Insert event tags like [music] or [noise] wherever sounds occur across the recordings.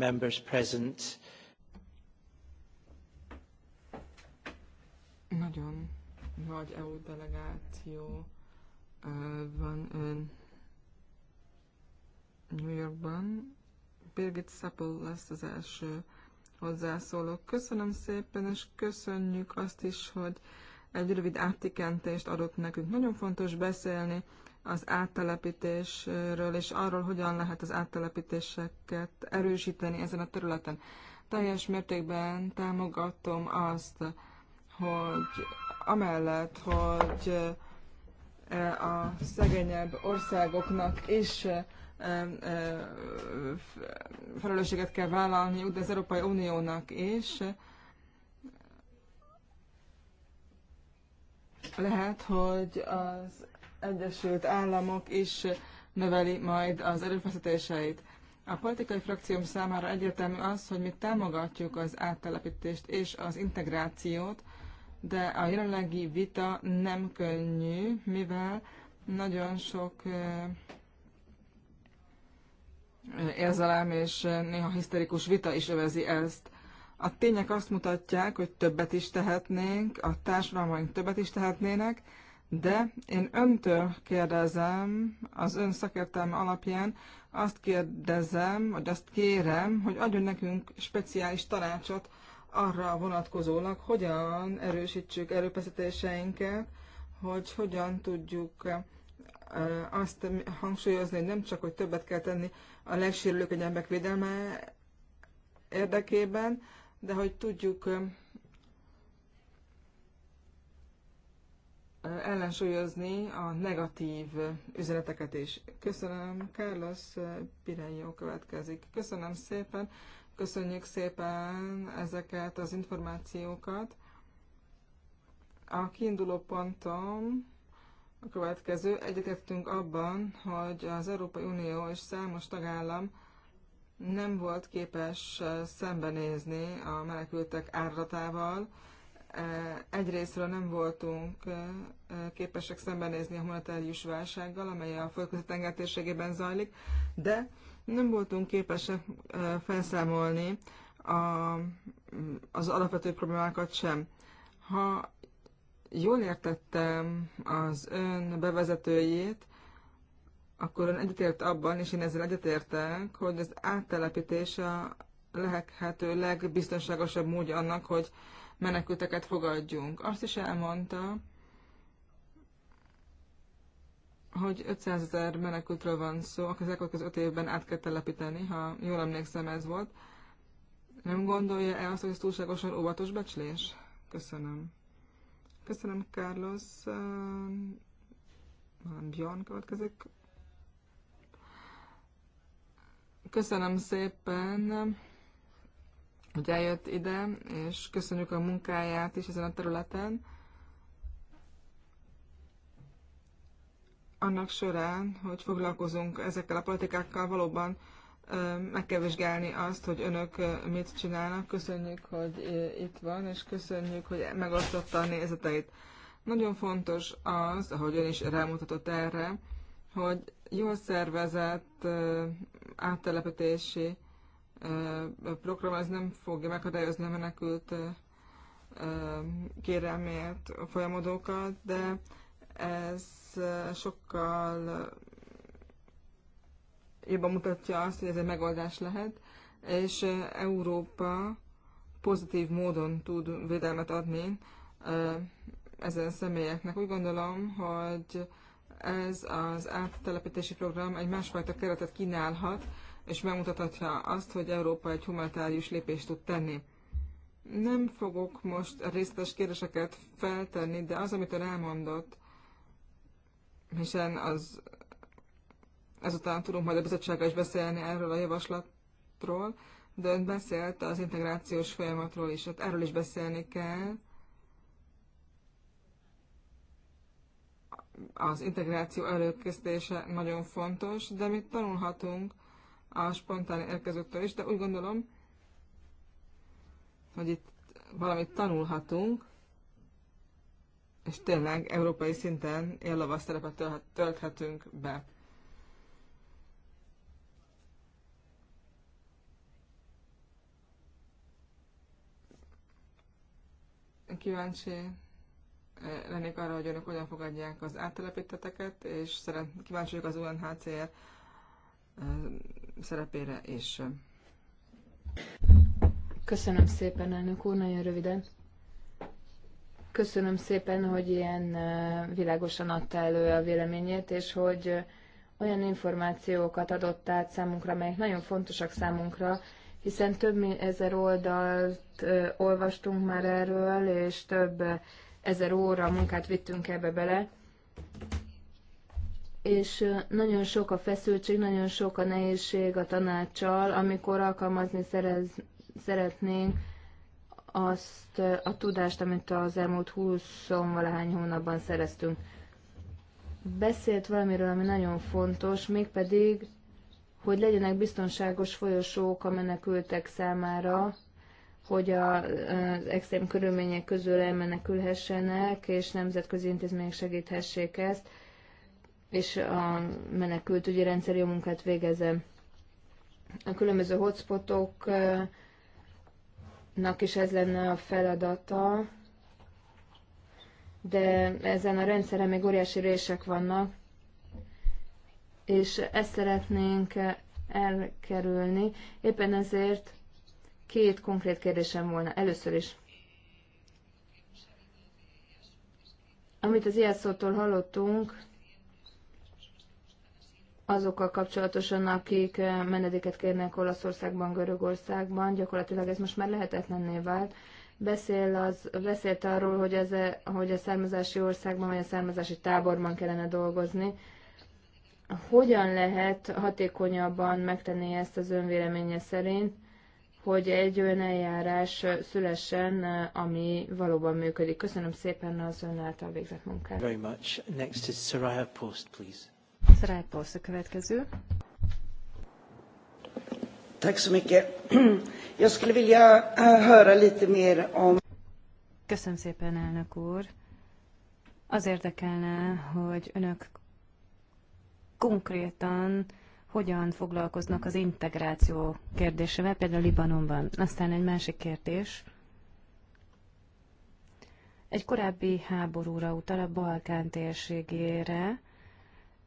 members present. Nagyon nagy EU delegáció van ön New Yorkban. Birgit Szappel lesz az első hozzászóló. Köszönöm szépen, és köszönjük azt is, hogy egy rövid áttikentést adott nekünk. Nagyon fontos beszélni az áttelepítésről, és arról, hogyan lehet az áttelepítéseket erősíteni ezen a területen. Teljes mértékben támogatom azt, hogy amellett, hogy eh, a szegényebb országoknak is eh, eh, felelősséget kell vállalni, de az Európai Uniónak is. Lehet, hogy az Egyesült Államok is növeli majd az erőfeszítéseit. A politikai frakcióm számára egyértelmű az, hogy mi támogatjuk az áttelepítést és az integrációt, de a jelenlegi vita nem könnyű, mivel nagyon sok érzelem és néha hiszterikus vita is övezi ezt. A tények azt mutatják, hogy többet is tehetnénk, a társadalmaink többet is tehetnének, de én öntől kérdezem, az ön szakértelme alapján azt kérdezem, vagy azt kérem, hogy adjon nekünk speciális tanácsot arra vonatkozólag, hogyan erősítsük erőfeszítéseinket, hogy hogyan tudjuk azt hangsúlyozni, hogy nem csak, hogy többet kell tenni a legsérülők egyemek védelme érdekében, de hogy tudjuk ellensúlyozni a negatív üzeneteket is. Köszönöm, Carlos Pirenyó következik. Köszönöm szépen, köszönjük szépen ezeket az információkat. A kiinduló pontom a következő. Egyetettünk abban, hogy az Európai Unió és számos tagállam nem volt képes szembenézni a menekültek áratával, egyrésztről nem voltunk képesek szembenézni a humanitárius válsággal, amely a földközi tengertérségében zajlik, de nem voltunk képesek felszámolni a, az alapvető problémákat sem. Ha jól értettem az ön bevezetőjét, akkor ön egyetért abban, és én ezzel egyetértek, hogy az áttelepítés a lehethető legbiztonságosabb módja annak, hogy menekülteket fogadjunk. Azt is elmondta, hogy 500 ezer menekültről van szó, akik az elkövetkező 5 évben át kell telepíteni, ha jól emlékszem ez volt. Nem gondolja el azt, hogy ez túlságosan óvatos becslés? Köszönöm. Köszönöm, Carlos. Björn következik. Köszönöm szépen hogy eljött ide, és köszönjük a munkáját is ezen a területen. Annak során, hogy foglalkozunk ezekkel a politikákkal, valóban meg kell vizsgálni azt, hogy önök mit csinálnak. Köszönjük, hogy itt van, és köszönjük, hogy megosztotta a nézeteit. Nagyon fontos az, ahogy ön is rámutatott erre, hogy jól szervezett áttelepítési program, ez nem fogja megakadályozni a menekült kérelmért folyamodókat, de ez sokkal jobban mutatja azt, hogy ez egy megoldás lehet, és Európa pozitív módon tud védelmet adni ezen személyeknek. Úgy gondolom, hogy ez az áttelepítési program egy másfajta keretet kínálhat, és megmutathatja azt, hogy Európa egy humanitárius lépést tud tenni. Nem fogok most részletes kérdéseket feltenni, de az, amit ön elmondott, hiszen az, ezután tudunk majd a bizottsággal is beszélni erről a javaslatról, de ön beszélt az integrációs folyamatról is, hát erről is beszélni kell. Az integráció előkészítése nagyon fontos, de mit tanulhatunk a spontán érkezőktől is, de úgy gondolom, hogy itt valamit tanulhatunk, és tényleg európai szinten éllavas szerepet tölthetünk be. Kíváncsi eh, lennék arra, hogy önök hogyan fogadják az áttelepíteteket, és szeret, kíváncsi vagyok az UNHCR eh, szerepére és Köszönöm szépen, elnök úr, nagyon röviden. Köszönöm szépen, hogy ilyen világosan adta elő a véleményét, és hogy olyan információkat adott át számunkra, amelyek nagyon fontosak számunkra, hiszen több mint ezer oldalt olvastunk már erről, és több ezer óra munkát vittünk ebbe bele és nagyon sok a feszültség, nagyon sok a nehézség a tanácssal, amikor alkalmazni szerez, szeretnénk azt a tudást, amit az elmúlt 20 valahány hónapban szereztünk. Beszélt valamiről, ami nagyon fontos, mégpedig, hogy legyenek biztonságos folyosók a menekültek számára, hogy az extrém körülmények közül elmenekülhessenek, és nemzetközi intézmények segíthessék ezt és a menekültügyi rendszer jó munkát végezze. A különböző hotspotoknak is ez lenne a feladata, de ezen a rendszeren még óriási rések vannak, és ezt szeretnénk elkerülni. Éppen ezért két konkrét kérdésem volna. Először is, amit az isz hallottunk, azokkal kapcsolatosan, akik eh, menedéket kérnek Olaszországban, Görögországban, gyakorlatilag ez most már lehetetlenné vált. Beszél az, beszélt arról, hogy, ez, e, hogy a származási országban vagy a származási táborban kellene dolgozni. Hogyan lehet hatékonyabban megtenni ezt az önvéleménye szerint, hogy egy olyan eljárás szülessen, eh, ami valóban működik. Köszönöm szépen az ön által végzett munkát. Very much. Next is Soraya Post, please. Szrájpolsz a következő. Tack så mycket. [clears throat] Jag skulle vilja eh, höra lite mer om... Köszönöm szépen, elnök úr. Az érdekelne, hogy önök konkrétan hogyan foglalkoznak az integráció kérdésével, például Libanonban. Aztán egy másik kérdés. Egy korábbi háborúra utal a Balkán térségére,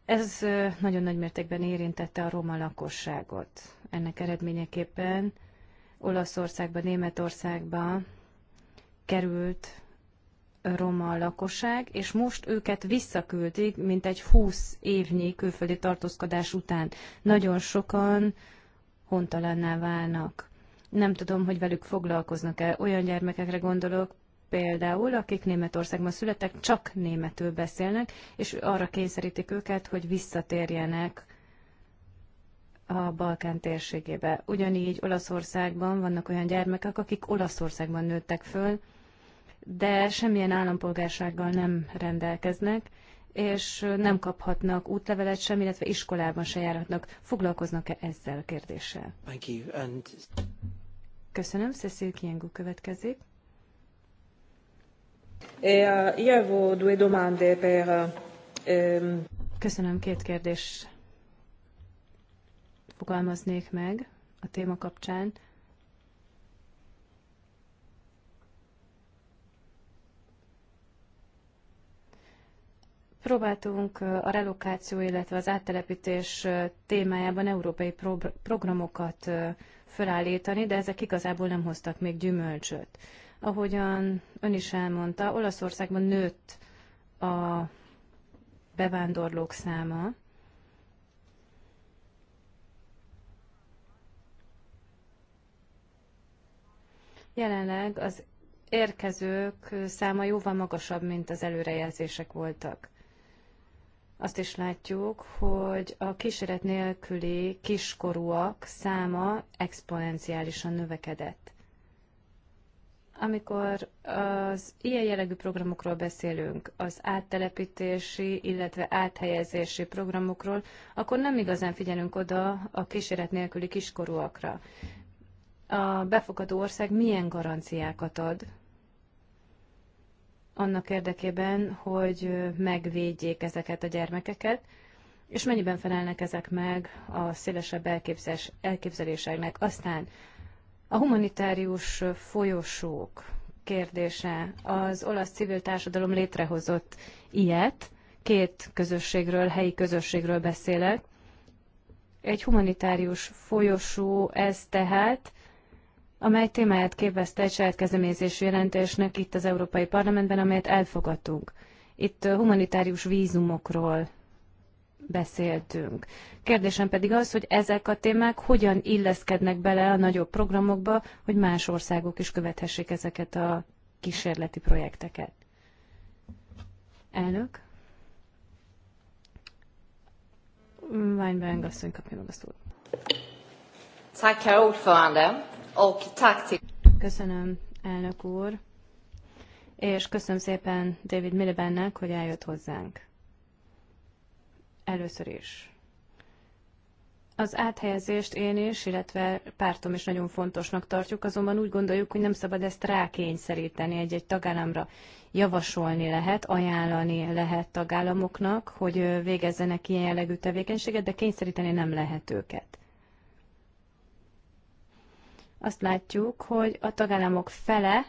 ez nagyon nagy mértékben érintette a roma lakosságot. Ennek eredményeképpen Olaszországba, Németországba került roma lakosság, és most őket visszaküldik, mint egy húsz évnyi külföldi tartózkodás után. Nagyon sokan hontalanná válnak. Nem tudom, hogy velük foglalkoznak-e. Olyan gyermekekre gondolok, például, akik Németországban születtek, csak németül beszélnek, és arra kényszerítik őket, hogy visszatérjenek a Balkán térségébe. Ugyanígy Olaszországban vannak olyan gyermekek, akik Olaszországban nőttek föl, de semmilyen állampolgársággal nem rendelkeznek, és nem kaphatnak útlevelet sem, illetve iskolában se járhatnak. Foglalkoznak-e ezzel a kérdéssel? Thank you. And... Köszönöm, Cecil Kiengu következik. E, ehm, Köszönöm, két kérdés fogalmaznék meg a téma kapcsán. Próbáltunk a relokáció, illetve az áttelepítés témájában európai pro- programokat felállítani, de ezek igazából nem hoztak még gyümölcsöt. Ahogyan ön is elmondta, Olaszországban nőtt a bevándorlók száma. Jelenleg az érkezők száma jóval magasabb, mint az előrejelzések voltak. Azt is látjuk, hogy a kísérlet nélküli kiskorúak száma exponenciálisan növekedett amikor az ilyen jellegű programokról beszélünk, az áttelepítési, illetve áthelyezési programokról, akkor nem igazán figyelünk oda a kíséret nélküli kiskorúakra. A befogadó ország milyen garanciákat ad annak érdekében, hogy megvédjék ezeket a gyermekeket, és mennyiben felelnek ezek meg a szélesebb elképzeléseknek. Aztán a humanitárius folyosók kérdése. Az olasz civil társadalom létrehozott ilyet. Két közösségről, helyi közösségről beszélek. Egy humanitárius folyosó ez tehát, amely témáját képezte egy saját kezdeményezésű jelentésnek itt az Európai Parlamentben, amelyet elfogadtunk. Itt humanitárius vízumokról beszéltünk. Kérdésem pedig az, hogy ezek a témák hogyan illeszkednek bele a nagyobb programokba, hogy más országok is követhessék ezeket a kísérleti projekteket. Elnök? Weinberg asszony kapja meg a szót. Köszönöm, elnök úr, és köszönöm szépen David Milibennek, hogy eljött hozzánk. Először is. Az áthelyezést én is, illetve pártom is nagyon fontosnak tartjuk, azonban úgy gondoljuk, hogy nem szabad ezt rákényszeríteni egy-egy tagállamra. Javasolni lehet, ajánlani lehet tagállamoknak, hogy végezzenek ilyen jellegű tevékenységet, de kényszeríteni nem lehet őket azt látjuk, hogy a tagállamok fele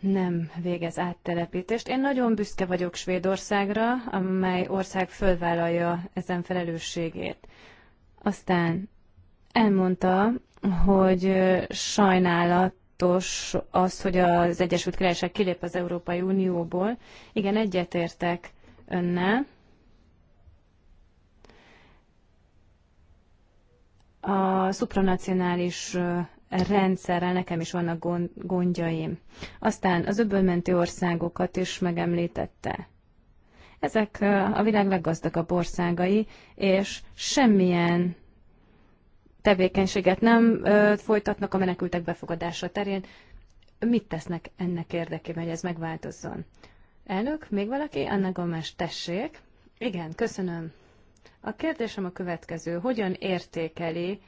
nem végez áttelepítést. Én nagyon büszke vagyok Svédországra, amely ország fölvállalja ezen felelősségét. Aztán elmondta, hogy sajnálatos az, hogy az Egyesült Királyság kilép az Európai Unióból. Igen, egyetértek önnel. A szupranacionális rendszerrel nekem is vannak gondjaim. Aztán az öbölmenti országokat is megemlítette. Ezek a világ leggazdagabb országai, és semmilyen tevékenységet nem folytatnak a menekültek befogadása terén. Mit tesznek ennek érdekében, hogy ez megváltozzon? Elnök, még valaki? Anna Gomes, tessék. Igen, köszönöm. A kérdésem a következő. Hogyan értékeli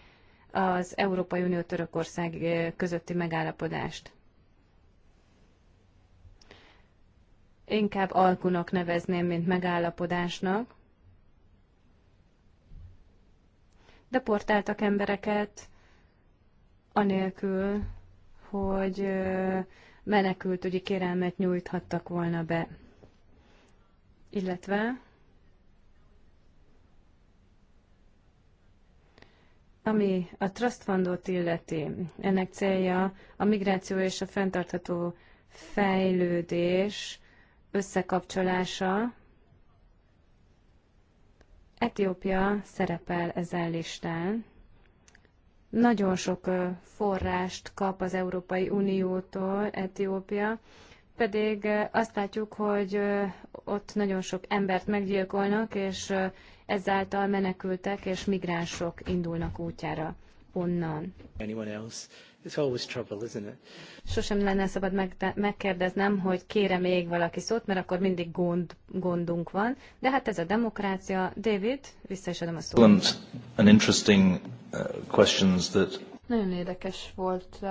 az Európai Unió Törökország közötti megállapodást. Inkább alkunak nevezném, mint megállapodásnak. Deportáltak embereket, anélkül, hogy menekültügyi kérelmet nyújthattak volna be. Illetve Ami a Trust Fundot illeti, ennek célja a migráció és a fenntartható fejlődés összekapcsolása. Etiópia szerepel ezen listán. Nagyon sok forrást kap az Európai Uniótól Etiópia, pedig azt látjuk, hogy ott nagyon sok embert meggyilkolnak, és ezáltal menekültek és migránsok indulnak útjára onnan. It's always trouble, isn't it? Sosem lenne szabad meg, megkérdeznem, hogy kére még valaki szót, mert akkor mindig gond, gondunk van. De hát ez a demokrácia. David, vissza is adom a szót. An interesting uh, questions that... Nagyon érdekes volt. Uh,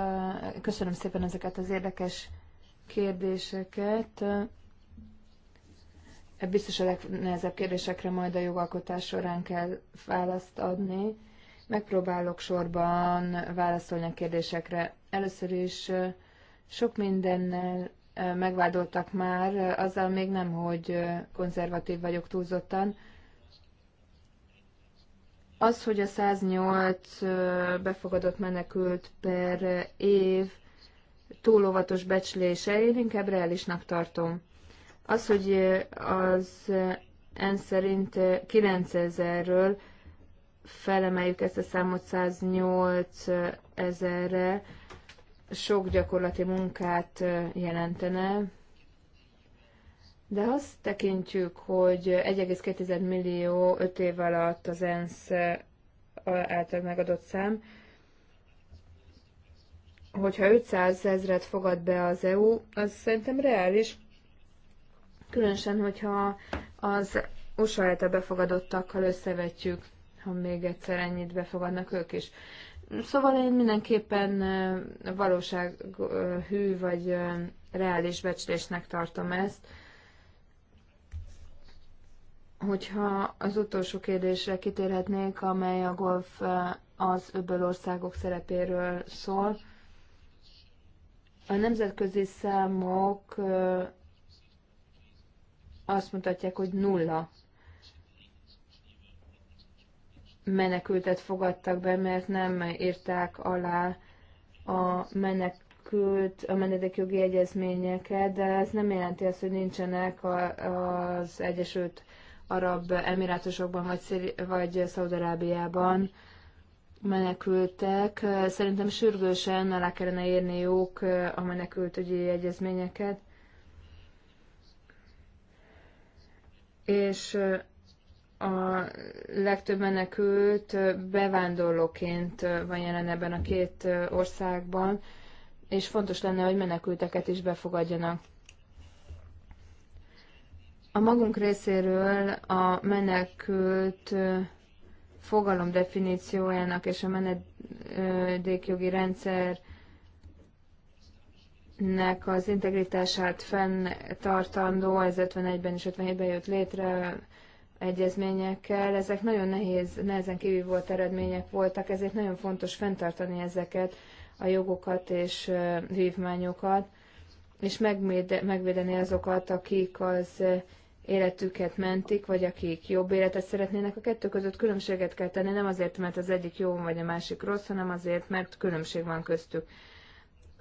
köszönöm szépen ezeket az érdekes kérdéseket. Biztos a legnehezebb kérdésekre majd a jogalkotás során kell választ adni. Megpróbálok sorban válaszolni a kérdésekre. Először is sok mindennel megvádoltak már, azzal még nem, hogy konzervatív vagyok túlzottan. Az, hogy a 108 befogadott menekült per év túl óvatos becslése, én inkább reálisnak tartom. Az, hogy az en szerint 9000-ről felemeljük ezt a számot 108 ezerre, sok gyakorlati munkát jelentene, de azt tekintjük, hogy 1,2 millió 5 év alatt az ENSZ által megadott szám, hogyha 500 ezret fogad be az EU, az szerintem reális, Különösen, hogyha az USA által befogadottakkal összevetjük, ha még egyszer ennyit befogadnak ők is. Szóval én mindenképpen valósághű vagy reális becslésnek tartom ezt. Hogyha az utolsó kérdésre kitérhetnék, amely a golf az öböl országok szerepéről szól, a nemzetközi számok azt mutatják, hogy nulla menekültet fogadtak be, mert nem írták alá a menekült, a menedekjogi egyezményeket, de ez nem jelenti azt, hogy nincsenek az Egyesült Arab Emirátusokban vagy, vagy Szaudarábiában menekültek. Szerintem sürgősen alá kellene írniuk a menekültügyi egyezményeket. és a legtöbb menekült bevándorlóként van jelen ebben a két országban, és fontos lenne, hogy menekülteket is befogadjanak. A magunk részéről a menekült fogalom definíciójának és a menedékjogi rendszer nek az integritását fenntartandó, ez 51-ben és 57-ben jött létre egyezményekkel. Ezek nagyon nehéz, nehezen volt eredmények voltak, ezért nagyon fontos fenntartani ezeket a jogokat és vívmányokat, és megvédeni azokat, akik az életüket mentik, vagy akik jobb életet szeretnének. A kettő között különbséget kell tenni, nem azért, mert az egyik jó vagy a másik rossz, hanem azért, mert különbség van köztük.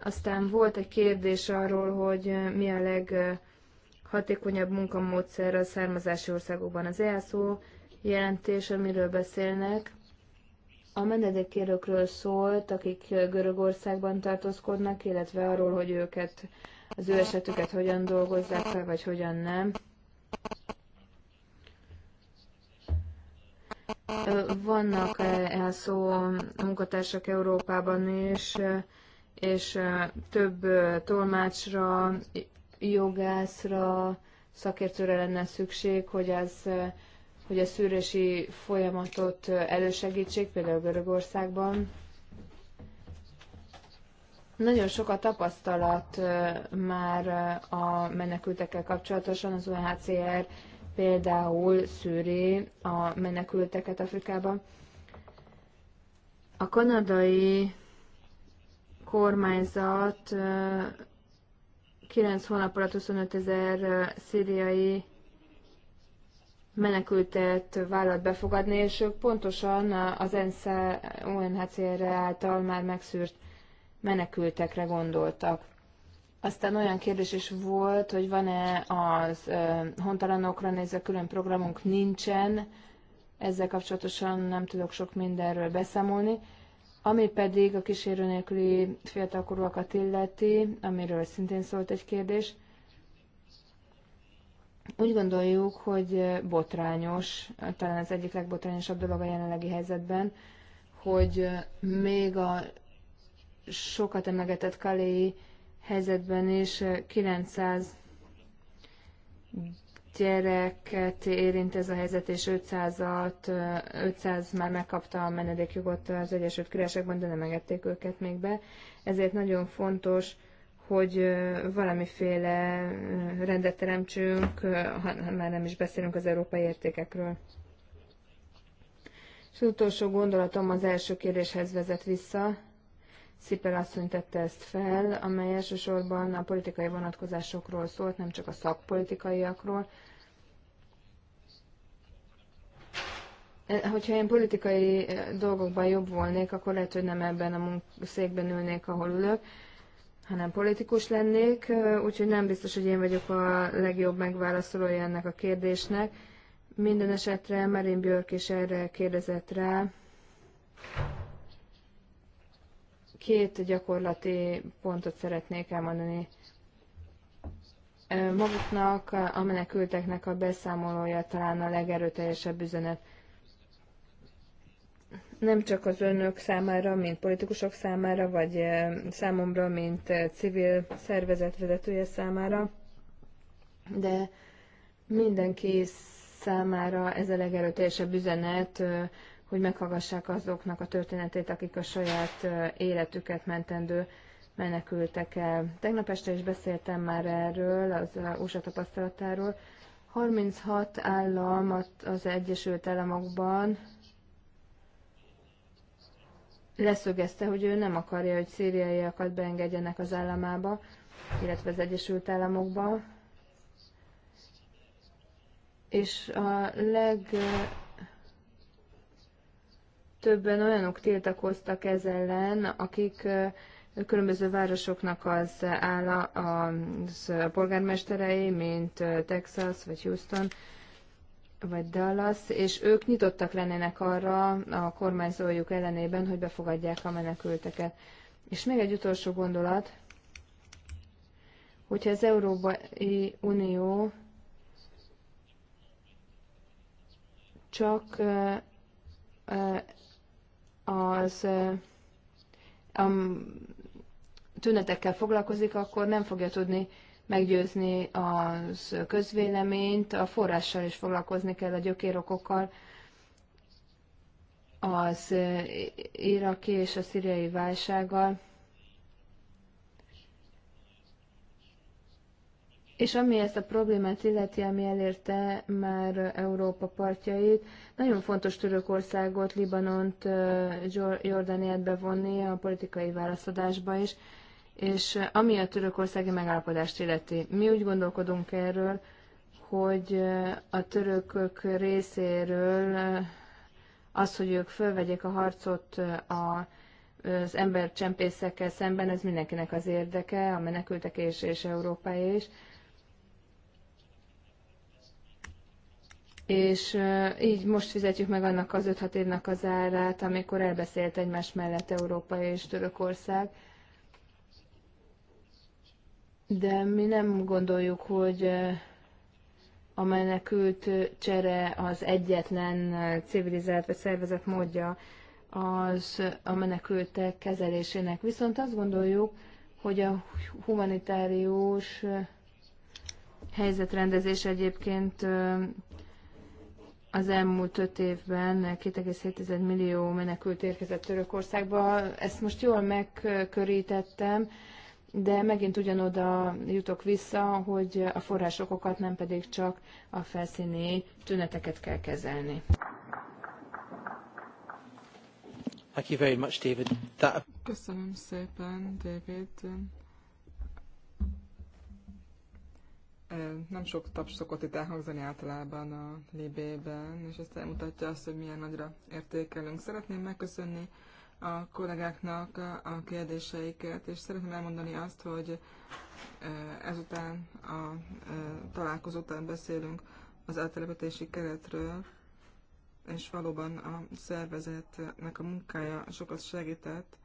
Aztán volt egy kérdés arról, hogy mi a leghatékonyabb munkamódszer a származási országokban. Az EASO jelentés, amiről beszélnek, a menedékkérőkről szólt, akik Görögországban tartózkodnak, illetve arról, hogy őket, az ő esetüket hogyan dolgozzák fel, vagy hogyan nem. Vannak elszó munkatársak Európában is, és több tolmácsra, jogászra, szakértőre lenne szükség, hogy ez hogy a szűrési folyamatot elősegítsék, például Görögországban. Nagyon sok a tapasztalat már a menekültekkel kapcsolatosan, az UNHCR például szűri a menekülteket Afrikában. A kanadai kormányzat 9 hónap alatt 25 ezer szíriai menekültet vállalt befogadni, és ők pontosan az ENSZ UNHCR által már megszűrt menekültekre gondoltak. Aztán olyan kérdés is volt, hogy van-e az hontalanokra nézve külön programunk, nincsen. Ezzel kapcsolatosan nem tudok sok mindenről beszámolni. Ami pedig a kísérő nélküli fiatalkorúakat illeti, amiről szintén szólt egy kérdés, úgy gondoljuk, hogy botrányos, talán az egyik legbotrányosabb dolog a jelenlegi helyzetben, hogy még a sokat emegetett kaléi helyzetben is 900 gyereket érint ez a helyzet, és 500-at, 500 már megkapta a menedékjogot az Egyesült Királyságban, de nem engedték őket még be. Ezért nagyon fontos, hogy valamiféle rendet teremtsünk, ha már nem is beszélünk az európai értékekről. És az utolsó gondolatom az első kérdéshez vezet vissza. Szipel asszony tette ezt fel, amely elsősorban a politikai vonatkozásokról szólt, nem csak a szakpolitikaiakról. E, hogyha én politikai e, dolgokban jobb volnék, akkor lehet, hogy nem ebben a székben ülnék, ahol ülök, hanem politikus lennék, e, úgyhogy nem biztos, hogy én vagyok a legjobb megválaszolója ennek a kérdésnek. Minden esetre Merin Björk is erre kérdezett rá. Két gyakorlati pontot szeretnék elmondani. Maguknak, a menekülteknek a beszámolója talán a legerőteljesebb üzenet nem csak az önök számára, mint politikusok számára, vagy számomra, mint civil szervezet vezetője számára, de mindenki számára ez a legerőteljesebb üzenet hogy meghallgassák azoknak a történetét, akik a saját életüket mentendő menekültek el. Tegnap este is beszéltem már erről, az USA tapasztalatáról. 36 állam az Egyesült Államokban leszögezte, hogy ő nem akarja, hogy szíriaiakat beengedjenek az államába, illetve az Egyesült Államokba. És a leg többen olyanok tiltakoztak ez ellen, akik különböző városoknak az a, a polgármesterei, mint Texas, vagy Houston, vagy Dallas, és ők nyitottak lennének arra a kormányzójuk ellenében, hogy befogadják a menekülteket. És még egy utolsó gondolat, hogyha az Európai Unió csak az a tünetekkel foglalkozik, akkor nem fogja tudni meggyőzni az közvéleményt, a forrással is foglalkozni kell a gyökérokokkal. Az iraki és a szíriai válsággal. És ami ezt a problémát illeti, ami elérte már Európa partjait, nagyon fontos Törökországot, Libanont, Jordániát bevonni a politikai válaszadásba is, és ami a törökországi megállapodást illeti. Mi úgy gondolkodunk erről, hogy a törökök részéről az, hogy ők fölvegyék a harcot a az embercsempészekkel szemben, ez mindenkinek az érdeke, a menekültek és, és Európáé is. és így most fizetjük meg annak az 5 évnek az árát, amikor elbeszélt egymás mellett Európa és Törökország. De mi nem gondoljuk, hogy a menekült csere az egyetlen civilizált vagy szervezett módja az a menekültek kezelésének. Viszont azt gondoljuk, hogy a humanitárius helyzetrendezés egyébként az elmúlt öt évben 2,7 millió menekült érkezett Törökországba. Ezt most jól megkörítettem, de megint ugyanoda jutok vissza, hogy a forrásokokat nem pedig csak a felszíni tüneteket kell kezelni. Thank you very much, David. That... Köszönöm szépen, David. nem sok taps szokott itt elhangzani általában a Libében, és ezt elmutatja azt, hogy milyen nagyra értékelünk. Szeretném megköszönni a kollégáknak a kérdéseiket, és szeretném elmondani azt, hogy ezután a találkozó után beszélünk az eltelepítési keretről, és valóban a szervezetnek a munkája sokat segített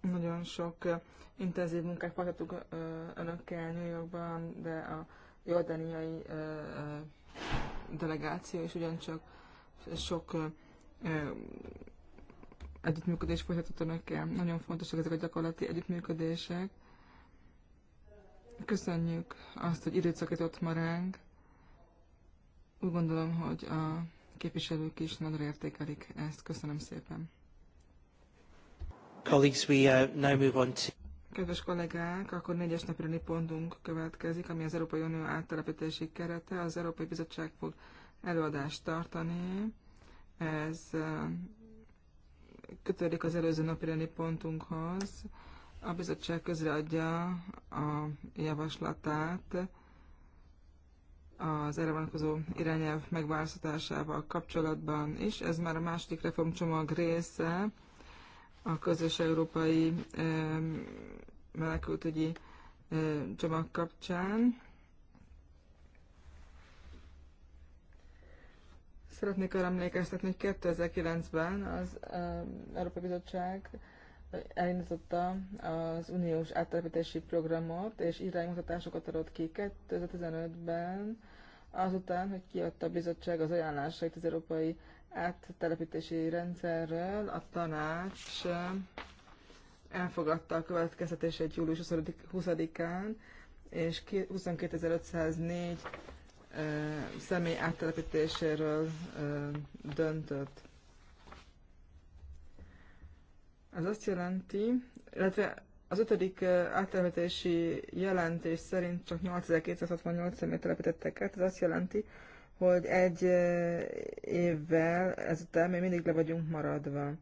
Nagyon sok intenzív munkát folytatunk önökkel New Yorkban, de a jordániai delegáció is ugyancsak sok együttműködés folytatott önökkel. Nagyon fontosak ezek a gyakorlati együttműködések. Köszönjük azt, hogy időt szakított ma ránk. Úgy gondolom, hogy a képviselők is nagyon értékelik ezt. Köszönöm szépen. Colleagues, we uh, now move on to... Kedves kollégák, akkor négyes napirendi pontunk következik, ami az Európai Unió áttelepítési kerete. Az Európai Bizottság fog előadást tartani. Ez uh, kötődik az előző napirendi pontunkhoz. A bizottság közreadja a javaslatát az erre vonatkozó irányelv megválasztásával kapcsolatban is. Ez már a második reformcsomag része a közös európai menekültügyi csomag kapcsán. Szeretnék arra emlékeztetni, hogy 2009-ben az Európai Bizottság elindította az uniós áttelepítési programot, és iránymutatásokat adott ki 2015-ben, azután, hogy kiadta a bizottság az ajánlásait az Európai áttelepítési rendszerrel a tanács eh, elfogadta a következtetését július 20-án, és 22.504 eh, személy áttelepítéséről eh, döntött. Ez azt jelenti, illetve az ötödik áttelepítési jelentés szerint csak 8268 személyt telepítettek át, ez azt jelenti, hogy egy évvel ezután még mindig le vagyunk maradva.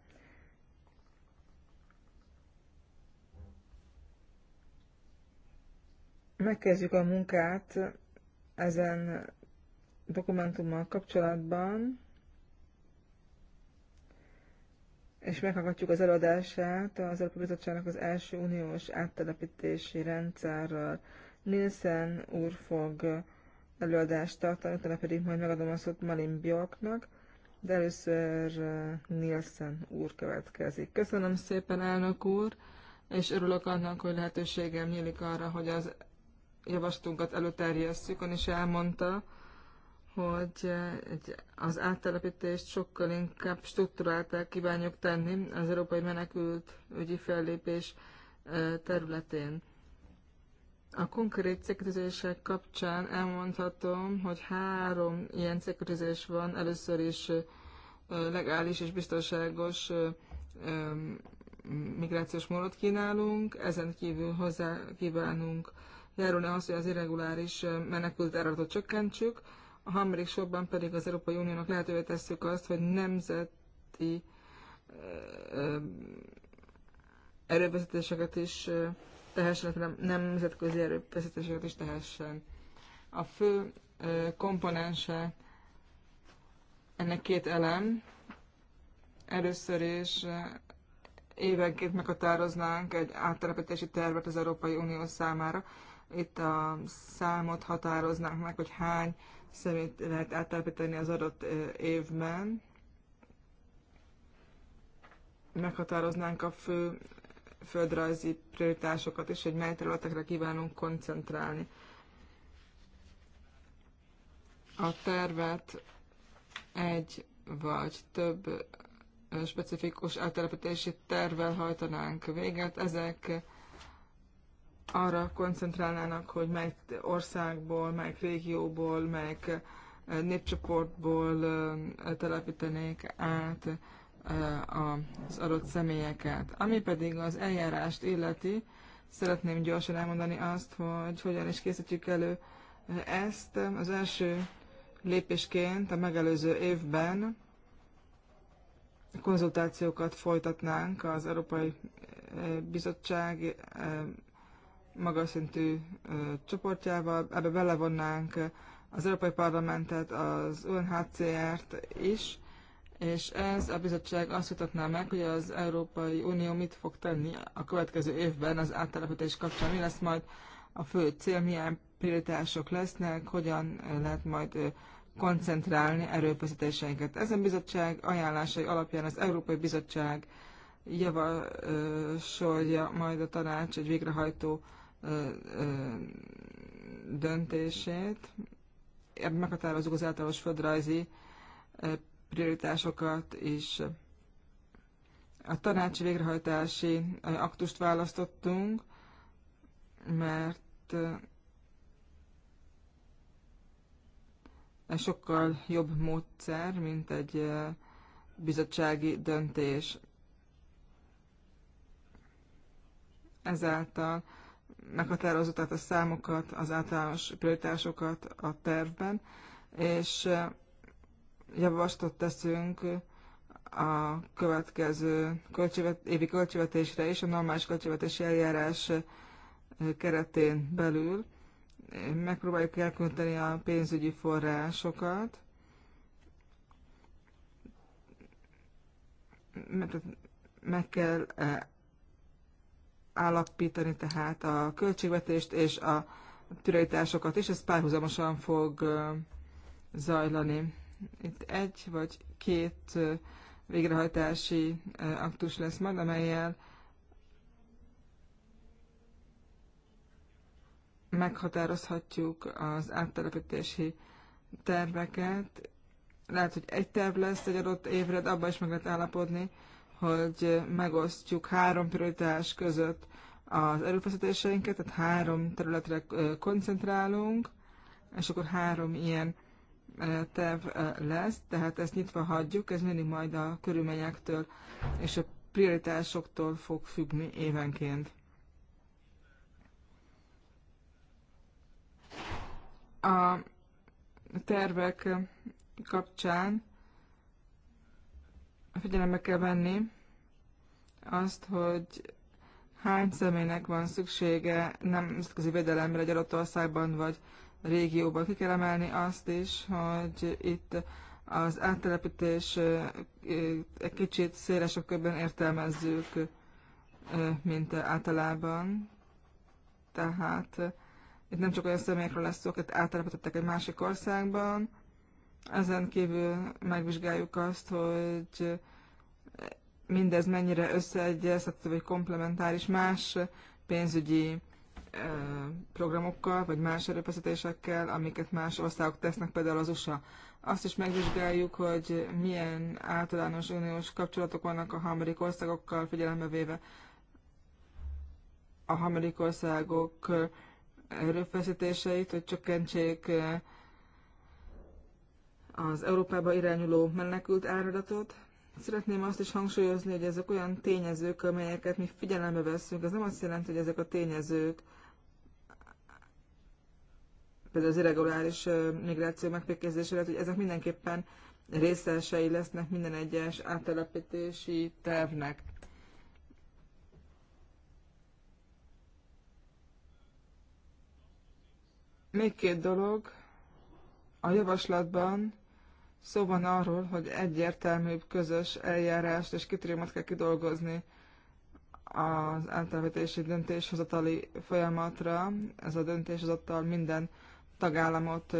Megkezdjük a munkát ezen dokumentummal kapcsolatban, és meghallgatjuk az előadását az Európai Bizottságnak az első uniós áttelepítési rendszerről. Nielsen úr fog előadást tartani, utána pedig majd megadom a szót Malin Bjorknak, de először Nielsen úr következik. Köszönöm szépen, elnök úr, és örülök annak, hogy lehetőségem nyílik arra, hogy az javaslatunkat előterjesszük. Ön is elmondta, hogy az áttelepítést sokkal inkább struktúrálták kívánjuk tenni az európai menekült ügyi fellépés területén. A konkrét célkötözések kapcsán elmondhatom, hogy három ilyen célkötözés van. Először is legális és biztonságos migrációs módot kínálunk, ezen kívül hozzá kívánunk járulni ahhoz, hogy az irreguláris menekült áratot csökkentsük, a harmadik sorban pedig az Európai Uniónak lehetővé tesszük azt, hogy nemzeti erővezetéseket is tehessen, nem, nemzetközi erőfeszítéseket is tehessen. A fő komponense ennek két elem. Először is évenként meghatároznánk egy áttelepítési tervet az Európai Unió számára. Itt a számot határoznánk meg, hogy hány szemét lehet áttelepíteni az adott évben. Meghatároznánk a fő földrajzi prioritásokat és hogy mely területekre kívánunk koncentrálni. A tervet egy vagy több specifikus eltelepítési tervvel hajtanánk véget. Ezek arra koncentrálnának, hogy mely országból, mely régióból, mely népcsoportból telepítenék át az adott személyeket. Ami pedig az eljárást illeti, szeretném gyorsan elmondani azt, hogy hogyan is készítjük elő ezt. Az első lépésként a megelőző évben konzultációkat folytatnánk az Európai Bizottság magas szintű csoportjával, ebbe belevonnánk az Európai Parlamentet, az UNHCR-t is, és ez a bizottság azt jutatná meg, hogy az Európai Unió mit fog tenni a következő évben az áttelepítés kapcsán, mi lesz majd a fő cél, milyen prioritások lesznek, hogyan lehet majd koncentrálni erőfeszítéseinket. Ezen bizottság ajánlásai alapján az Európai Bizottság javasolja majd a tanács egy végrehajtó döntését. Ebben meghatározunk az általános földrajzi prioritásokat és A tanácsi végrehajtási aktust választottunk, mert ez sokkal jobb módszer, mint egy bizottsági döntés. Ezáltal meghatározott a számokat, az általános prioritásokat a tervben, és javaslatot teszünk a következő költségvet, évi költségvetésre is, a normális költségvetési eljárás keretén belül. Megpróbáljuk elkülöníteni a pénzügyi forrásokat, mert meg kell állapítani tehát a költségvetést és a türelításokat, és ez párhuzamosan fog zajlani. Itt egy vagy két végrehajtási aktus lesz majd, amelyel meghatározhatjuk az áttelepítési terveket. Lehet, hogy egy terv lesz egy adott évre, de abban is meg lehet állapodni, hogy megosztjuk három prioritás között az erőfeszítéseinket, tehát három területre koncentrálunk, és akkor három ilyen terv lesz, tehát ezt nyitva hagyjuk, ez mindig majd a körülményektől és a prioritásoktól fog függni évenként. A tervek kapcsán figyelembe kell venni azt, hogy hány személynek van szüksége nemzetközi védelemre egy adott országban vagy régióban. Ki kell emelni azt is, hogy itt az áttelepítés egy kicsit szélesebb körben értelmezzük, mint általában. Tehát itt nem csak olyan személyekről lesz szó, akit áttelepítettek egy másik országban. Ezen kívül megvizsgáljuk azt, hogy mindez mennyire összeegyeztető vagy komplementáris más pénzügyi programokkal, vagy más erőfeszítésekkel, amiket más országok tesznek, például az USA. Azt is megvizsgáljuk, hogy milyen általános uniós kapcsolatok vannak a harmadik országokkal, figyelembe véve a harmadik országok erőfeszítéseit, hogy csökkentsék az Európába irányuló menekült áradatot. Szeretném azt is hangsúlyozni, hogy ezek olyan tényezők, amelyeket mi figyelembe veszünk. Ez nem azt jelenti, hogy ezek a tényezők például az irreguláris migráció megpékézésére, hogy ezek mindenképpen részesei lesznek minden egyes áttelepítési tervnek. Még két dolog. A javaslatban szó van arról, hogy egyértelműbb közös eljárást és kritériumot kell kidolgozni az áttelepítési döntéshozatali folyamatra. Ez a döntéshozatal minden tagállamot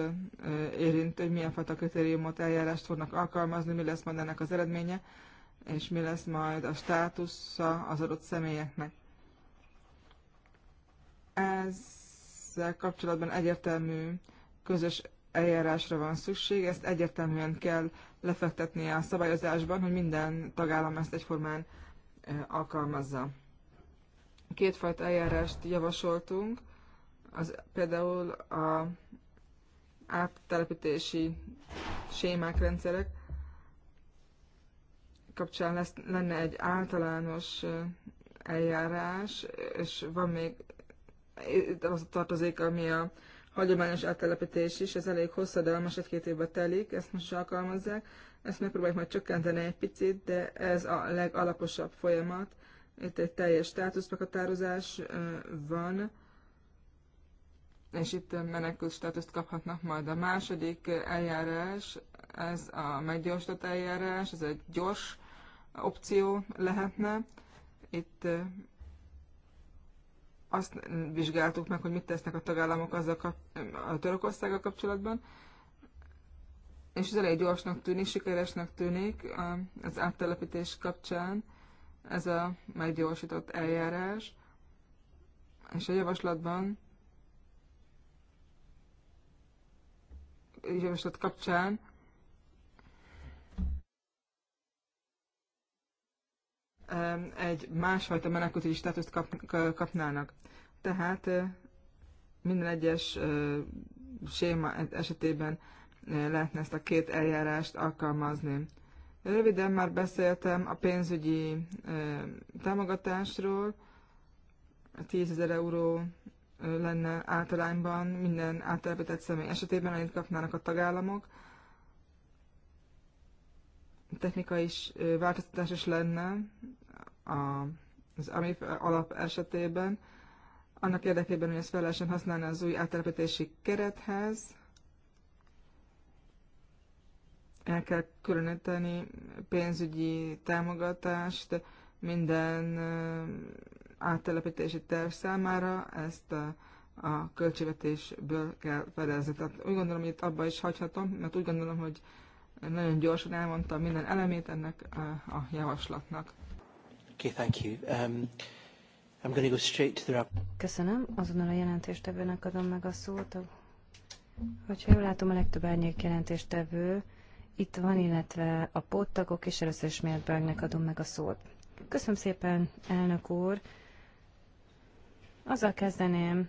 érint, hogy milyen fajta kritériumot, eljárást fognak alkalmazni, mi lesz majd ennek az eredménye, és mi lesz majd a státusza az adott személyeknek. Ezzel kapcsolatban egyértelmű közös eljárásra van szükség, ezt egyértelműen kell lefektetni a szabályozásban, hogy minden tagállam ezt egyformán alkalmazza. Kétfajta eljárást javasoltunk, az például a áttelepítési sémák, rendszerek kapcsán lesz, lenne egy általános eljárás, és van még az a tartozék, ami a hagyományos áttelepítés is, ez elég hosszadalmas, egy-két évbe telik, ezt most is alkalmazzák, ezt megpróbáljuk majd csökkenteni egy picit, de ez a legalaposabb folyamat, itt egy teljes státuszmeghatározás van, és itt menekült státuszt kaphatnak majd. A második eljárás, ez a meggyorsított eljárás, ez egy gyors opció lehetne. Itt azt vizsgáltuk meg, hogy mit tesznek a tagállamok az a Törökországgal kapcsolatban, és ez elég gyorsnak tűnik, sikeresnek tűnik az áttelepítés kapcsán ez a meggyorsított eljárás, és a javaslatban javaslat kapcsán. egy másfajta menekültügyi státuszt kap, kapnának. Tehát minden egyes séma e-, esetében lehetne ezt a két eljárást alkalmazni. Röviden már beszéltem a pénzügyi támogatásról, 10 ezer euró lenne általányban minden áttelepített személy esetében, annyit kapnának a tagállamok. Technikai is, változtatás is lenne az AMIF alap esetében, annak érdekében, hogy ezt fel lehessen használni az új áttelepítési kerethez, el kell különíteni pénzügyi támogatást minden áttelepítési terv számára, ezt eh, a költségvetésből kell fedezni. Tehát úgy gondolom, hogy itt abba is hagyhatom, mert úgy gondolom, hogy nagyon gyorsan elmondtam minden elemét ennek a, eh, a javaslatnak. Okay, thank you. Um, I'm going to go straight to the... Köszönöm. Azonnal a jelentéstevőnek adom meg a szót. Hogyha jól látom, a legtöbb árnyék jelentéstevő itt van, illetve a póttagok, és először is Mértbergnek adom meg a szót. Köszönöm szépen, elnök úr. Azzal kezdeném,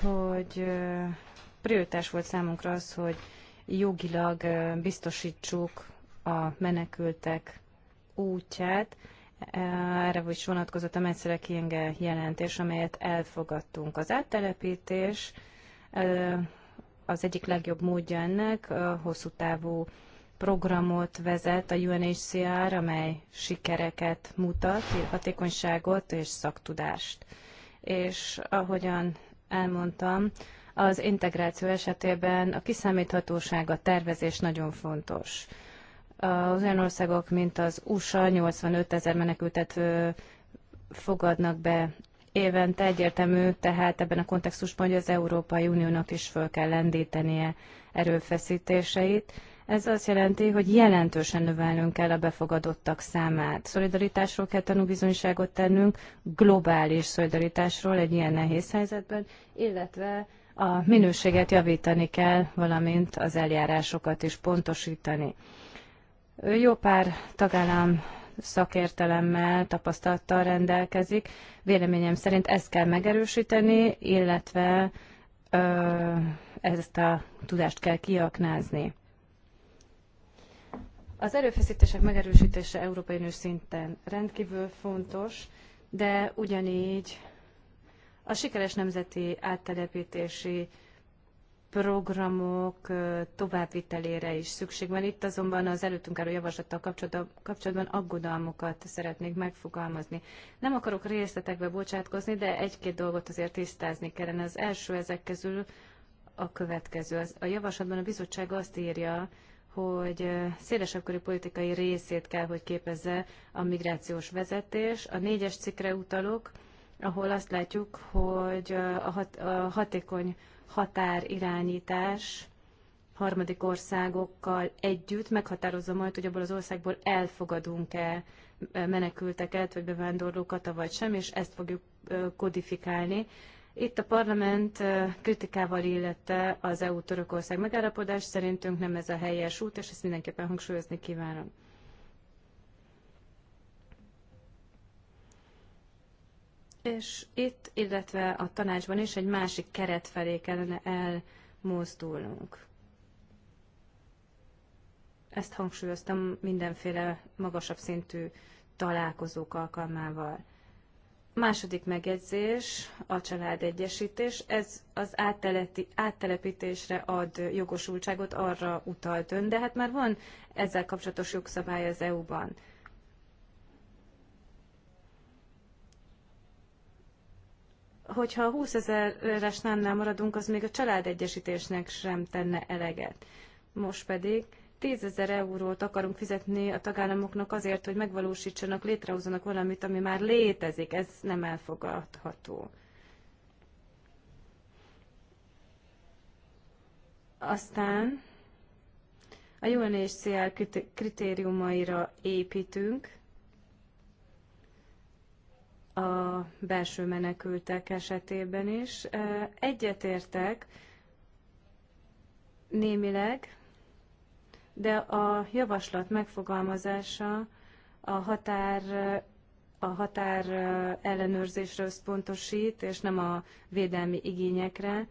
hogy prioritás volt számunkra az, hogy jogilag biztosítsuk a menekültek útját. Erre is vonatkozott a Metszere Kienge jelentés, amelyet elfogadtunk. Az áttelepítés az egyik legjobb módja ennek, a hosszú távú programot vezet a UNHCR, amely sikereket mutat, hatékonyságot és szaktudást és ahogyan elmondtam, az integráció esetében a kiszámíthatóság, a tervezés nagyon fontos. Az olyan országok, mint az USA 85 ezer menekültet fogadnak be évente egyértelmű, tehát ebben a kontextusban, hogy az Európai Uniónak is föl kell lendítenie erőfeszítéseit, ez azt jelenti, hogy jelentősen növelnünk kell a befogadottak számát. Szolidaritásról kell tanúbizonyságot tennünk, globális szolidaritásról egy ilyen nehéz helyzetben, illetve a minőséget javítani kell, valamint az eljárásokat is pontosítani. Jó pár tagállam szakértelemmel, tapasztalattal rendelkezik. Véleményem szerint ezt kell megerősíteni, illetve ö, ezt a tudást kell kiaknázni. Az erőfeszítések megerősítése Európai Uniós szinten rendkívül fontos, de ugyanígy a sikeres nemzeti áttelepítési programok továbbvitelére is szükség van. Itt azonban az előttünk álló javaslattal kapcsolatban aggodalmokat szeretnék megfogalmazni. Nem akarok részletekbe bocsátkozni, de egy-két dolgot azért tisztázni kellene. Az első ezek közül a következő. A javaslatban a bizottság azt írja, hogy szélesebb körű politikai részét kell, hogy képezze a migrációs vezetés. A négyes cikkre utalok, ahol azt látjuk, hogy a, hat, a hatékony határirányítás harmadik országokkal együtt meghatározza majd, hogy abból az országból elfogadunk-e menekülteket vagy bevándorlókat, vagy sem, és ezt fogjuk kodifikálni. Itt a parlament kritikával illette az EU-Törökország megállapodás, szerintünk nem ez a helyes út, és ezt mindenképpen hangsúlyozni kívánom. És itt, illetve a tanácsban is egy másik keret felé kellene elmozdulnunk. Ezt hangsúlyoztam mindenféle magasabb szintű találkozók alkalmával. Második megjegyzés, a családegyesítés. Ez az átteleti, áttelepítésre ad jogosultságot, arra utalt ön, de hát már van ezzel kapcsolatos jogszabály az EU-ban. Hogyha 20 ezeres námnál maradunk, az még a családegyesítésnek sem tenne eleget. Most pedig tízezer eurót akarunk fizetni a tagállamoknak azért, hogy megvalósítsanak, létrehozzanak valamit, ami már létezik. Ez nem elfogadható. Aztán a UNHCR kritériumaira építünk a belső menekültek esetében is. Egyetértek némileg, de a javaslat megfogalmazása a határ a határ ellenőrzésre összpontosít, és nem a védelmi igényekre.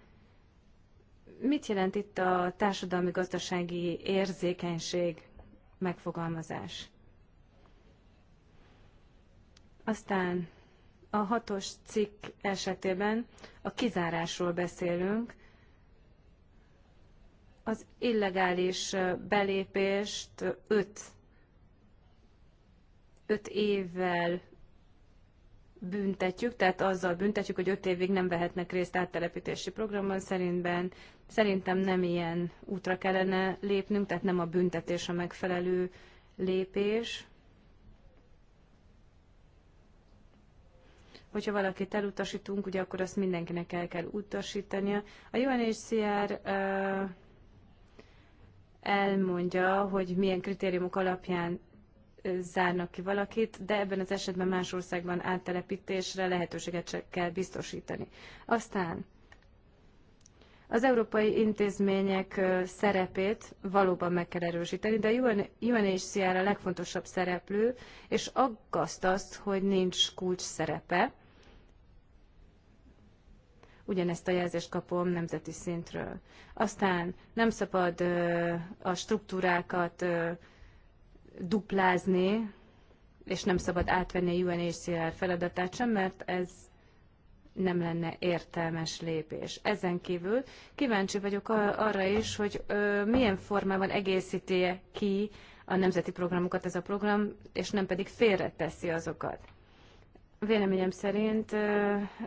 Mit jelent itt a társadalmi-gazdasági érzékenység megfogalmazás? Aztán a hatos cikk esetében a kizárásról beszélünk, az illegális belépést 5 5 évvel büntetjük, tehát azzal büntetjük, hogy 5 évig nem vehetnek részt áttelepítési programban, szerintben szerintem nem ilyen útra kellene lépnünk, tehát nem a büntetés a megfelelő lépés. Hogyha valakit elutasítunk, ugye akkor azt mindenkinek el kell utasítania. A UNHCR uh, elmondja, hogy milyen kritériumok alapján zárnak ki valakit, de ebben az esetben más országban áttelepítésre lehetőséget kell biztosítani. Aztán az európai intézmények szerepét valóban meg kell erősíteni, de a UNHCR a legfontosabb szereplő, és aggaszt azt, hogy nincs kulcs szerepe ugyanezt a jelzést kapom nemzeti szintről. Aztán nem szabad a struktúrákat duplázni, és nem szabad átvenni a UNHCR feladatát sem, mert ez nem lenne értelmes lépés. Ezen kívül kíváncsi vagyok arra is, hogy milyen formában egészíti ki a nemzeti programokat ez a program, és nem pedig félreteszi azokat. Véleményem szerint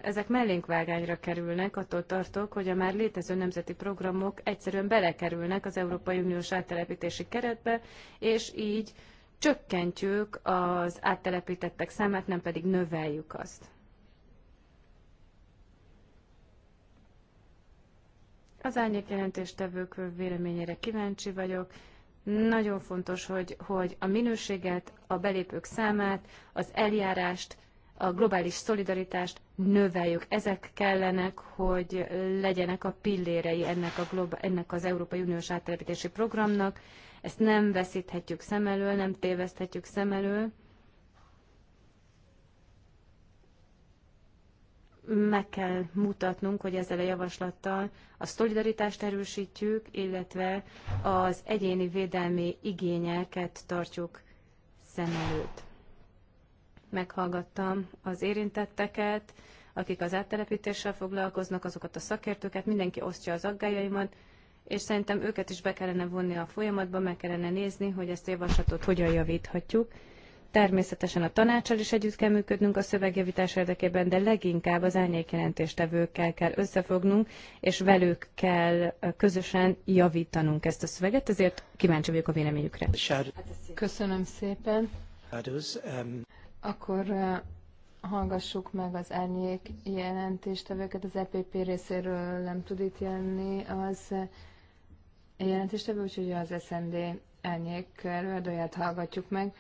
ezek mellénkvágányra kerülnek, attól tartok, hogy a már létező nemzeti programok egyszerűen belekerülnek az Európai Uniós áttelepítési keretbe, és így csökkentjük az áttelepítettek számát, nem pedig növeljük azt. Az árnyék jelentéstevők véleményére kíváncsi vagyok. Nagyon fontos, hogy, hogy a minőséget, a belépők számát, az eljárást a globális szolidaritást növeljük. Ezek kellenek, hogy legyenek a pillérei ennek, a globa, ennek az Európai Uniós áttelepítési programnak. Ezt nem veszíthetjük szem elől, nem téveszthetjük szem elől. Meg kell mutatnunk, hogy ezzel a javaslattal a szolidaritást erősítjük, illetve az egyéni védelmi igényeket tartjuk szem előtt meghallgattam az érintetteket, akik az áttelepítéssel foglalkoznak, azokat a szakértőket, mindenki osztja az aggájaimat, és szerintem őket is be kellene vonni a folyamatba, meg kellene nézni, hogy ezt a javaslatot hogyan javíthatjuk. Természetesen a tanácsal is együtt kell működnünk a szövegjavítás érdekében, de leginkább az árnyékjelentéstevőkkel kell összefognunk, és velük kell közösen javítanunk ezt a szöveget, ezért kíváncsi vagyok a véleményükre. Köszönöm szépen. Akkor hallgassuk meg az árnyék jelentéstevőket. Az EPP részéről nem tud itt jönni az jelentéstevő, úgyhogy az SND árnyék előadóját hallgatjuk meg.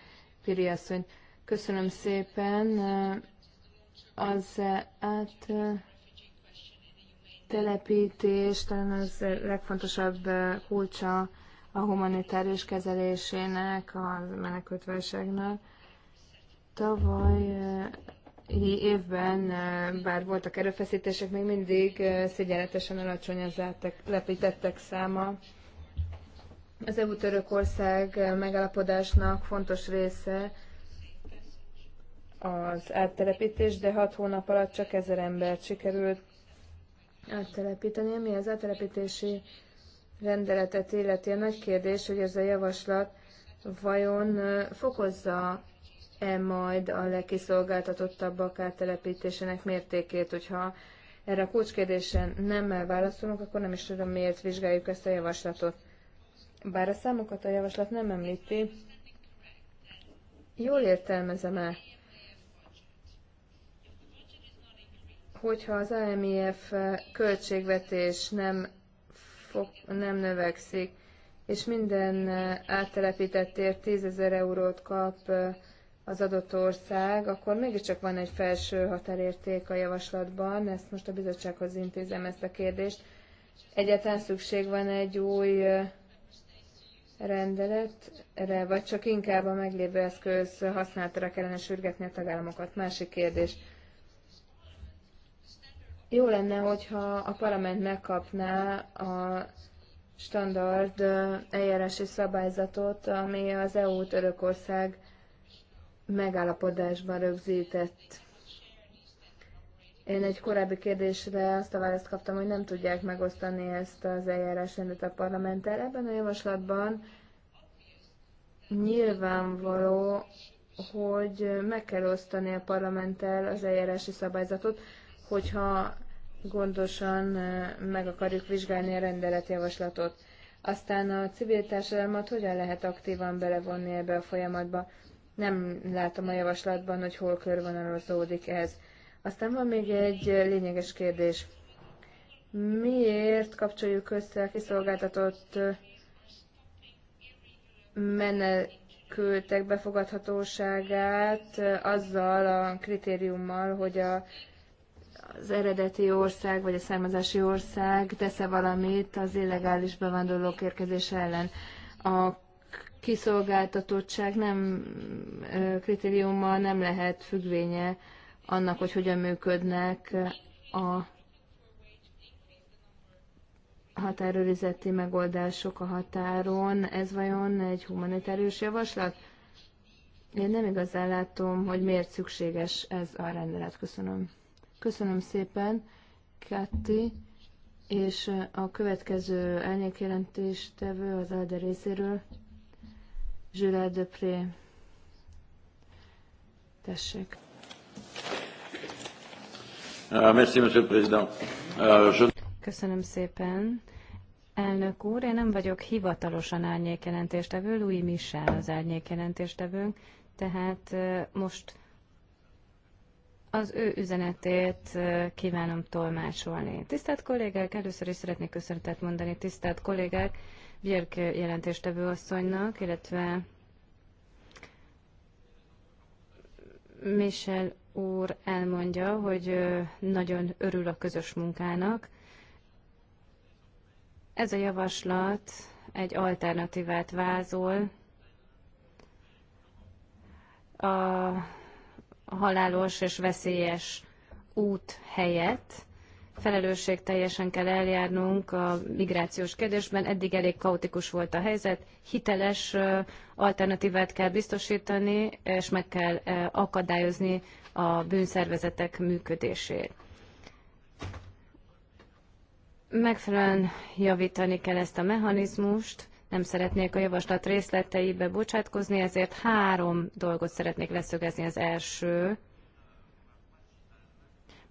Piri asszony, köszönöm szépen. Az át telepítés talán az legfontosabb kulcsa a humanitárius kezelésének, a menekültválságnak Tavaly eh, évben, eh, bár voltak erőfeszítések, még mindig eh, szégyenletesen alacsony az lepítettek száma. Az EU-Törökország megállapodásnak fontos része az áttelepítés, de hat hónap alatt csak ezer embert sikerült áttelepíteni, ami az áttelepítési rendeletet illeti. A nagy kérdés, hogy ez a javaslat vajon fokozza -e majd a legkiszolgáltatottabbak áttelepítésének mértékét, hogyha erre a kulcskérdésen nem válaszolunk, akkor nem is tudom, miért vizsgáljuk ezt a javaslatot. Bár a számokat a javaslat nem említi, jól értelmezem el, hogyha az AMIF költségvetés nem, fog, nem növekszik, és minden áttelepítettért 10 ezer eurót kap az adott ország, akkor mégiscsak van egy felső határérték a javaslatban, ezt most a bizottsághoz intézem ezt a kérdést. Egyáltalán szükség van egy új rendeletre, vagy csak inkább a meglévő eszköz használatra kellene sürgetni a tagállamokat? Másik kérdés. Jó lenne, hogyha a parlament megkapná a standard eljárási szabályzatot, ami az EU-t Örökország megállapodásban rögzített. Én egy korábbi kérdésre azt a választ kaptam, hogy nem tudják megosztani ezt az eljárásrendet a parlamenttel. Ebben a javaslatban nyilvánvaló, hogy meg kell osztani a parlamenttel az eljárási szabályzatot, hogyha gondosan meg akarjuk vizsgálni a rendeletjavaslatot. Aztán a civil társadalmat hogyan lehet aktívan belevonni ebbe a folyamatba? Nem látom a javaslatban, hogy hol körvonalazódik ez. Aztán van még egy lényeges kérdés. Miért kapcsoljuk össze a kiszolgáltatott menekültek befogadhatóságát azzal a kritériummal, hogy a, az eredeti ország vagy a származási ország tesz-e valamit az illegális bevándorlók érkezése ellen. A kiszolgáltatottság nem kritériuma nem lehet függvénye annak, hogy hogyan működnek a határőrizeti megoldások a határon. Ez vajon egy humanitárius javaslat? Én nem igazán látom, hogy miért szükséges ez a rendelet. Köszönöm. Köszönöm szépen, Kati. És a következő tevő az Alde részéről. Zsüle Depré. Tessék. Ah, ah, Köszönöm szépen. Elnök úr, én nem vagyok hivatalosan árnyékjelentéstevő, Louis Michel az árnyékjelentéstevőnk, tehát eh, most az ő üzenetét eh, kívánom tolmácsolni. Tisztelt kollégák, először is szeretnék köszönetet mondani, tisztelt kollégák, Björk jelentéstevő asszonynak, illetve Michel úr elmondja, hogy nagyon örül a közös munkának. Ez a javaslat egy alternatívát vázol a halálos és veszélyes út helyett, felelősségteljesen teljesen kell eljárnunk a migrációs kérdésben. Eddig elég kaotikus volt a helyzet. Hiteles alternatívát kell biztosítani, és meg kell akadályozni a bűnszervezetek működését megfelelően javítani kell ezt a mechanizmust, nem szeretnék a javaslat részleteibe bocsátkozni, ezért három dolgot szeretnék leszögezni. Az első,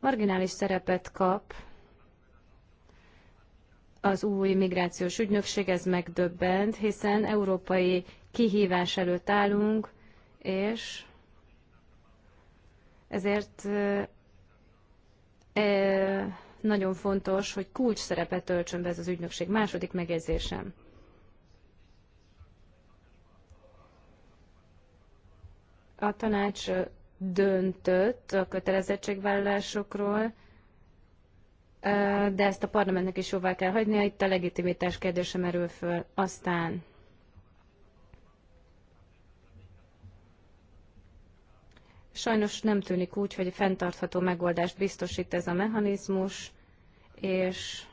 marginális szerepet kap az új migrációs ügynökség, ez megdöbbent, hiszen európai kihívás előtt állunk, és ezért nagyon fontos, hogy kulcs szerepet töltsön be ez az ügynökség. Második megjegyzésem. A tanács döntött a kötelezettségvállalásokról, de ezt a parlamentnek is jóvá kell hagynia, itt a legitimitás kérdése merül föl. Aztán sajnos nem tűnik úgy, hogy fenntartható megoldást biztosít ez a mechanizmus, és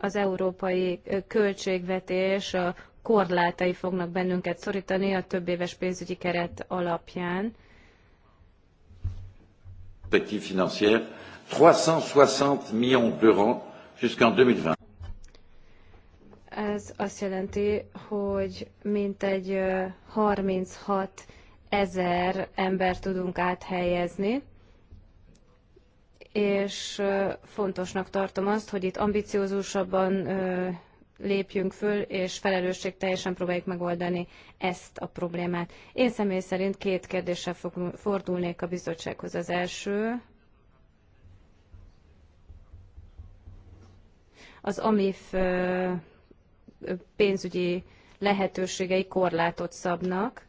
az európai költségvetés korlátai fognak bennünket szorítani a több éves pénzügyi keret alapján perspectives financières, 360 millions d'euros jusqu'en 2020. Ez azt jelenti, hogy mintegy 36 ezer ember tudunk áthelyezni, és fontosnak tartom azt, hogy itt ambiciózusabban lépjünk föl, és felelősség teljesen próbáljuk megoldani ezt a problémát. Én személy szerint két kérdéssel fog, fordulnék a bizottsághoz. Az első, az AMIF pénzügyi lehetőségei korlátot szabnak,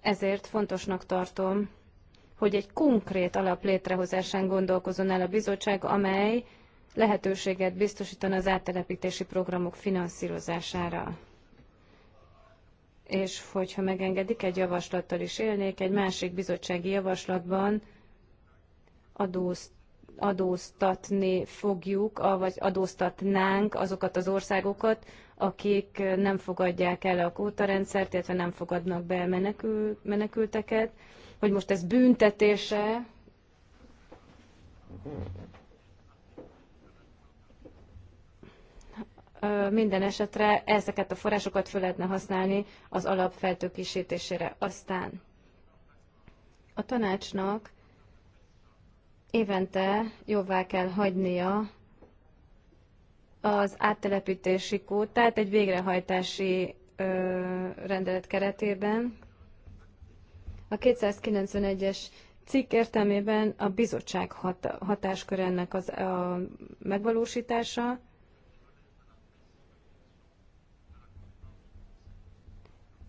ezért fontosnak tartom, hogy egy konkrét alap létrehozásán gondolkozon el a bizottság, amely lehetőséget biztosítani az áttelepítési programok finanszírozására. És hogyha megengedik, egy javaslattal is élnék, egy másik bizottsági javaslatban adóz, adóztatni fogjuk, vagy adóztatnánk azokat az országokat, akik nem fogadják el a kótarendszert, illetve nem fogadnak be menekül, menekülteket, hogy most ez büntetése, minden esetre ezeket a forrásokat fel lehetne használni az alap feltőkésítésére. Aztán a tanácsnak évente jóvá kell hagynia az áttelepítési kótát egy végrehajtási ö, rendelet keretében. A 291-es cikk értelmében a bizottság hat, hatáskör ennek az, a megvalósítása,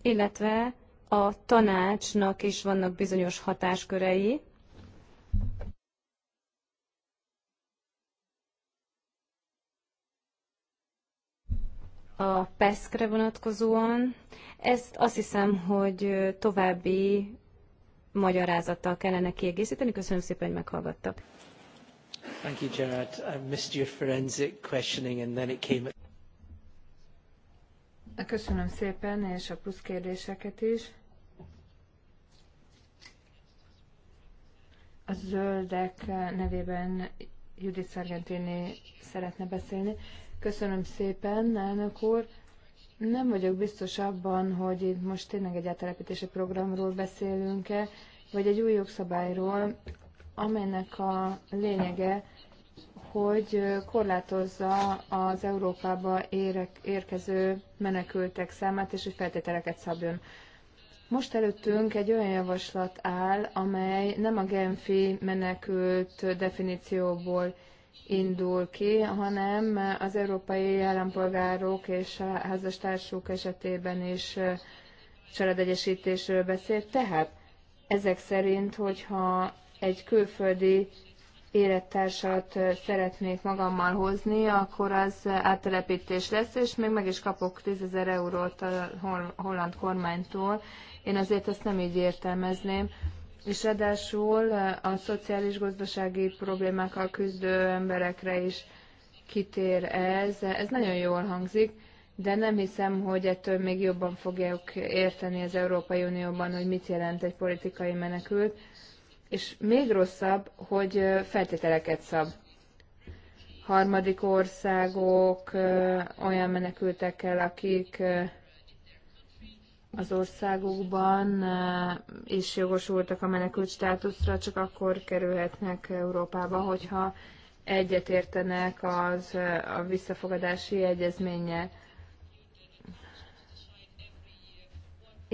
illetve a tanácsnak is vannak bizonyos hatáskörei. A PESZK-re vonatkozóan. Ezt azt hiszem, hogy további magyarázattal kellene kiegészíteni. Köszönöm szépen, hogy meghallgattak. Thank you, Gerard. I missed your forensic questioning and then it came. at- Köszönöm szépen, és a plusz kérdéseket is. A zöldek nevében Judit Sargentini szeretne beszélni. Köszönöm szépen, elnök úr. Nem vagyok biztos abban, hogy itt most tényleg egy áttelepítési programról beszélünk-e, vagy egy új jogszabályról, amelynek a lényege, hogy korlátozza az Európába érkező menekültek számát, és hogy feltételeket szabjon. Most előttünk egy olyan javaslat áll, amely nem a Genfi menekült definícióból indul ki, hanem az európai állampolgárok és a házastársuk esetében is családegyesítésről beszél. Tehát ezek szerint, hogyha egy külföldi élettársat szeretnék magammal hozni, akkor az áttelepítés lesz, és még meg is kapok 10 eurót a holland kormánytól. Én azért ezt nem így értelmezném. És ráadásul a szociális-gazdasági problémákkal küzdő emberekre is kitér ez. Ez nagyon jól hangzik, de nem hiszem, hogy ettől még jobban fogják érteni az Európai Unióban, hogy mit jelent egy politikai menekült és még rosszabb, hogy feltételeket szab. Harmadik országok olyan menekültekkel, akik az országukban is jogosultak a menekült státuszra, csak akkor kerülhetnek Európába, hogyha egyetértenek az, a visszafogadási egyezménnyel.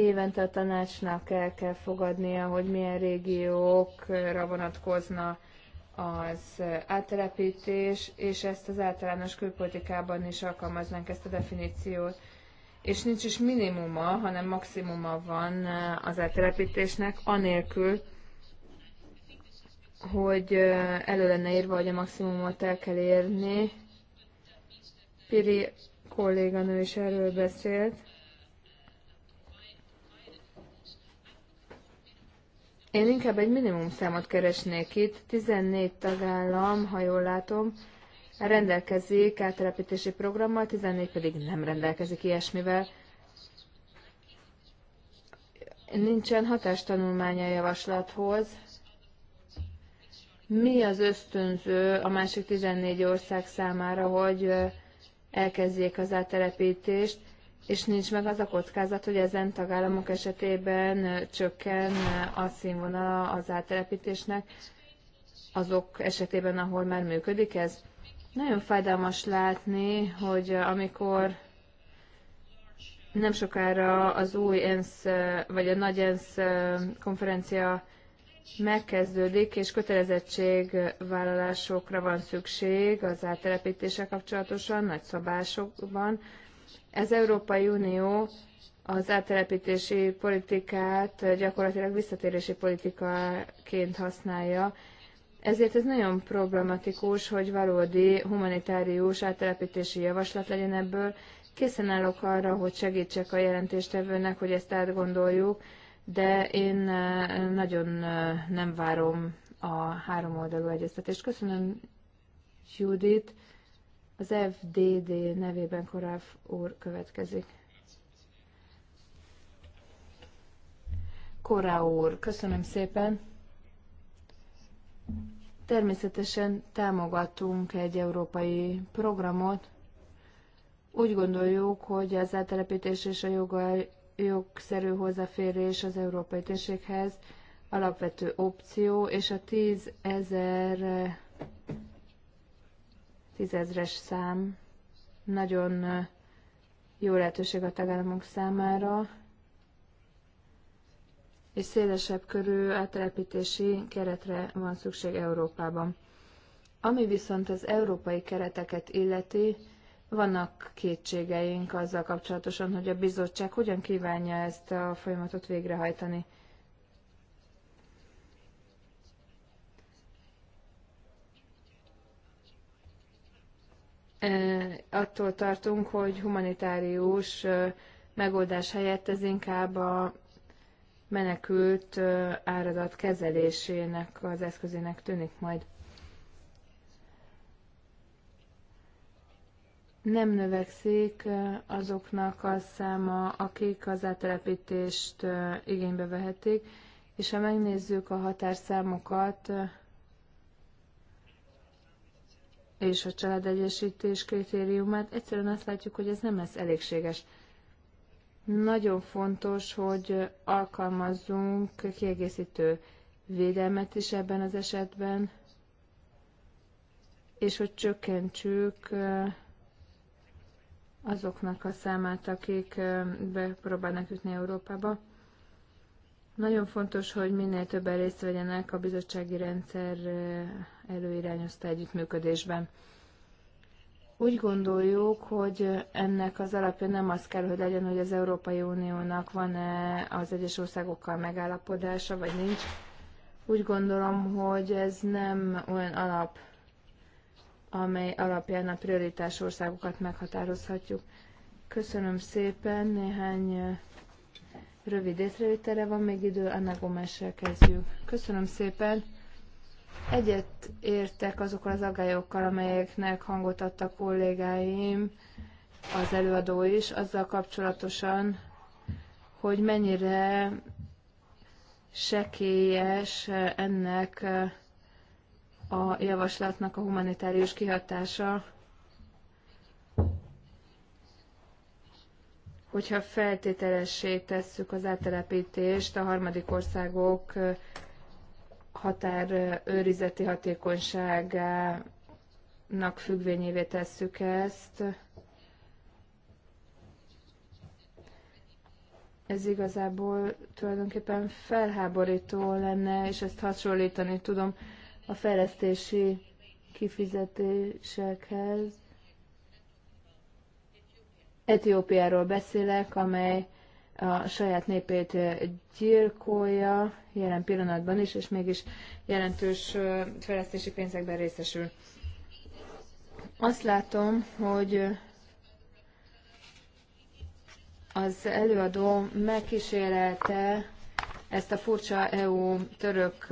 évente a tanácsnak el kell fogadnia, hogy milyen régiókra vonatkozna az áttelepítés, és ezt az általános külpolitikában is alkalmaznánk ezt a definíciót. És nincs is minimuma, hanem maximuma van az áttelepítésnek, anélkül, hogy elő lenne írva, hogy a maximumot el kell érni. Piri kolléganő is erről beszélt Én inkább egy minimum számot keresnék itt. 14 tagállam, ha jól látom, rendelkezik áttelepítési programmal, 14 pedig nem rendelkezik ilyesmivel. Nincsen hatástanulmánya a javaslathoz. Mi az ösztönző a másik 14 ország számára, hogy elkezdjék az áttelepítést? és nincs meg az a kockázat, hogy ezen tagállamok esetében csökken a színvonala az áttelepítésnek azok esetében, ahol már működik ez. Nagyon fájdalmas látni, hogy amikor nem sokára az új ENSZ, vagy a nagy ENSZ konferencia megkezdődik, és kötelezettségvállalásokra van szükség az áttelepítése kapcsolatosan, nagy szabásokban, az Európai Unió az áttelepítési politikát gyakorlatilag visszatérési politikaként használja, ezért ez nagyon problematikus, hogy valódi humanitárius áttelepítési javaslat legyen ebből. Készen állok arra, hogy segítsek a jelentéstevőnek, hogy ezt átgondoljuk, de én eh, nagyon eh, nem várom a oldalú egyeztetést. Köszönöm, Judit. Az FDD nevében Koráv úr következik. Korá úr, köszönöm szépen. Természetesen támogatunk egy európai programot. Úgy gondoljuk, hogy az áttelepítés és a joga, jogszerű hozzáférés az európai térséghez alapvető opció, és a 10 ezer tízezres szám nagyon jó lehetőség a tagállamok számára, és szélesebb körű áttelepítési keretre van szükség Európában. Ami viszont az európai kereteket illeti, vannak kétségeink azzal kapcsolatosan, hogy a bizottság hogyan kívánja ezt a folyamatot végrehajtani. attól tartunk, hogy humanitárius megoldás helyett ez inkább a menekült áradat kezelésének az eszközének tűnik majd. Nem növekszik azoknak a száma, akik az átelepítést igénybe vehetik, és ha megnézzük a határszámokat, és a családegyesítés kritériumát, egyszerűen azt látjuk, hogy ez nem lesz elégséges. Nagyon fontos, hogy alkalmazzunk kiegészítő védelmet is ebben az esetben, és hogy csökkentsük azoknak a számát, akik bepróbálnak jutni Európába. Nagyon fontos, hogy minél többen részt vegyenek a bizottsági rendszer előirányozta együttműködésben. Úgy gondoljuk, hogy ennek az alapja nem az kell, hogy legyen, hogy az Európai Uniónak van-e az egyes országokkal megállapodása, vagy nincs. Úgy gondolom, hogy ez nem olyan alap, amely alapján a prioritás országokat meghatározhatjuk. Köszönöm szépen, néhány Rövid észrevételre van még idő, Anna Gomessel kezdjük. Köszönöm szépen. Egyet értek azokkal az agályokkal, amelyeknek hangot adtak kollégáim, az előadó is, azzal kapcsolatosan, hogy mennyire sekélyes ennek a javaslatnak a humanitárius kihatása hogyha feltételessé tesszük az áttelepítést a harmadik országok határőrizeti hatékonyságának függvényévé tesszük ezt, ez igazából tulajdonképpen felháborító lenne, és ezt hasonlítani tudom a fejlesztési kifizetésekhez. Etiópiáról beszélek, amely a saját népét gyilkolja jelen pillanatban is, és mégis jelentős fejlesztési pénzekben részesül. Azt látom, hogy az előadó megkísérelte ezt a furcsa EU-török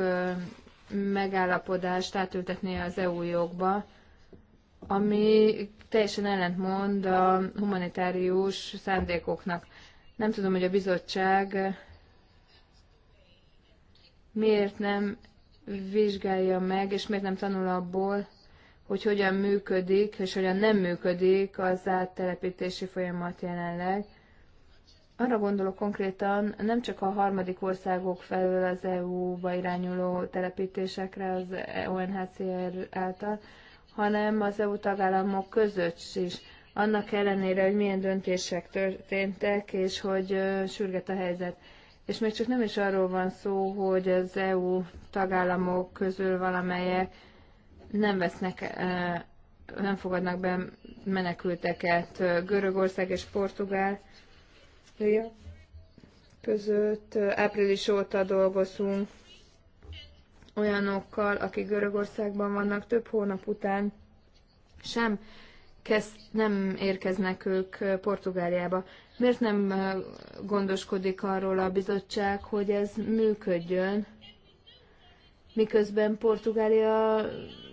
megállapodást átültetni az EU jogba, ami teljesen ellentmond a humanitárius szándékoknak. Nem tudom, hogy a bizottság miért nem vizsgálja meg, és miért nem tanul abból, hogy hogyan működik, és hogyan nem működik az áttelepítési folyamat jelenleg. Arra gondolok konkrétan, nem csak a harmadik országok felől az EU-ba irányuló telepítésekre az e UNHCR által, hanem az EU tagállamok között is. Annak ellenére, hogy milyen döntések történtek, és hogy sürget a helyzet. És még csak nem is arról van szó, hogy az EU tagállamok közül valamelyek nem vesznek, nem fogadnak be menekülteket. Görögország és Portugál között április óta dolgozunk olyanokkal, akik Görögországban vannak több hónap után, sem kezd, nem érkeznek ők Portugáliába. Miért nem gondoskodik arról a bizottság, hogy ez működjön, miközben Portugália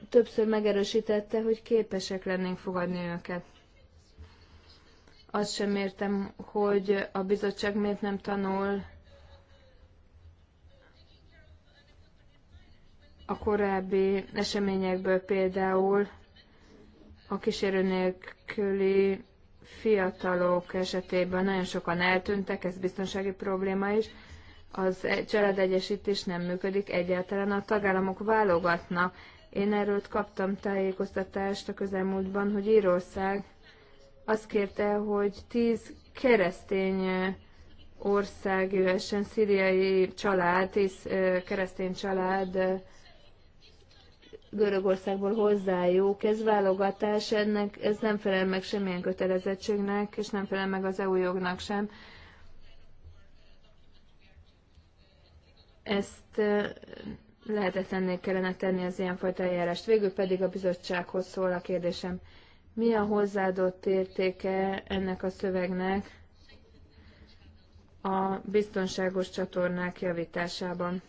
többször megerősítette, hogy képesek lennénk fogadni őket. Azt sem értem, hogy a bizottság miért nem tanul a korábbi eseményekből például a kísérő nélküli fiatalok esetében nagyon sokan eltűntek, ez biztonsági probléma is, az e- családegyesítés nem működik egyáltalán, a tagállamok válogatnak. Én erről kaptam tájékoztatást a közelmúltban, hogy Írország azt kérte, hogy tíz keresztény ország jöhessen, szíriai család, tíz keresztény család Görögországból hozzájuk. Ez válogatás, ennek ez nem felel meg semmilyen kötelezettségnek, és nem felel meg az EU jognak sem. Ezt lehetetlenné kellene tenni az ilyenfajta eljárást. Végül pedig a bizottsághoz szól a kérdésem. Mi a hozzáadott értéke ennek a szövegnek a biztonságos csatornák javításában?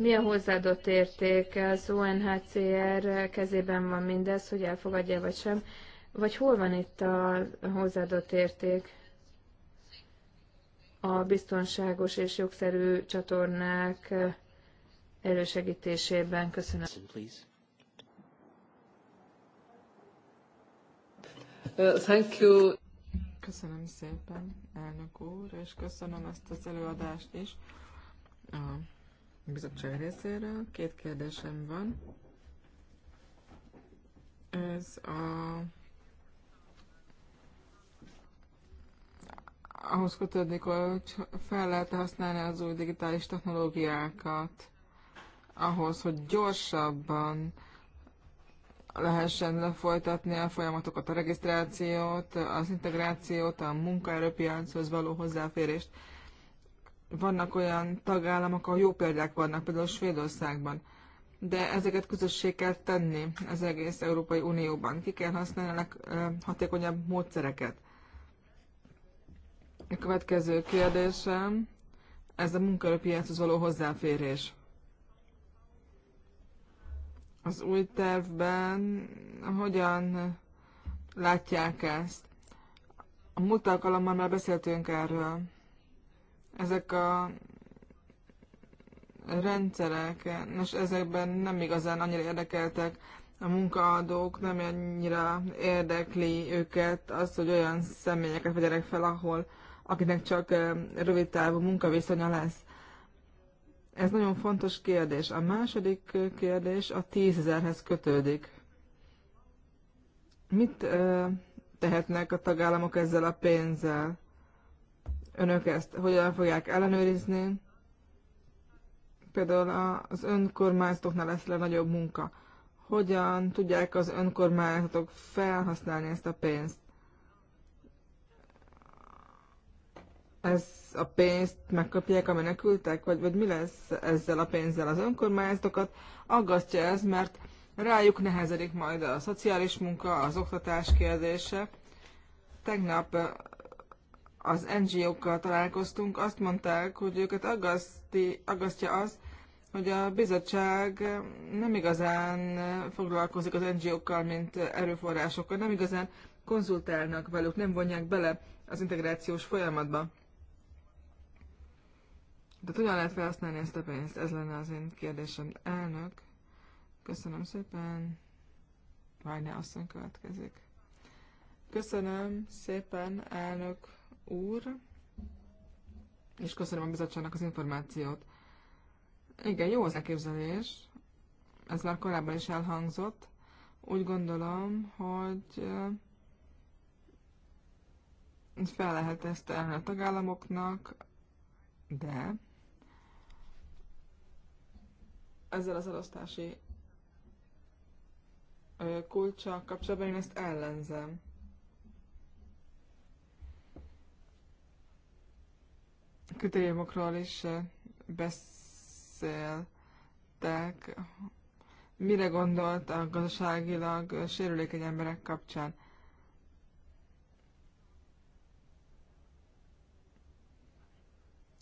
milyen hozzáadott érték az UNHCR kezében van mindez, hogy elfogadja vagy sem, vagy hol van itt a hozzáadott érték a biztonságos és jogszerű csatornák elősegítésében? Köszönöm. Uh, thank you. Köszönöm szépen, elnök úr, és köszönöm ezt az előadást is. Uh bizottság részéről. Két kérdésem van. Ez a... Ahhoz kötődik, hogy fel lehet használni az új digitális technológiákat ahhoz, hogy gyorsabban lehessen lefolytatni a folyamatokat, a regisztrációt, az integrációt, a munkaerőpiachoz való hozzáférést vannak olyan tagállamok, ahol jó példák vannak, például Svédországban. De ezeket közösség kell tenni az egész Európai Unióban. Ki kell használni a leghatékonyabb módszereket. A következő kérdésem, ez a munkaerőpiachoz való hozzáférés. Az új tervben hogyan látják ezt? A múlt alkalommal már beszéltünk erről ezek a rendszerek, és ezekben nem igazán annyira érdekeltek a munkaadók, nem annyira érdekli őket az, hogy olyan személyeket vegyenek fel, ahol akinek csak rövid távú munkaviszonya lesz. Ez nagyon fontos kérdés. A második kérdés a tízezerhez kötődik. Mit tehetnek a tagállamok ezzel a pénzzel? önök ezt hogyan fogják ellenőrizni. Például az önkormányzatoknál lesz le nagyobb munka. Hogyan tudják az önkormányzatok felhasználni ezt a pénzt? ez a pénzt megkapják a menekültek, vagy, vagy mi lesz ezzel a pénzzel az önkormányzatokat? Aggasztja ez, mert rájuk nehezedik majd a szociális munka, az oktatás kérdése. Tegnap az NGO-kkal találkoztunk, azt mondták, hogy őket aggaszti, aggasztja az, hogy a bizottság nem igazán foglalkozik az NGO-kkal, mint erőforrásokkal, nem igazán konzultálnak velük, nem vonják bele az integrációs folyamatba. De hogyan lehet felhasználni ezt a pénzt? Ez lenne az én kérdésem. Elnök, köszönöm szépen. Várjál, aztán következik. Köszönöm szépen, elnök úr, és köszönöm a bizottságnak az információt. Igen, jó az elképzelés, ez már korábban is elhangzott. Úgy gondolom, hogy eh, fel lehet ezt elni a tagállamoknak, de ezzel az elosztási eh, kulcsa kapcsolatban én ezt ellenzem. kritériumokról is eh, beszéltek. Mire gondolt a gazdaságilag sérülékeny emberek kapcsán?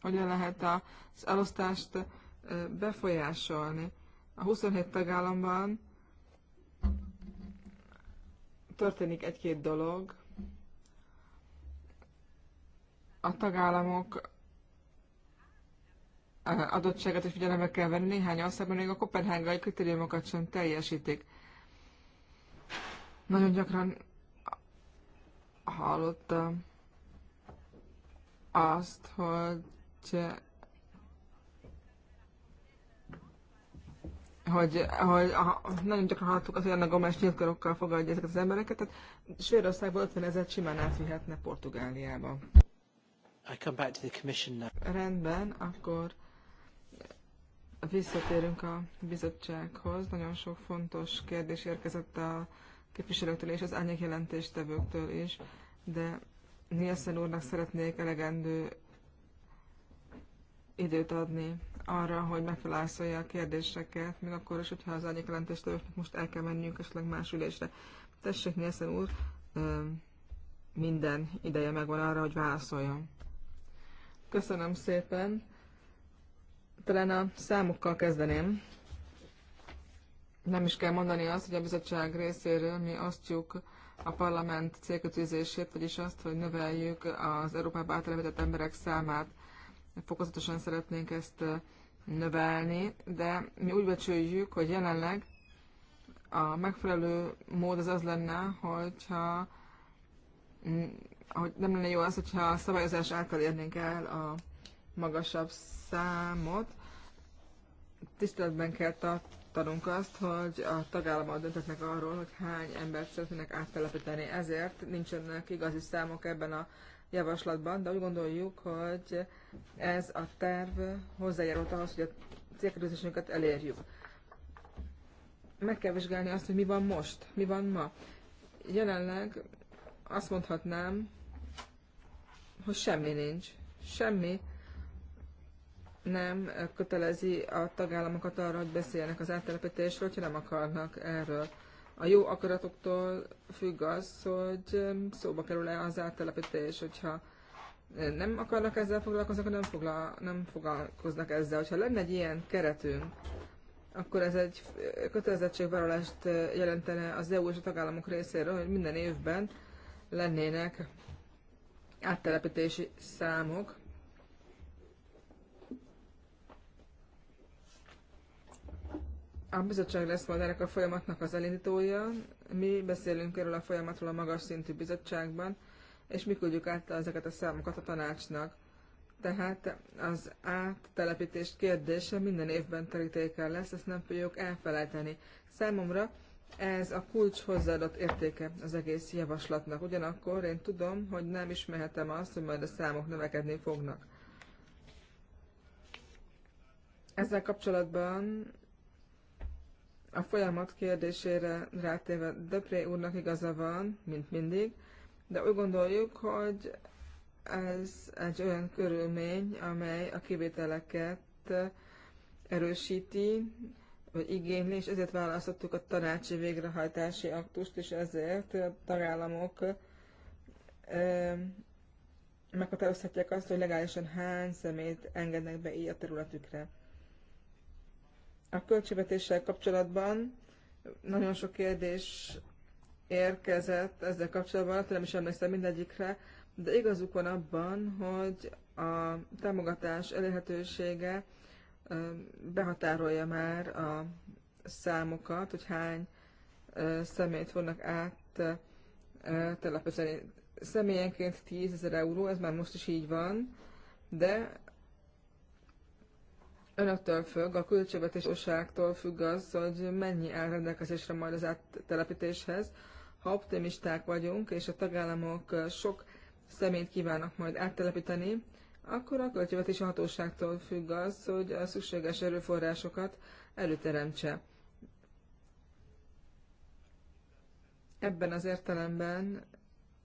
Hogyan lehet az elosztást eh, befolyásolni? A 27 tagállamban történik egy-két dolog. A tagállamok adottságát is figyelembe kell venni, néhány országban még a kopenhágai kritériumokat sem teljesítik. Nagyon gyakran hallottam azt, hogy hogy, hogy a, nagyon gyakran hallottuk azt, hogy a más nyilkarokkal fogadja ezeket az embereket, tehát Svédországból 50 ezer simán átvihetne Portugáliába. I come back to the commission now. Rendben, akkor visszatérünk a bizottsághoz. Nagyon sok fontos kérdés érkezett a képviselőktől és az árnyék jelentéstevőktől is, de Nielsen úrnak szeretnék elegendő időt adni arra, hogy megfelászolja a kérdéseket, még akkor is, hogyha az árnyék jelentéstevőknek most el kell menniük esetleg más ülésre. Tessék, Nielsen úr, minden ideje megvan arra, hogy válaszoljon. Köszönöm szépen! Talán a számokkal kezdeném. Nem is kell mondani azt, hogy a bizottság részéről mi osztjuk a parlament célkötőzését, vagyis azt, hogy növeljük az Európába átlevetett emberek számát. Fokozatosan szeretnénk ezt növelni, de mi úgy becsüljük, hogy jelenleg a megfelelő mód az az lenne, hogyha hogy nem lenne jó az, hogyha a szabályozás által érnénk el a magasabb számot, tiszteletben kell tartanunk azt, hogy a tagállamok döntetnek arról, hogy hány embert szeretnének áttelepíteni. Ezért nincsenek igazi számok ebben a javaslatban, de úgy gondoljuk, hogy ez a terv hozzájárult ahhoz, hogy a célkérdezésünket elérjük. Meg kell vizsgálni azt, hogy mi van most, mi van ma. Jelenleg azt mondhatnám, hogy semmi nincs. Semmi nem kötelezi a tagállamokat arra, hogy beszéljenek az áttelepítésről, hogyha nem akarnak erről. A jó akaratoktól függ az, hogy um, szóba kerül-e az áttelepítés, hogyha nem akarnak ezzel foglalkozni, akkor nem, foglal, nem foglalkoznak ezzel. Hogyha lenne egy ilyen keretünk, akkor ez egy kötelezettségvállalást jelentene az EU és a tagállamok részéről, hogy minden évben lennének áttelepítési számok, A bizottság lesz majd ennek a folyamatnak az elindítója. Mi beszélünk erről a folyamatról a magas szintű bizottságban, és mi küldjük át ezeket a számokat a tanácsnak. Tehát az áttelepítés kérdése minden évben terítékel lesz, ezt nem fogjuk elfelejteni. Számomra ez a kulcs hozzáadott értéke az egész javaslatnak. Ugyanakkor én tudom, hogy nem ismerhetem azt, hogy majd a számok növekedni fognak. Ezzel kapcsolatban a folyamat kérdésére rátéve Döpré úrnak igaza van, mint mindig, de úgy gondoljuk, hogy ez egy olyan körülmény, amely a kivételeket erősíti, vagy igényli, és ezért választottuk a tanácsi végrehajtási aktust, és ezért a tagállamok meghatározhatják azt, hogy legálisan hány szemét engednek be így a területükre. A költségvetéssel kapcsolatban nagyon sok kérdés érkezett ezzel kapcsolatban, hát nem is emlékszem mindegyikre, de igazuk van abban, hogy a támogatás elérhetősége behatárolja már a számokat, hogy hány személyt fognak át telepezni. Személyenként 10 ezer euró, ez már most is így van, de önöktől függ, a költségvetésosságtól függ az, hogy mennyi áll rendelkezésre majd az áttelepítéshez. Ha optimisták vagyunk, és a tagállamok sok személyt kívánnak majd áttelepíteni, akkor a költségvetési hatóságtól függ az, hogy a szükséges erőforrásokat előteremtse. Ebben az értelemben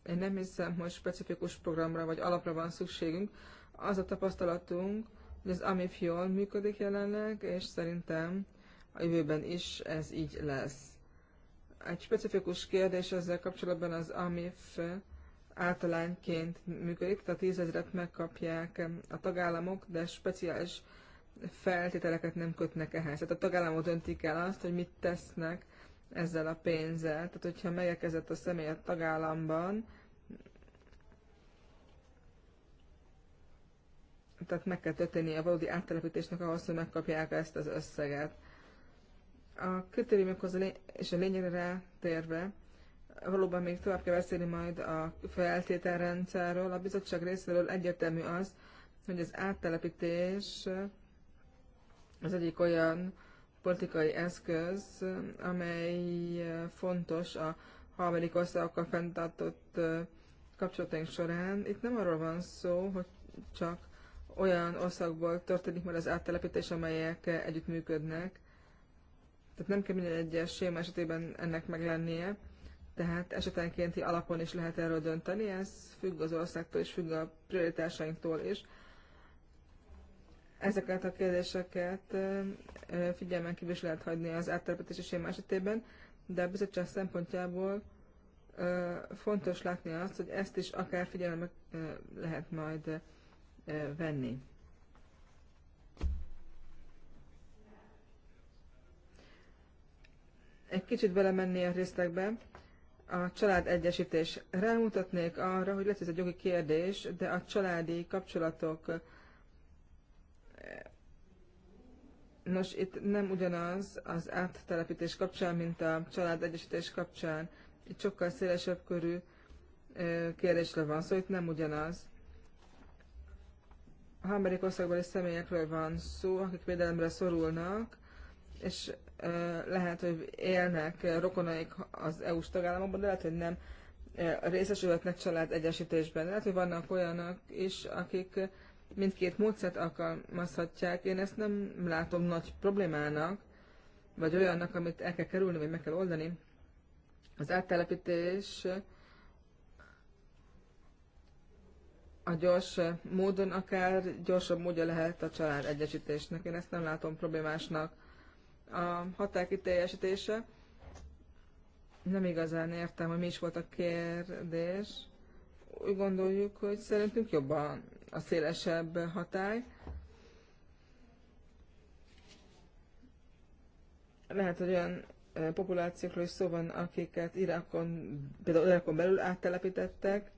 én nem hiszem, hogy specifikus programra vagy alapra van szükségünk. Az a tapasztalatunk, hogy az AMIF jól működik jelenleg, és szerintem a jövőben is ez így lesz. Egy specifikus kérdés ezzel kapcsolatban az AMIF általánként működik, tehát tízezret megkapják a tagállamok, de speciális feltételeket nem kötnek ehhez. Tehát a tagállamok döntik el azt, hogy mit tesznek ezzel a pénzzel. Tehát, hogyha megekezett a személy a tagállamban, tehát meg kell történnie a valódi áttelepítésnek ahhoz, hogy megkapják ezt az összeget. A kritériumokhoz és a lényegre térve, valóban még tovább kell beszélni majd a feltételrendszerről. A bizottság részéről egyértelmű az, hogy az áttelepítés az egyik olyan politikai eszköz, amely fontos a harmadik országokkal fenntartott kapcsolataink során. Itt nem arról van szó, hogy csak olyan országból történik már az áttelepítés, amelyek eh, együttműködnek. Tehát nem kell minden egyes séma esetében ennek meg lennie, tehát esetenkénti alapon is lehet erről dönteni, ez függ az országtól és függ a prioritásainktól is. Ezeket a kérdéseket eh, eh, figyelmen kívül is lehet hagyni az áttelepítési séma esetében, de a bizottság szempontjából fontos látni azt, hogy ezt is akár figyelembe lehet majd venni. Egy kicsit belemenni a részletekbe. A család egyesítés. Rámutatnék arra, hogy lehet, ez egy jogi kérdés, de a családi kapcsolatok Nos, itt nem ugyanaz az áttelepítés kapcsán, mint a család egyesítés kapcsán. Itt sokkal szélesebb körű kérdésre van szó, szóval itt nem ugyanaz harmadik országbeli személyekről van szó, akik védelemre szorulnak, és lehet, hogy élnek rokonaik az EU-s tagállamokban, de lehet, hogy nem részesülhetnek család egyesítésben. Lehet, hogy vannak olyanok is, akik mindkét módszert alkalmazhatják. Én ezt nem látom nagy problémának, vagy olyannak, amit el kell kerülni, vagy meg kell oldani. Az áttelepítés a gyors módon akár gyorsabb módja lehet a család egyesítésnek. Én ezt nem látom problémásnak. A határ kiteljesítése. Nem igazán értem, hogy mi is volt a kérdés. Úgy gondoljuk, hogy szerintünk jobban a szélesebb hatály. Lehet, hogy olyan eh, populációkról is szó van, akiket Irakon, például Irakon belül áttelepítettek,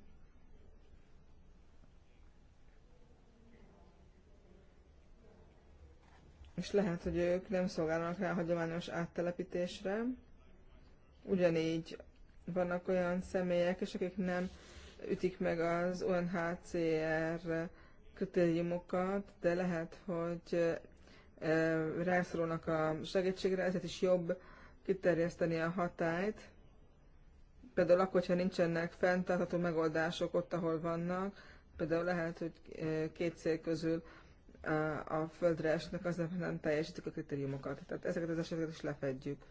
és lehet, hogy ők nem szolgálnak rá a hagyományos áttelepítésre. Ugyanígy vannak olyan személyek, és akik nem ütik meg az UNHCR kritériumokat, de lehet, hogy rászorulnak a segítségre, ezért is jobb kiterjeszteni a hatályt. Például akkor, hogyha nincsenek fenntartható megoldások ott, ahol vannak, például lehet, hogy két cél közül a földre esnek, az nem teljesítik a kritériumokat. Tehát ezeket az eseteket is lefedjük.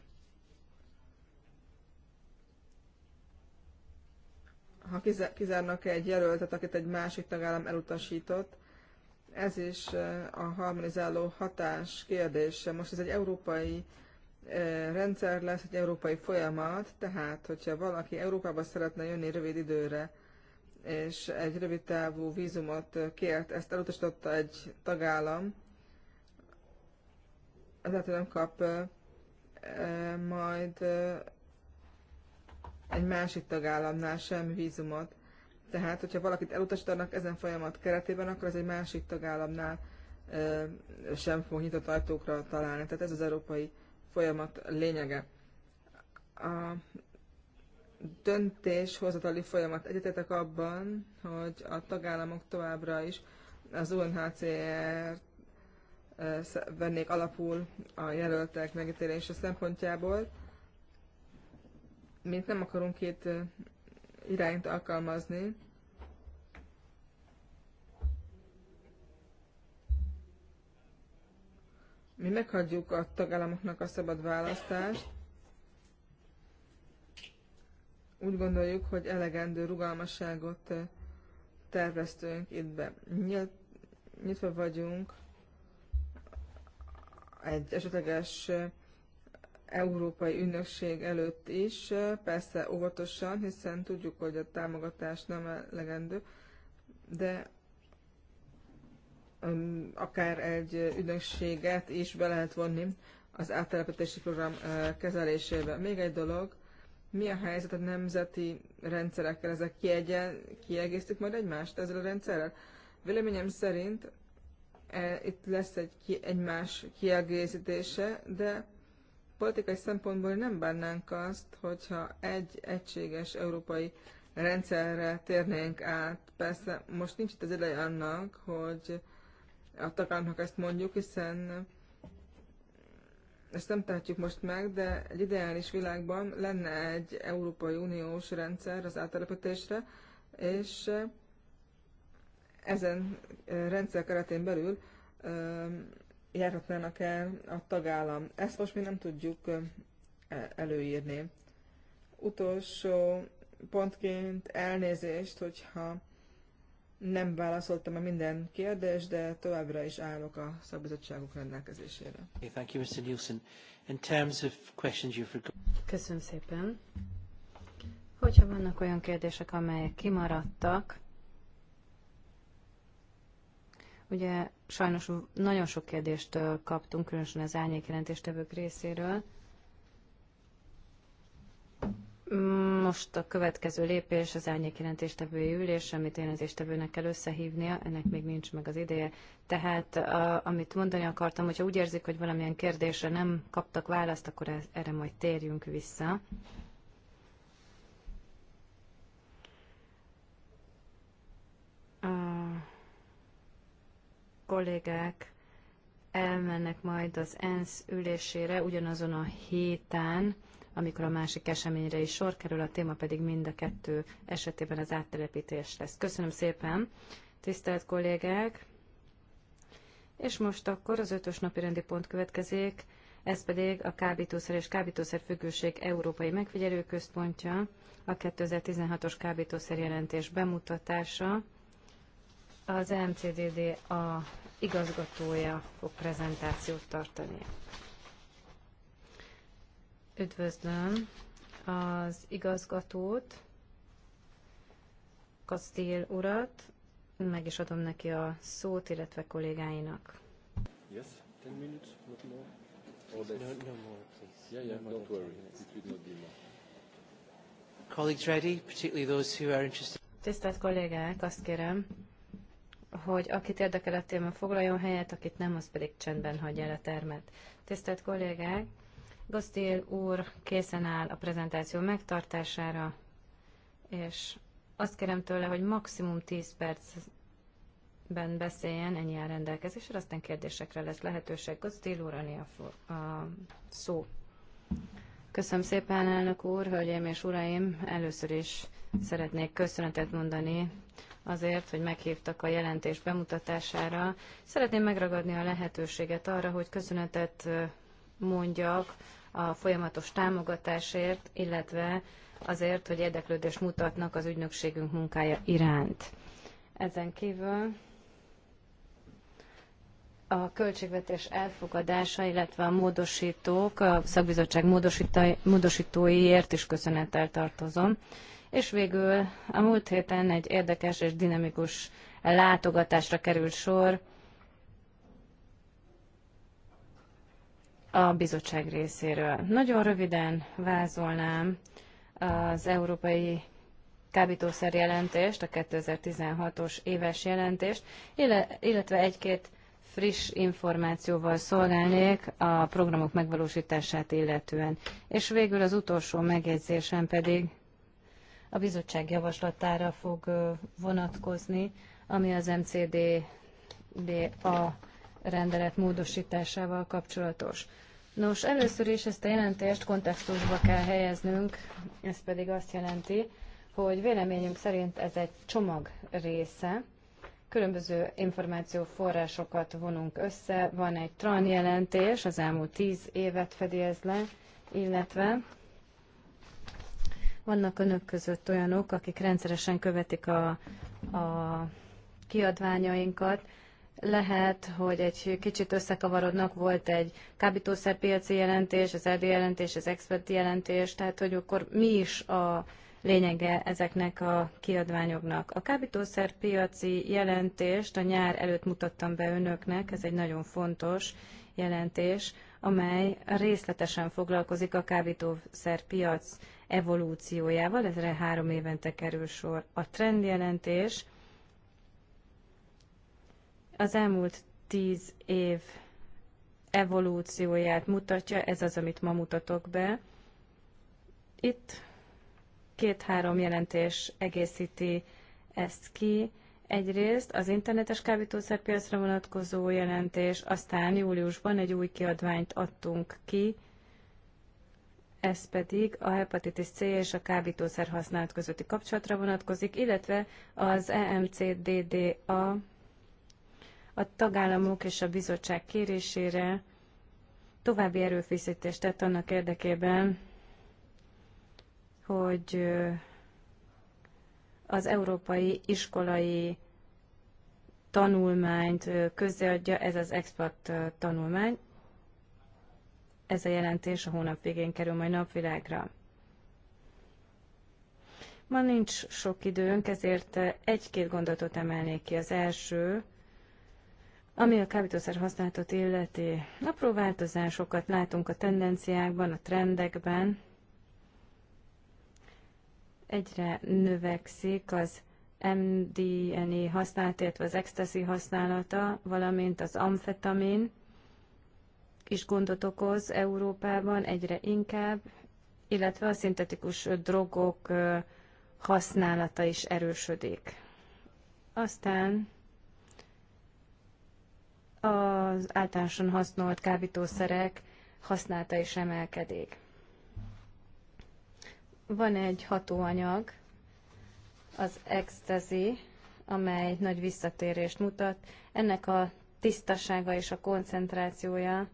Ha kizárnak egy jelöltet, akit egy másik tagállam elutasított, ez is a harmonizáló hatás kérdése. Most ez egy európai rendszer lesz, egy európai folyamat, tehát hogyha valaki Európába szeretne jönni rövid időre, és egy rövid távú vízumot kért, ezt elutasította egy tagállam, ezért nem kap majd egy másik tagállamnál sem vízumot. Tehát, hogyha valakit elutasítanak ezen folyamat keretében, akkor ez egy másik tagállamnál sem fog nyitott ajtókra találni. Tehát ez az európai folyamat lényege. A döntéshozatali folyamat. Egyetetek abban, hogy a tagállamok továbbra is az UNHCR eh, vennék alapul a jelöltek megítélése szempontjából. Mint nem akarunk két eh, irányt alkalmazni, mi meghagyjuk a tagállamoknak a szabad választást, úgy gondoljuk, hogy elegendő rugalmasságot eh, terveztünk itt be. Nyit, nyitva vagyunk egy esetleges eh, európai ünnökség előtt is, eh, persze óvatosan, hiszen tudjuk, hogy a támogatás nem elegendő, de akár egy ünnökséget is be lehet vonni az áttelepítési program kezelésébe. Még egy dolog, mi a helyzet a nemzeti rendszerekkel, ezek kiegyen, kiegészítik majd egymást ezzel a rendszerrel? Véleményem szerint e, itt lesz egy ki, egymás kiegészítése, de politikai szempontból nem bánnánk azt, hogyha egy egységes európai rendszerre térnénk át. Persze most nincs itt az ideje annak, hogy a tagállamnak ezt mondjuk, hiszen ezt nem tehetjük most meg, de egy ideális világban lenne egy Európai Uniós rendszer az áttelepítésre, és ezen rendszer keretén belül járhatnának el a tagállam. Ezt most mi nem tudjuk e, előírni. Utolsó pontként elnézést, hogyha nem válaszoltam a minden kérdés, de továbbra is állok a szakbizottságok rendelkezésére. Thank you, Mr. Nielsen. In terms of questions you've Köszönöm szépen. Hogyha vannak olyan kérdések, amelyek kimaradtak, ugye sajnos nagyon sok kérdést kaptunk, különösen az jelentéstevők részéről, most a következő lépés az árnyék jelentéstevői ülés, amit én istevőnek kell összehívnia, ennek még nincs meg az ideje. Tehát a, amit mondani akartam, hogyha úgy érzik, hogy valamilyen kérdésre nem kaptak választ, akkor ez, erre majd térjünk vissza. A kollégák elmennek majd az ENSZ ülésére ugyanazon a héten, amikor a másik eseményre is sor kerül, a téma pedig mind a kettő esetében az áttelepítés lesz. Köszönöm szépen, tisztelt kollégák! És most akkor az ötös napi rendi pont következik, ez pedig a Kábítószer és Kábítószerfüggőség Európai Megfigyelőközpontja, a 2016-os kábítószer jelentés bemutatása. Az MCDD a igazgatója fog prezentációt tartani. Üdvözlöm az igazgatót, Kastél urat, meg is adom neki a szót, illetve kollégáinak. Yes, 10 minutes, not more. No, no more, please. Yeah, yeah, no don't worry. It not be more. Colleagues ready, particularly those who are interested. Tisztelt kollégák, azt kérem, hogy akit érdekel a téma, foglaljon helyet, akit nem, az pedig csendben hagyja el a termet. Tisztelt kollégák, Gosztil úr készen áll a prezentáció megtartására, és azt kérem tőle, hogy maximum 10 percben beszéljen, ennyi áll rendelkezésre, aztán kérdésekre lesz lehetőség. Gosztil úr, a, a szó. Köszönöm szépen, elnök úr, hölgyeim és uraim! Először is szeretnék köszönetet mondani azért, hogy meghívtak a jelentés bemutatására. Szeretném megragadni a lehetőséget arra, hogy köszönetet mondjak a folyamatos támogatásért, illetve azért, hogy érdeklődést mutatnak az ügynökségünk munkája iránt. Ezen kívül a költségvetés elfogadása, illetve a módosítók, a szakbizottság módosítóiért is köszönettel tartozom. És végül a múlt héten egy érdekes és dinamikus látogatásra került sor a bizottság részéről. Nagyon röviden vázolnám az európai kábítószer jelentést, a 2016-os éves jelentést, illetve egy-két friss információval szolgálnék a programok megvalósítását illetően. És végül az utolsó megjegyzésem pedig a bizottság javaslatára fog vonatkozni, ami az MCD a rendelet módosításával kapcsolatos. Nos, először is ezt a jelentést kontextusba kell helyeznünk, ez pedig azt jelenti, hogy véleményünk szerint ez egy csomag része, különböző információforrásokat vonunk össze, van egy TRAN jelentés, az elmúlt tíz évet fedi ez le, illetve vannak önök között olyanok, akik rendszeresen követik a, a kiadványainkat, lehet, hogy egy kicsit összekavarodnak, volt egy kábítószerpiaci jelentés, az RD jelentés, az expert jelentés, tehát hogy akkor mi is a lényege ezeknek a kiadványoknak. A kábítószerpiaci jelentést a nyár előtt mutattam be önöknek, ez egy nagyon fontos jelentés, amely részletesen foglalkozik a kábítószerpiac evolúciójával, ezre három évente kerül sor. A trendjelentés az elmúlt tíz év evolúcióját mutatja, ez az, amit ma mutatok be. Itt két-három jelentés egészíti ezt ki. Egyrészt az internetes kábítószerpiacra vonatkozó jelentés, aztán júliusban egy új kiadványt adtunk ki, ez pedig a hepatitis C és a kábítószer használat közötti kapcsolatra vonatkozik, illetve az EMCDDA a tagállamok és a bizottság kérésére további erőfeszítést tett annak érdekében, hogy az európai iskolai tanulmányt közreadja, ez az expat tanulmány. Ez a jelentés a hónap végén kerül majd napvilágra. Ma nincs sok időnk, ezért egy-két gondolatot emelnék ki. Az első, ami a kábítószer használatot illeti, apró változásokat látunk a tendenciákban, a trendekben. Egyre növekszik az MDNA használat, illetve az ecstasy használata, valamint az amfetamin is gondot okoz Európában egyre inkább, illetve a szintetikus drogok használata is erősödik. Aztán az általánosan használt kábítószerek használata is emelkedik. Van egy hatóanyag, az ecstasy, amely nagy visszatérést mutat. Ennek a tisztasága és a koncentrációja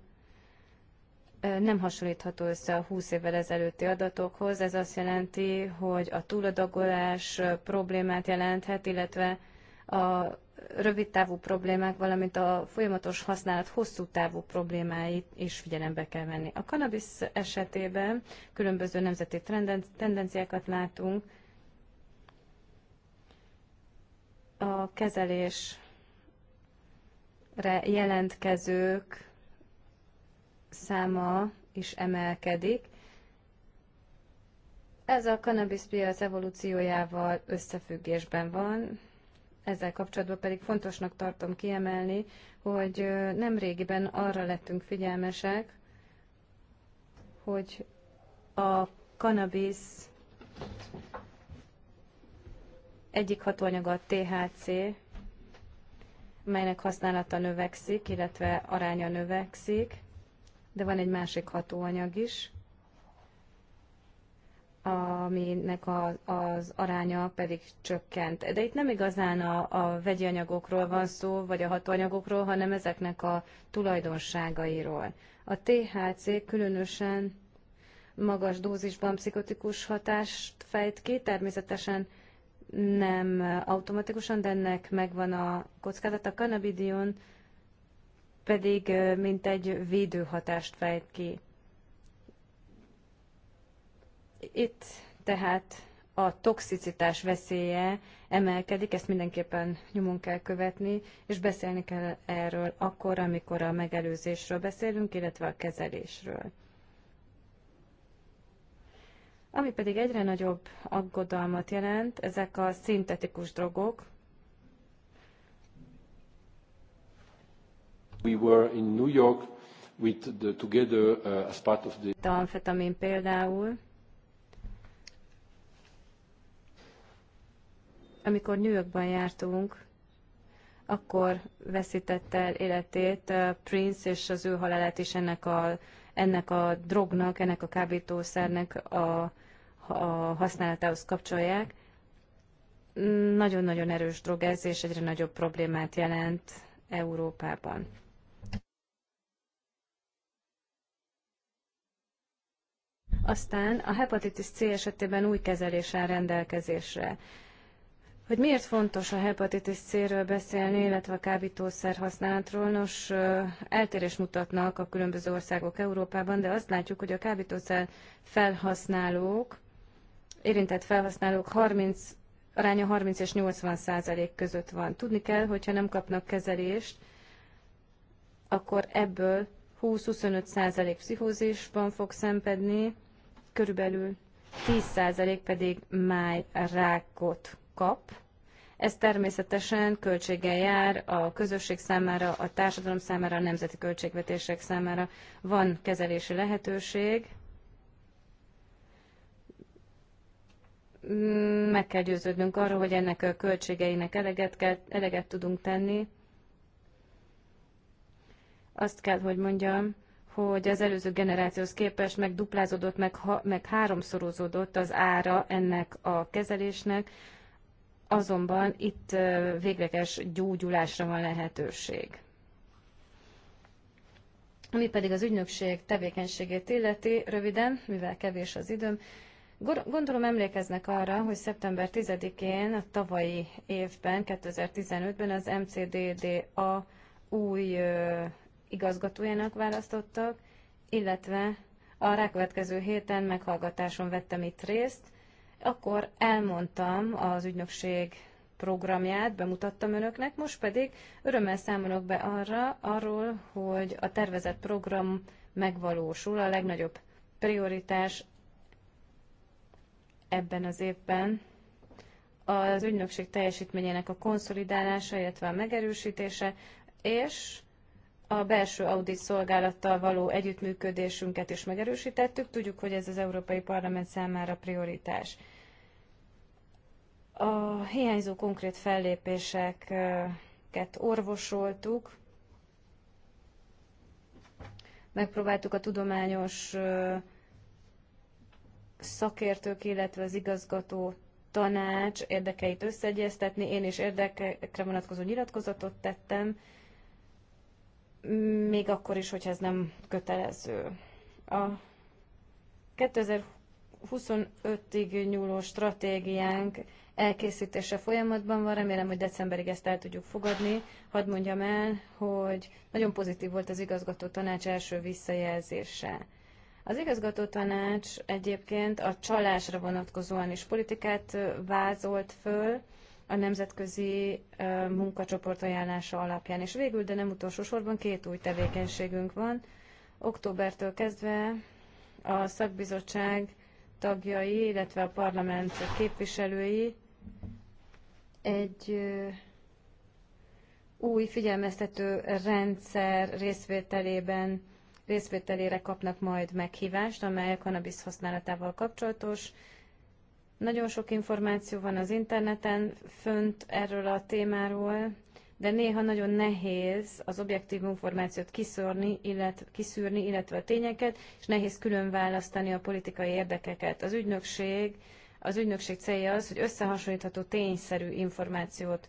nem hasonlítható össze a 20 évvel ezelőtti adatokhoz. Ez azt jelenti, hogy a túladagolás problémát jelenthet, illetve a rövidtávú problémák, valamint a folyamatos használat hosszú távú problémáit is figyelembe kell venni. A kanabisz esetében különböző nemzeti tendenciákat látunk. A kezelésre jelentkezők száma is emelkedik. Ez a kanabisz piac evolúciójával összefüggésben van, ezzel kapcsolatban pedig fontosnak tartom kiemelni, hogy nem régiben arra lettünk figyelmesek, hogy a kanabisz egyik hatóanyaga a THC, melynek használata növekszik, illetve aránya növekszik, de van egy másik hatóanyag is, aminek a, az aránya pedig csökkent. De itt nem igazán a, a vegyi anyagokról van szó, vagy a hatóanyagokról, hanem ezeknek a tulajdonságairól. A THC különösen magas dózisban pszichotikus hatást fejt ki, természetesen nem automatikusan, de ennek megvan a kockázat. A cannabidion pedig mint egy védőhatást fejt ki. Itt tehát a toxicitás veszélye emelkedik, ezt mindenképpen nyomon kell követni, és beszélni kell erről akkor, amikor a megelőzésről beszélünk, illetve a kezelésről. Ami pedig egyre nagyobb aggodalmat jelent, ezek a szintetikus drogok. We were in New York with the, together uh, as part of the... Amfetamin például Amikor New Yorkban jártunk, akkor veszítette el életét Prince, és az ő halálát is ennek a, ennek a drognak, ennek a kábítószernek a, a használatához kapcsolják. Nagyon-nagyon erős drog ez, és egyre nagyobb problémát jelent Európában. Aztán a hepatitis C esetében új kezelés áll rendelkezésre. Hogy miért fontos a hepatitis C-ről beszélni, illetve a kábítószer használatról? Nos, eltérés mutatnak a különböző országok Európában, de azt látjuk, hogy a kábítószer felhasználók, érintett felhasználók 30 aránya 30 és 80 százalék között van. Tudni kell, hogyha nem kapnak kezelést, akkor ebből 20-25 százalék pszichózisban fog szenvedni, körülbelül 10 százalék pedig májrákot kap. Ez természetesen költséggel jár a közösség számára, a társadalom számára, a nemzeti költségvetések számára. Van kezelési lehetőség. Mm, meg kell győződnünk arról, hogy ennek a költségeinek eleget, kell, eleget tudunk tenni. Azt kell, hogy mondjam, hogy az előző generációhoz képest megduplázódott, meg, ha, meg háromszorozódott az ára ennek a kezelésnek azonban itt végleges gyógyulásra van lehetőség. Ami pedig az ügynökség tevékenységét illeti, röviden, mivel kevés az időm, Gondolom emlékeznek arra, hogy szeptember 10-én a tavalyi évben, 2015-ben az MCDDA új igazgatójának választottak, illetve a rákövetkező héten meghallgatáson vettem itt részt, akkor elmondtam az ügynökség programját, bemutattam önöknek, most pedig örömmel számolok be arra, arról, hogy a tervezett program megvalósul, a legnagyobb prioritás ebben az évben az ügynökség teljesítményének a konszolidálása, illetve a megerősítése, és a belső audit szolgálattal való együttműködésünket is megerősítettük. Tudjuk, hogy ez az Európai Parlament számára prioritás. A hiányzó konkrét fellépéseket orvosoltuk, megpróbáltuk a tudományos szakértők, illetve az igazgató tanács érdekeit összeegyeztetni. Én is érdekekre vonatkozó nyilatkozatot tettem, még akkor is, hogyha ez nem kötelező. A 2025-ig nyúló stratégiánk elkészítése folyamatban van, remélem, hogy decemberig ezt el tudjuk fogadni. Hadd mondjam el, hogy nagyon pozitív volt az igazgató tanács első visszajelzése. Az igazgató tanács egyébként a csalásra vonatkozóan is politikát vázolt föl, a nemzetközi munkacsoport ajánlása alapján. És végül, de nem utolsó sorban két új tevékenységünk van. Októbertől kezdve a szakbizottság tagjai, illetve a parlament képviselői egy új figyelmeztető rendszer részvételében részvételére kapnak majd meghívást, amely a cannabis használatával kapcsolatos nagyon sok információ van az interneten fönt erről a témáról, de néha nagyon nehéz az objektív információt kiszűrni, illet, kiszűrni, illetve a tényeket, és nehéz külön választani a politikai érdekeket. Az ügynökség, az ügynökség célja az, hogy összehasonlítható tényszerű információt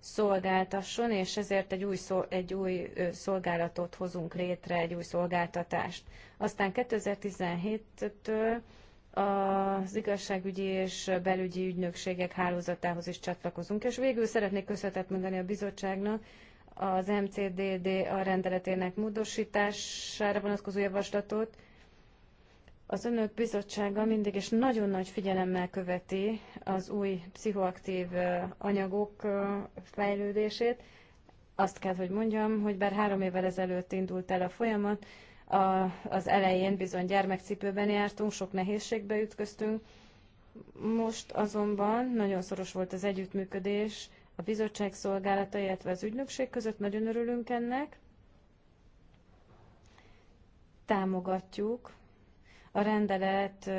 szolgáltasson, és ezért egy új, szol, egy új szolgálatot hozunk létre, egy új szolgáltatást. Aztán 2017-től az igazságügyi és belügyi ügynökségek hálózatához is csatlakozunk. És végül szeretnék köszönetet mondani a bizottságnak az MCDD a rendeletének módosítására vonatkozó javaslatot. Az önök bizottsága mindig és nagyon nagy figyelemmel követi az új pszichoaktív anyagok fejlődését. Azt kell, hogy mondjam, hogy bár három évvel ezelőtt indult el a folyamat, a, az elején bizony gyermekcipőben jártunk, sok nehézségbe ütköztünk. Most azonban nagyon szoros volt az együttműködés a bizottság szolgálata, illetve az ügynökség között, nagyon örülünk ennek. Támogatjuk a rendelet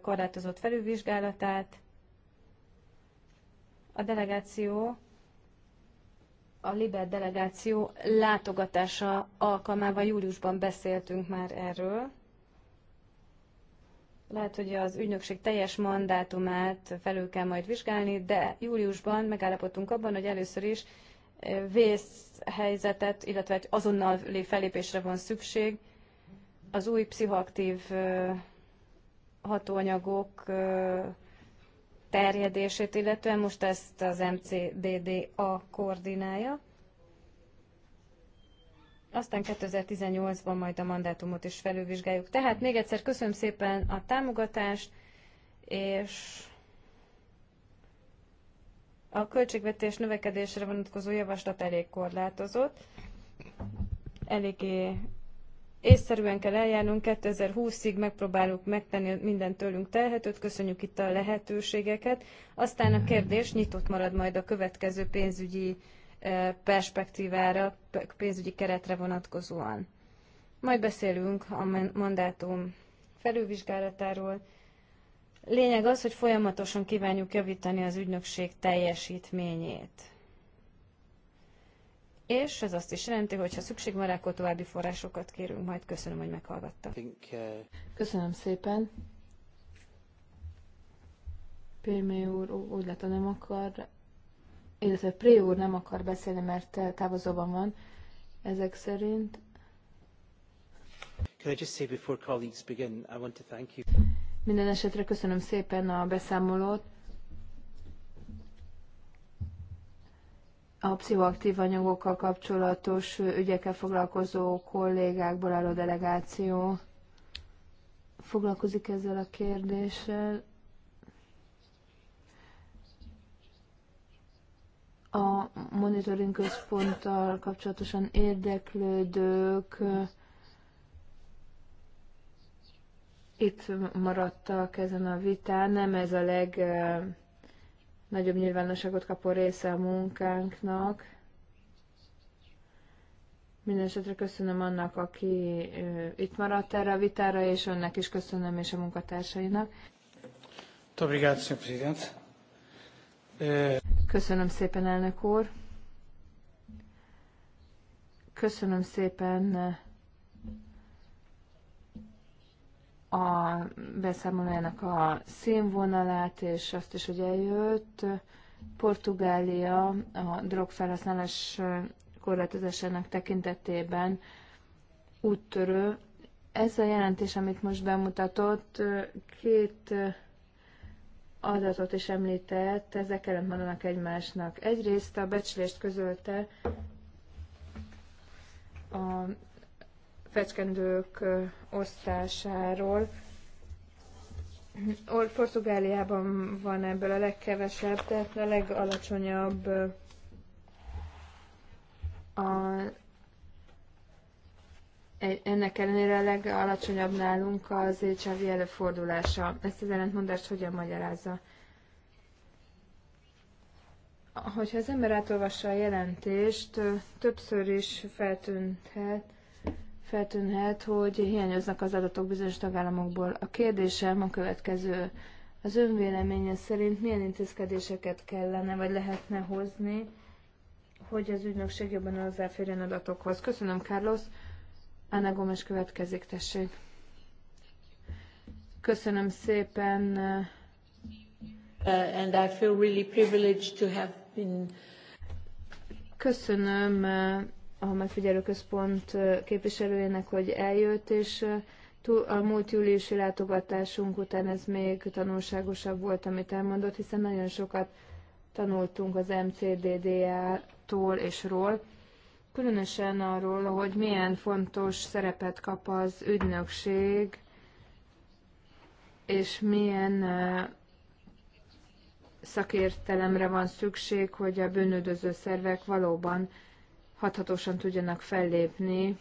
korlátozott felülvizsgálatát. A delegáció a Liber delegáció látogatása alkalmával júliusban beszéltünk már erről. Lehet, hogy az ügynökség teljes mandátumát felül kell majd vizsgálni, de júliusban megállapodtunk abban, hogy először is vészhelyzetet, illetve egy azonnali felépésre van szükség az új pszichoaktív hatóanyagok terjedését, illetően most ezt az MCDDA koordinálja. Aztán 2018-ban majd a mandátumot is felülvizsgáljuk. Tehát még egyszer köszönöm szépen a támogatást, és a költségvetés növekedésre vonatkozó javaslat elég korlátozott, eléggé észszerűen kell eljárnunk, 2020-ig megpróbálunk megtenni minden tőlünk telhetőt, köszönjük itt a lehetőségeket. Aztán a kérdés nyitott marad majd a következő pénzügyi eh, perspektívára, pénzügyi keretre vonatkozóan. Majd beszélünk a mandátum felülvizsgálatáról. Lényeg az, hogy folyamatosan kívánjuk javítani az ügynökség teljesítményét és ez azt is jelenti, hogy ha szükség van, akkor további forrásokat kérünk, majd köszönöm, hogy meghallgatta. Köszönöm szépen. Pérmé úr úgy látom nem akar, illetve Pré úr nem akar beszélni, mert távozóban van ezek szerint. Can I just say before colleagues begin, I want to thank you. Minden esetre köszönöm szépen a beszámolót. a pszichoaktív anyagokkal kapcsolatos ügyekkel foglalkozó kollégákból álló delegáció foglalkozik ezzel a kérdéssel. A monitoring központtal kapcsolatosan érdeklődők itt maradtak ezen a vitán, nem ez a leg nagyobb nyilvánosságot kapó része a munkánknak. Mindenesetre köszönöm annak, aki itt maradt erre a vitára, és önnek is köszönöm, és a munkatársainak. Köszönöm szépen, elnök úr. Köszönöm szépen a beszámolójának a színvonalát, és azt is, hogy eljött. Portugália a drogfelhasználás korlátozásának tekintetében úttörő. Ez a jelentés, amit most bemutatott, két adatot is említett, ezek ellent mondanak egymásnak. Egyrészt a becslést közölte a fecskendők osztásáról. Portugáliában van ebből a legkevesebb, tehát a legalacsonyabb a, ennek ellenére a legalacsonyabb nálunk az HIV előfordulása. Ezt az ellentmondást hogyan magyarázza? Hogyha az ember átolvassa a jelentést, többször is feltűnhet, feltűnhet, hogy hiányoznak az adatok bizonyos tagállamokból. A kérdésem a következő. Az véleménye szerint milyen intézkedéseket kellene vagy lehetne hozni, hogy az ügynökség jobban hozzáférjen adatokhoz? Köszönöm, Carlos. Anna Gomes következik, tessék. Köszönöm szépen. Uh, and I feel really privileged to have been... Köszönöm uh, a megfigyelőközpont képviselőjének, hogy eljött, és a múlt júliusi látogatásunk után ez még tanulságosabb volt, amit elmondott, hiszen nagyon sokat tanultunk az MCDDA-tól és ról, különösen arról, hogy milyen fontos szerepet kap az ügynökség, és milyen szakértelemre van szükség, hogy a bűnöldöző szervek valóban hathatósan tudjanak fellépni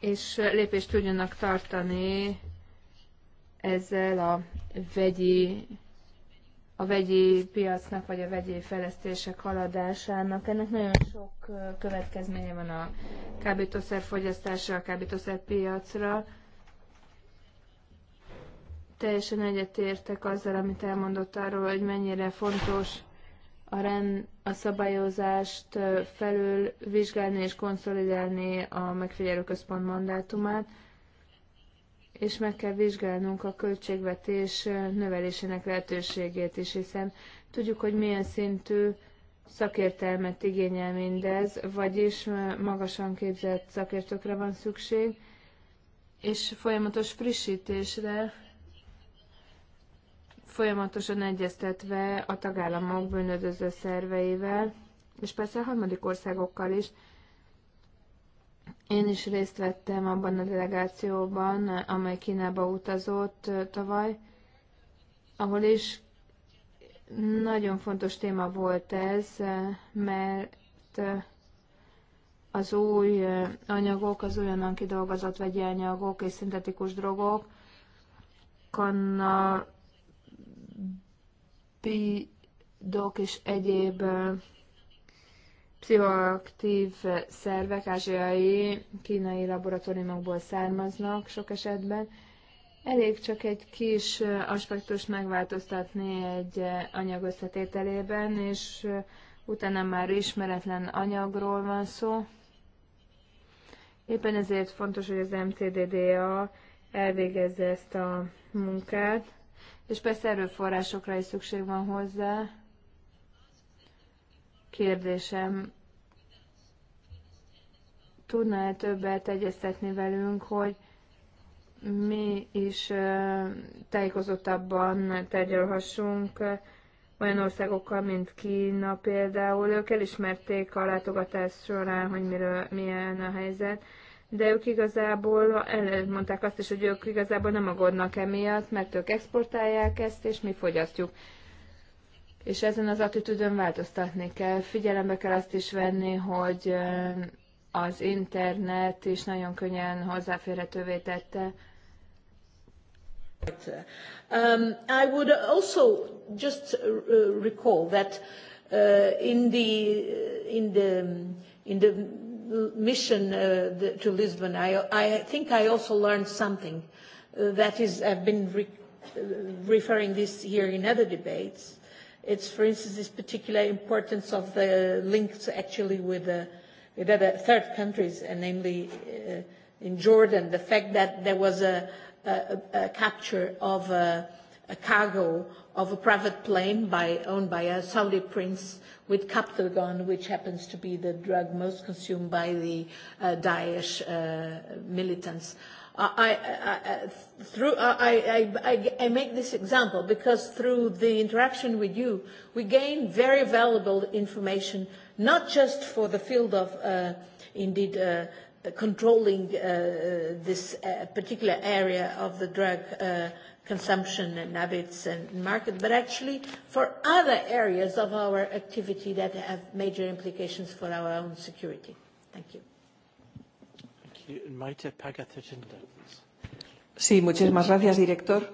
és lépést tudjanak tartani ezzel a vegyi a vegyi piacnak, vagy a vegyi fejlesztések haladásának. Ennek nagyon sok következménye van a kábítószer fogyasztásra, a kábítószer piacra. Teljesen egyetértek azzal, amit elmondott arról, hogy mennyire fontos a, rend, a szabályozást felül vizsgálni és konszolidálni a megfigyelőközpont mandátumát, és meg kell vizsgálnunk a költségvetés növelésének lehetőségét is, hiszen tudjuk, hogy milyen szintű szakértelmet igényel mindez, vagyis magasan képzett szakértőkre van szükség, és folyamatos frissítésre, folyamatosan egyeztetve a tagállamok bűnöző szerveivel, és persze a harmadik országokkal is. Én is részt vettem abban a delegációban, amely Kínába utazott tavaly, ahol is nagyon fontos téma volt ez, mert az új anyagok, az olyan kidolgozott vegyi anyagok és szintetikus drogok kanna lipidok és egyéb pszichoaktív szervek ázsiai, kínai laboratóriumokból származnak sok esetben. Elég csak egy kis aspektus megváltoztatni egy anyag összetételében, és utána már ismeretlen anyagról van szó. Éppen ezért fontos, hogy az MCDDA elvégezze ezt a munkát és persze erőforrásokra is szükség van hozzá. Kérdésem, tudna-e többet egyeztetni velünk, hogy mi is tájékozottabban tárgyalhassunk olyan országokkal, mint Kína például. Ők elismerték a látogatás során, hogy miről, milyen a helyzet de ők igazából mondták azt is, hogy ők igazából nem aggódnak emiatt, mert ők exportálják ezt, és mi fogyasztjuk. És ezen az attitűdön változtatni kell. Figyelembe kell azt is venni, hogy az internet is nagyon könnyen hozzáférhetővé tette. Um, I would also just uh, recall that uh, in the in the in the mission uh, the, to Lisbon, I, I think I also learned something. Uh, that is, I've been re- uh, referring this here in other debates. It's, for instance, this particular importance of the links actually with, uh, with other third countries, and namely uh, in Jordan, the fact that there was a, a, a capture of a, a cargo of a private plane by, owned by a Saudi prince with Captagon, which happens to be the drug most consumed by the uh, Daesh uh, militants. I, I, I, through, I, I, I make this example because through the interaction with you, we gain very valuable information, not just for the field of, uh, indeed, uh, controlling uh, this uh, particular area of the drug uh, consumption and habits and market, but actually for other areas of our activity that have major implications for our own security. Thank you. Thank you. Maite Pagathagenda. Sí, muchísimas gracias, director.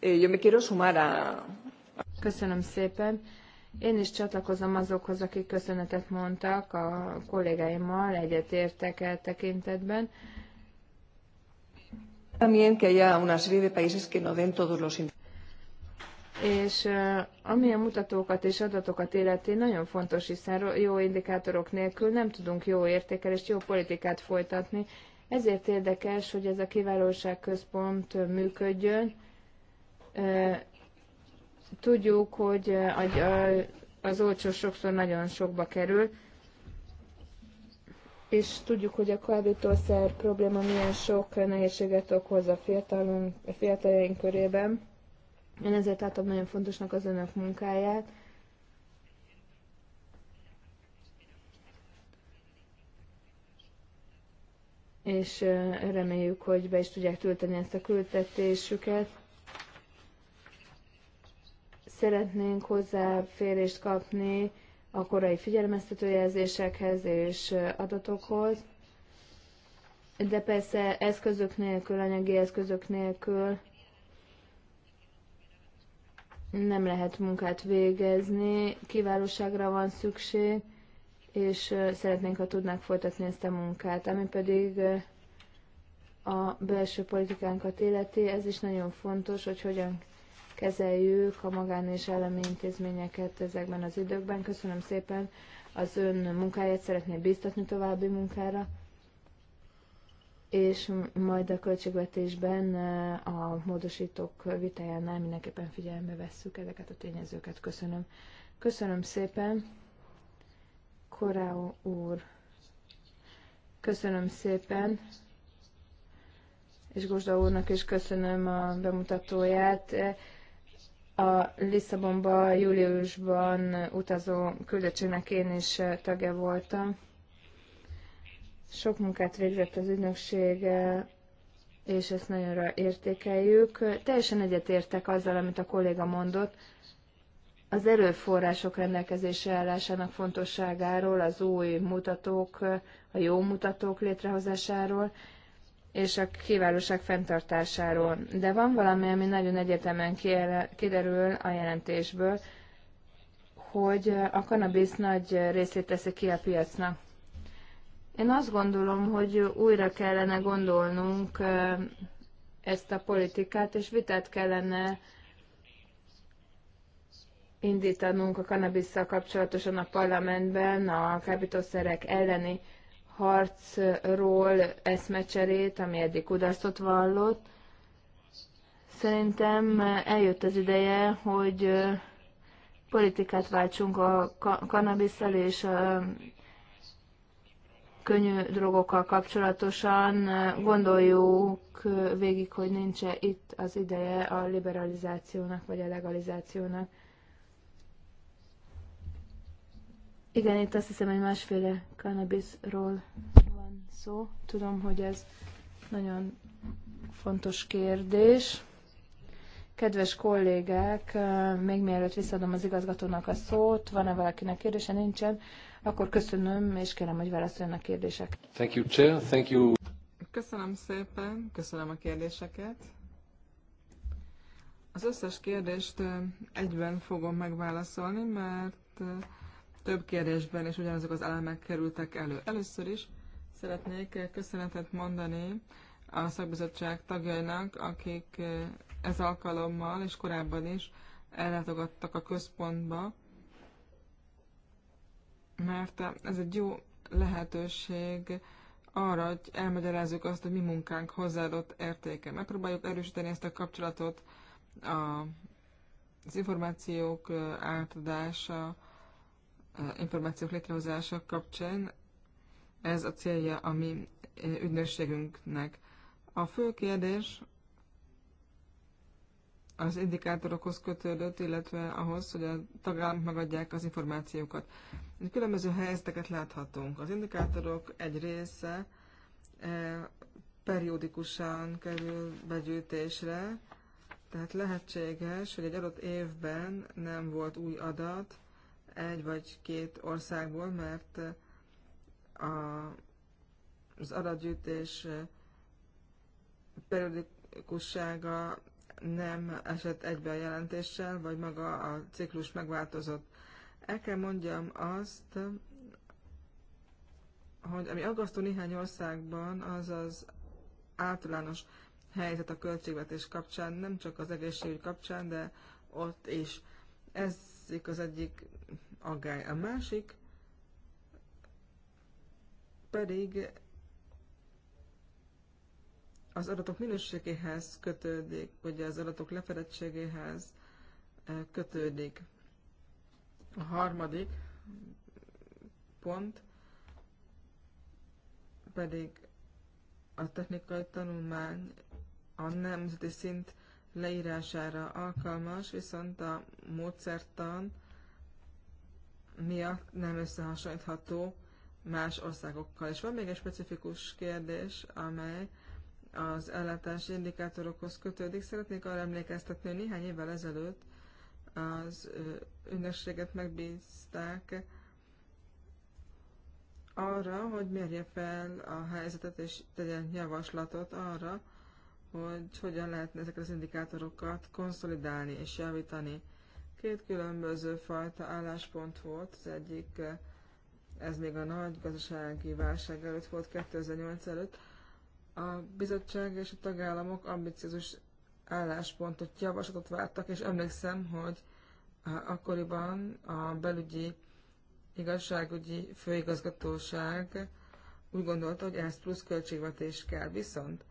Eh, yo me quiero sumar a... Köszönöm szépen. Én is csatlakozom azokhoz, akik köszönetet mondtak a kollégáimmal, egyetértek el tekintetben. También que haya una serie de países que no den todos los és amilyen mutatókat és adatokat illeti, nagyon fontos, hiszen jó indikátorok nélkül nem tudunk jó értékelést, jó politikát folytatni. Ezért érdekes, hogy ez a kiválóság központ működjön. Tudjuk, hogy az olcsó sokszor nagyon sokba kerül, és tudjuk, hogy a kábítószer probléma milyen sok nehézséget okoz a, fiatalunk, a fiataljaink körében. Én ezért látom nagyon fontosnak az önök munkáját. És reméljük, hogy be is tudják tölteni ezt a küldetésüket. Szeretnénk hozzáférést kapni a korai figyelmeztetőjelzésekhez és adatokhoz, de persze eszközök nélkül, anyagi eszközök nélkül nem lehet munkát végezni, kiválóságra van szükség, és szeretnénk, ha tudnák folytatni ezt a munkát. Ami pedig a belső politikánkat életi, ez is nagyon fontos, hogy hogyan kezeljük a magán és állami intézményeket ezekben az időkben. Köszönöm szépen az ön munkáját, szeretném bíztatni további munkára, és majd a költségvetésben eh, a módosítók vitájánál mindenképpen figyelembe vesszük ezeket a tényezőket. Köszönöm. Köszönöm szépen. Koráó úr. Köszönöm szépen és Gosda úrnak is köszönöm a bemutatóját. A Lisszabonba júliusban utazó küldöttségnek én is eh, tagja voltam. Sok munkát végzett az ügynökség, és ezt nagyon értékeljük. Teljesen egyetértek azzal, amit a kolléga mondott, az erőforrások rendelkezésre állásának fontosságáról, az új mutatók, eh, a jó mutatók létrehozásáról, és a kiválóság fenntartásáról. De van valami, ami nagyon egyetemen kiderül a jelentésből, hogy a kanabisz nagy részét teszi ki a piacnak. Én azt gondolom, hogy újra kellene gondolnunk ezt a politikát, és vitát kellene indítanunk a kanabisszal kapcsolatosan a parlamentben a kábítószerek elleni harcról eszmecserét, ami eddig kudarcot vallott. Szerintem eljött az ideje, hogy politikát váltsunk a kannabisszel és a könnyű drogokkal kapcsolatosan. Gondoljuk végig, hogy nincs -e itt az ideje a liberalizációnak vagy a legalizációnak. Igen, itt azt hiszem, hogy másféle cannabisról van szó. Tudom, hogy ez nagyon fontos kérdés. Kedves kollégák, még mielőtt visszaadom az igazgatónak a szót, van-e valakinek kérdése? Nincsen. Akkor köszönöm, és kérem, hogy válaszoljon a kérdések. Thank you, Chair. Thank you. Köszönöm szépen, köszönöm a kérdéseket. Az összes kérdést egyben fogom megválaszolni, mert több kérdésben is ugyanazok az elemek kerültek elő. Először is szeretnék köszönetet mondani a szakbizottság tagjainak, akik eh, ez alkalommal és korábban is ellátogattak a központba, mert ez egy jó lehetőség arra, hogy elmagyarázzuk azt, hogy mi munkánk hozzáadott értéke. Megpróbáljuk erősíteni ezt a kapcsolatot a, az információk eh, átadása információk létrehozása kapcsán. Ez a célja a mi eh, ügynökségünknek. A fő kérdés az indikátorokhoz kötődött, illetve ahhoz, hogy a tagállamok megadják az információkat. Különböző helyzeteket láthatunk. Az indikátorok egy része eh, periódikusan kerül begyűjtésre, tehát lehetséges, hogy egy adott évben nem volt új adat, egy vagy két országból, mert eh, a, az adatgyűjtés eh, periodikussága nem esett egybe a jelentéssel, vagy maga a ciklus megváltozott. El kell mondjam azt, hogy ami aggasztó néhány országban, az az általános helyzet a költségvetés kapcsán, nem csak az egészségügy kapcsán, de ott is. Ez az egyik aggály. A másik pedig az adatok minőségéhez kötődik, vagy az adatok lefedettségéhez eh, kötődik. A harmadik pont pedig a technikai tanulmány a nemzeti szint leírására alkalmas, viszont a módszertan miatt nem összehasonlítható más országokkal. És van még egy specifikus kérdés, amely az ellátási indikátorokhoz kötődik. Szeretnék arra emlékeztetni, hogy néhány évvel ezelőtt az ünnepséget megbízták arra, hogy mérje fel a helyzetet és tegyen javaslatot arra, hogy hogyan lehetne ezeket az indikátorokat konszolidálni és javítani. Két különböző fajta álláspont volt, az egyik eh, ez még a nagy gazdasági válság előtt volt, 2008 előtt. A bizottság és a tagállamok ambiciózus álláspontot, javaslatot vártak, és emlékszem, hogy eh, akkoriban a belügyi igazságügyi főigazgatóság úgy gondolta, hogy ezt plusz költségvetés kell. Viszont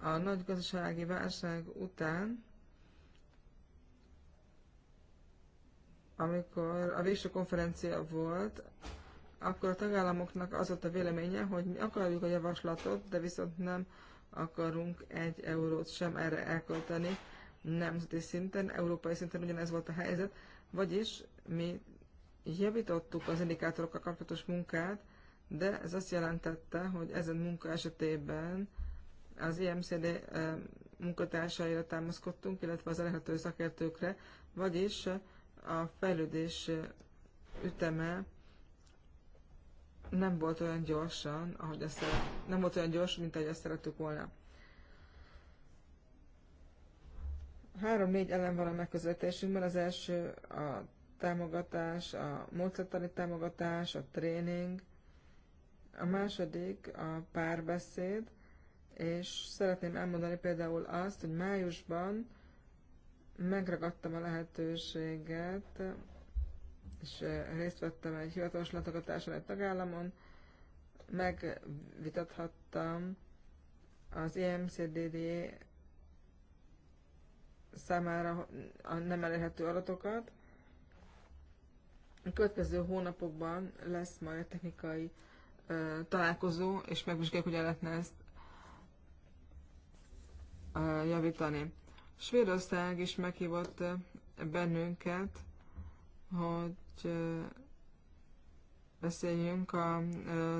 a nagy gazdasági válság után amikor a végső konferencia volt, akkor a tagállamoknak az volt a véleménye, hogy mi akarjuk a javaslatot, de viszont nem akarunk egy eurót sem erre elkölteni nemzeti szinten, európai szinten ugyanez volt a helyzet, vagyis mi javítottuk az indikátorokkal kapcsolatos munkát, de ez azt jelentette, hogy ezen munka esetében az IMCD eh, munkatársaira támaszkodtunk, illetve az elérhető szakértőkre, vagyis a fejlődés üteme nem volt olyan gyorsan, ahogy azt szeret, nem volt olyan gyors, mint ahogy azt szerettük volna. Három-négy elem van a megközelítésünkben. Az első a támogatás, a módszertani támogatás, a tréning. A második a párbeszéd, és szeretném elmondani például azt, hogy májusban megragadtam a lehetőséget, és eh, részt vettem egy hivatalos látogatáson egy tagállamon, megvitathattam az EMCDD e számára a nem elérhető adatokat. A következő hónapokban lesz majd technikai ö, eh, találkozó, és megvizsgáljuk, hogy el lehetne ezt ö, eh, javítani. Svédország is meghívott eh, bennünket, hogy eh, beszéljünk a eh,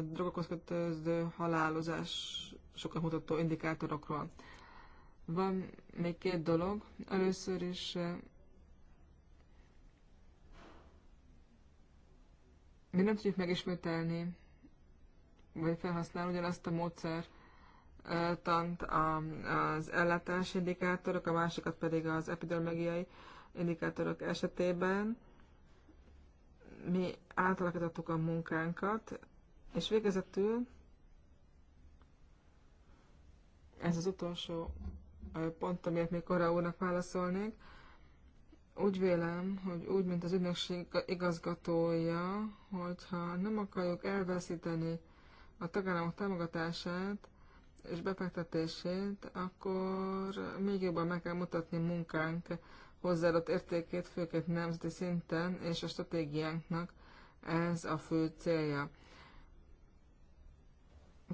drogokhoz kötöző halálozás sokat mutató indikátorokról. Van még két dolog. Először is mi nem tudjuk megismételni, vagy felhasználni ugyanazt a módszert, tant az ellátás indikátorok, a másikat pedig az epidemiológiai indikátorok esetében. Mi átalakítottuk a munkánkat, és végezetül ez az utolsó pont, amiért még korra úrnak válaszolnék. Úgy vélem, hogy úgy, mint az ügynökség igazgatója, hogyha nem akarjuk elveszíteni a tagállamok támogatását, és befektetését, akkor még jobban meg kell mutatni munkánk hozzáadott értékét, főként nemzeti szinten, és a stratégiánknak ez a fő célja.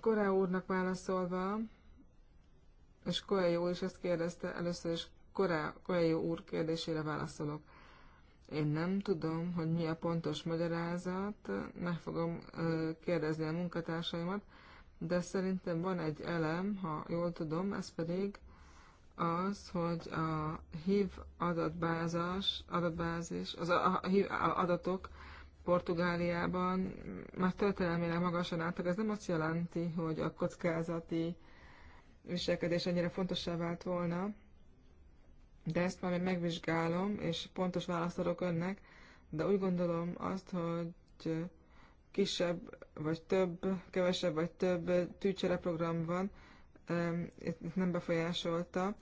Korá úrnak válaszolva, és Korea úr is ezt kérdezte, először is Korea, Korea úr kérdésére válaszolok. Én nem tudom, hogy mi a pontos magyarázat, meg fogom kérdezni a munkatársaimat, de szerintem van egy elem, ha jól tudom, ez pedig az, hogy a HIV adatbázis, adatbázis az a HIV adatok Portugáliában már történelmileg magasan álltak. Ez nem azt jelenti, hogy a kockázati viselkedés ennyire fontossá vált volna, de ezt már még megvizsgálom, és pontos választ adok önnek, de úgy gondolom azt, hogy kisebb, vagy több, kevesebb, vagy több tűcsereprogram van, itt nem befolyásolta.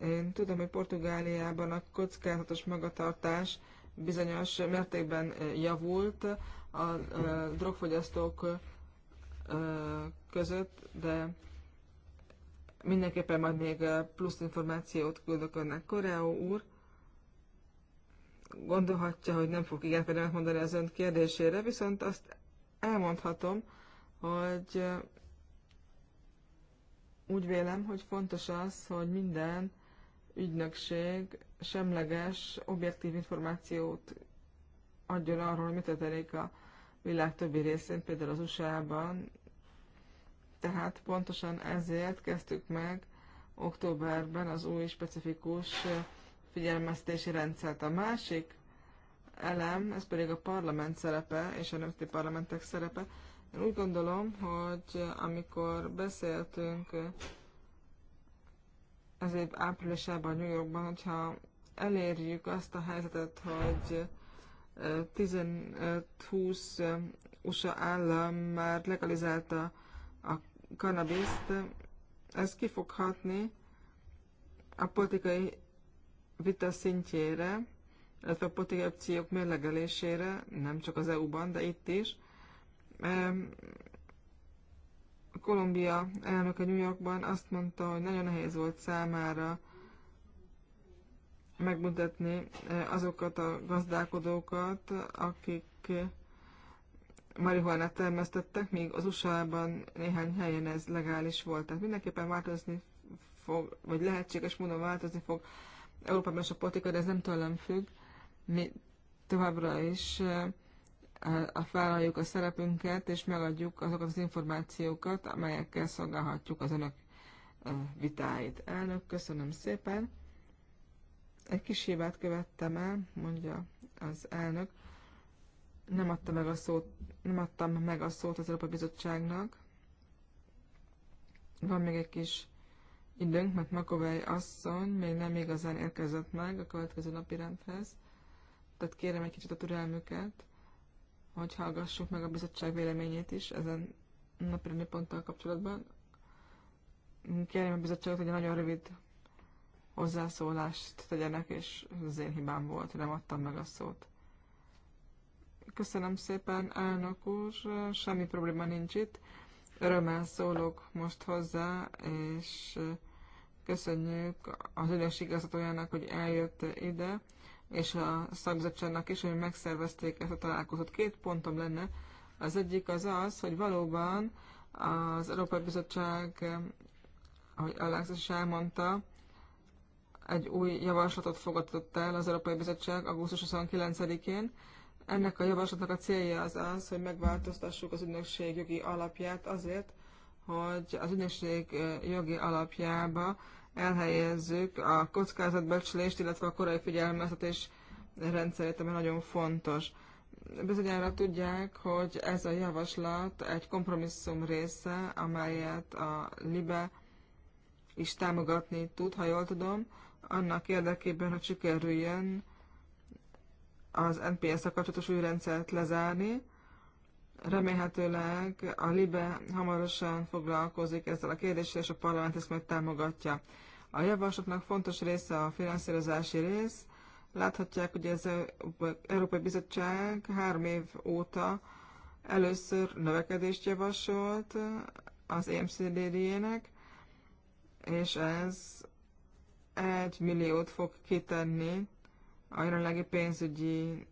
Én tudom, hogy Portugáliában a kockázatos magatartás bizonyos mértékben javult a drogfogyasztók között, de mindenképpen majd még plusz információt küldök önnek. Koreó úr gondolhatja, hogy nem fog igen például mondani az ön kérdésére, viszont azt elmondhatom, hogy úgy vélem, hogy fontos az, hogy minden ügynökség semleges, objektív információt adjon arról, hogy mit történik a világ többi részén, például az USA-ban. Tehát pontosan ezért kezdtük meg októberben az új specifikus figyelmeztési rendszert. A másik elem, ez pedig a parlament szerepe és a nemzeti parlamentek szerepe. Én úgy gondolom, hogy amikor beszéltünk az év áprilisában New Yorkban, hogyha elérjük azt a helyzetet, hogy 15-20 USA állam már legalizálta a kannabiszt, ez kifoghatni a politikai vita szintjére, illetve a politikai opciók mérlegelésére, nem csak az EU-ban, de itt is. A Kolumbia elnöke New Yorkban azt mondta, hogy nagyon nehéz volt számára megmutatni e, azokat a gazdálkodókat, akik marihuánát termesztettek, míg az USA-ban néhány helyen ez legális volt. Tehát mindenképpen változni fog, vagy lehetséges módon változni fog Európában is a politika, de ez nem tőlem függ. Mi továbbra is eh, a vállaljuk a szerepünket, és megadjuk azokat az információkat, amelyekkel szolgálhatjuk az önök eh, vitáit. Elnök, köszönöm szépen. Egy kis hibát követtem el, mondja az elnök. Nem, adta meg a szót, nem adtam meg a szót az Európa Bizottságnak. Van még egy kis időnk, mert Makovej asszony még nem igazán érkezett meg a következő napi rendhez. Tehát kérem egy kicsit a türelmüket, hogy hallgassuk meg a bizottság véleményét is ezen napirendi ponttal kapcsolatban. Kérem a bizottságot, hogy egy nagyon rövid hozzászólást tegyenek, és az én hibám volt, nem adtam meg a szót. Köszönöm szépen, elnök úr, semmi probléma nincs itt. Örömmel szólok most hozzá, és köszönjük az ügyes igazgatójának, hogy eljött ide, és a szakbizottságnak is, hogy megszervezték ezt a találkozót. Két pontom lenne. Az egyik az az, hogy valóban az Európai Bizottság, ahogy Alex is elmondta, egy új javaslatot fogadott el az Európai Bizottság augusztus 29-én, ennek a javaslatnak a célja az az, hogy megváltoztassuk az ügynökség jogi alapját azért, hogy az ügynökség jogi alapjába elhelyezzük a kockázatbecslést, illetve a korai figyelmeztetés rendszerét, ami nagyon fontos. Bizonyára tudják, hogy ez a javaslat egy kompromisszum része, amelyet a LIBE is támogatni tud, ha jól tudom, annak érdekében, hogy sikerüljön az NPS-a kapcsolatos új rendszert lezárni. Remélhetőleg a LIBE hamarosan foglalkozik ezzel a kérdéssel, és a parlament ezt majd támogatja. A javaslatnak fontos része a finanszírozási rész. Láthatják, hogy az Európai Bizottság három év óta először növekedést javasolt az EMCDD-nek, és ez egy milliót fog kitenni a jelenlegi pénzügyi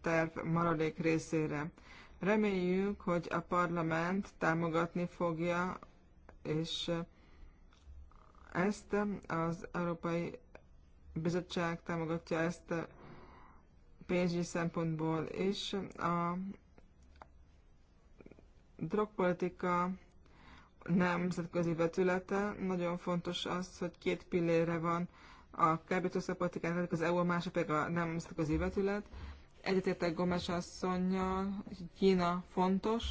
terv maradék részére. Reméljük, hogy a parlament támogatni fogja, és ezt az Európai Bizottság támogatja ezt pénzügyi szempontból, és a drogpolitika nemzetközi vetülete. Nagyon fontos az, hogy két pillére van a kábítószerpolitikát, az EU, a másik pedig a nemzetközi vetület. Egyetértek Gomes asszonya, Kína fontos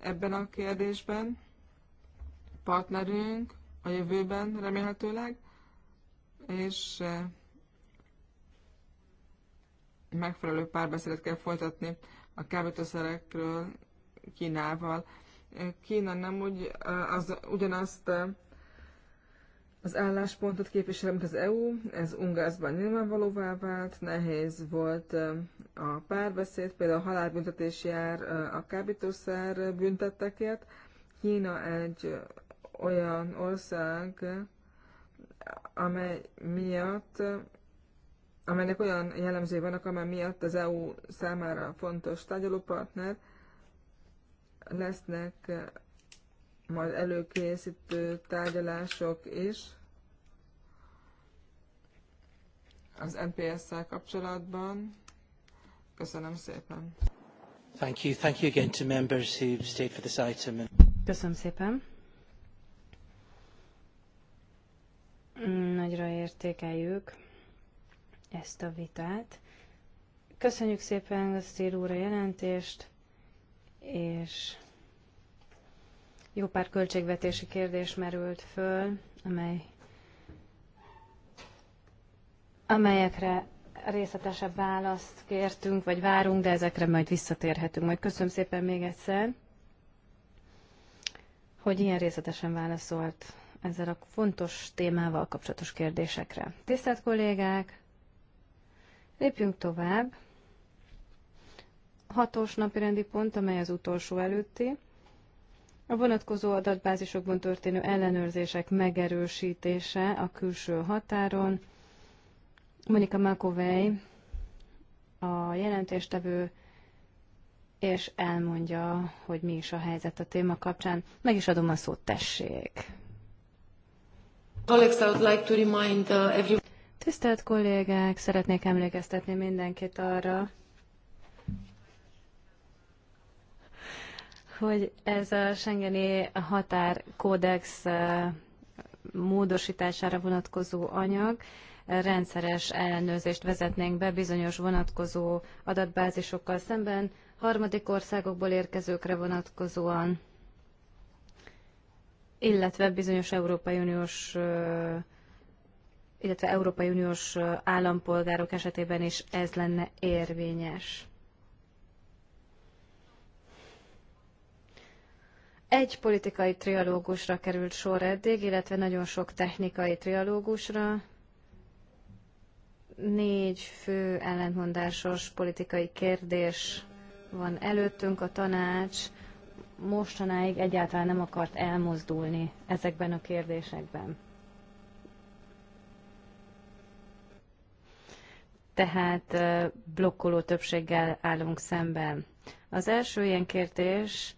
ebben a kérdésben, partnerünk a jövőben remélhetőleg, és eh, megfelelő párbeszédet kell folytatni a kábítószerekről Kínával. Kína nem úgy, eh, az ugyanazt eh, az álláspontot képvisel, mint az EU, ez ungázban nyilvánvalóvá vált, nehéz volt a párbeszéd, például a halálbüntetés jár a kábítószer büntettekért. Kína egy olyan ország, amely miatt, amelynek olyan jellemzői vannak, amely miatt az EU számára fontos tárgyalópartner, lesznek majd előkészítő tárgyalások is az NPS-szel kapcsolatban. Köszönöm szépen. Thank you. Thank you again to members who stayed for this item. Köszönöm szépen. Nagyra értékeljük ezt a vitát. Köszönjük szépen a úr a jelentést, és jó pár költségvetési kérdés merült föl, amely, amelyekre részletesebb választ kértünk, vagy várunk, de ezekre majd visszatérhetünk. Majd köszönöm szépen még egyszer, hogy ilyen részletesen válaszolt ezzel a fontos témával kapcsolatos kérdésekre. Tisztelt kollégák, lépjünk tovább. Hatos napi rendi pont, amely az utolsó előtti. A vonatkozó adatbázisokban történő ellenőrzések megerősítése a külső határon. Monika Makovej, a jelentéstevő, és elmondja, hogy mi is a helyzet a téma kapcsán. Meg is adom a szót, tessék! Alex, I would like to remind, uh, every... Tisztelt kollégák, szeretnék emlékeztetni mindenkit arra, hogy ez a Schengeni határkódex módosítására vonatkozó anyag rendszeres ellenőrzést vezetnénk be bizonyos vonatkozó adatbázisokkal szemben, harmadik országokból érkezőkre vonatkozóan, illetve bizonyos Európai Uniós illetve Európai Uniós állampolgárok esetében is ez lenne érvényes. Egy politikai trialógusra került sor eddig, illetve nagyon sok technikai trialógusra, négy fő ellentmondásos politikai kérdés van előttünk. A tanács mostanáig egyáltalán nem akart elmozdulni ezekben a kérdésekben. Tehát blokkoló többséggel állunk szemben. Az első ilyen kérdés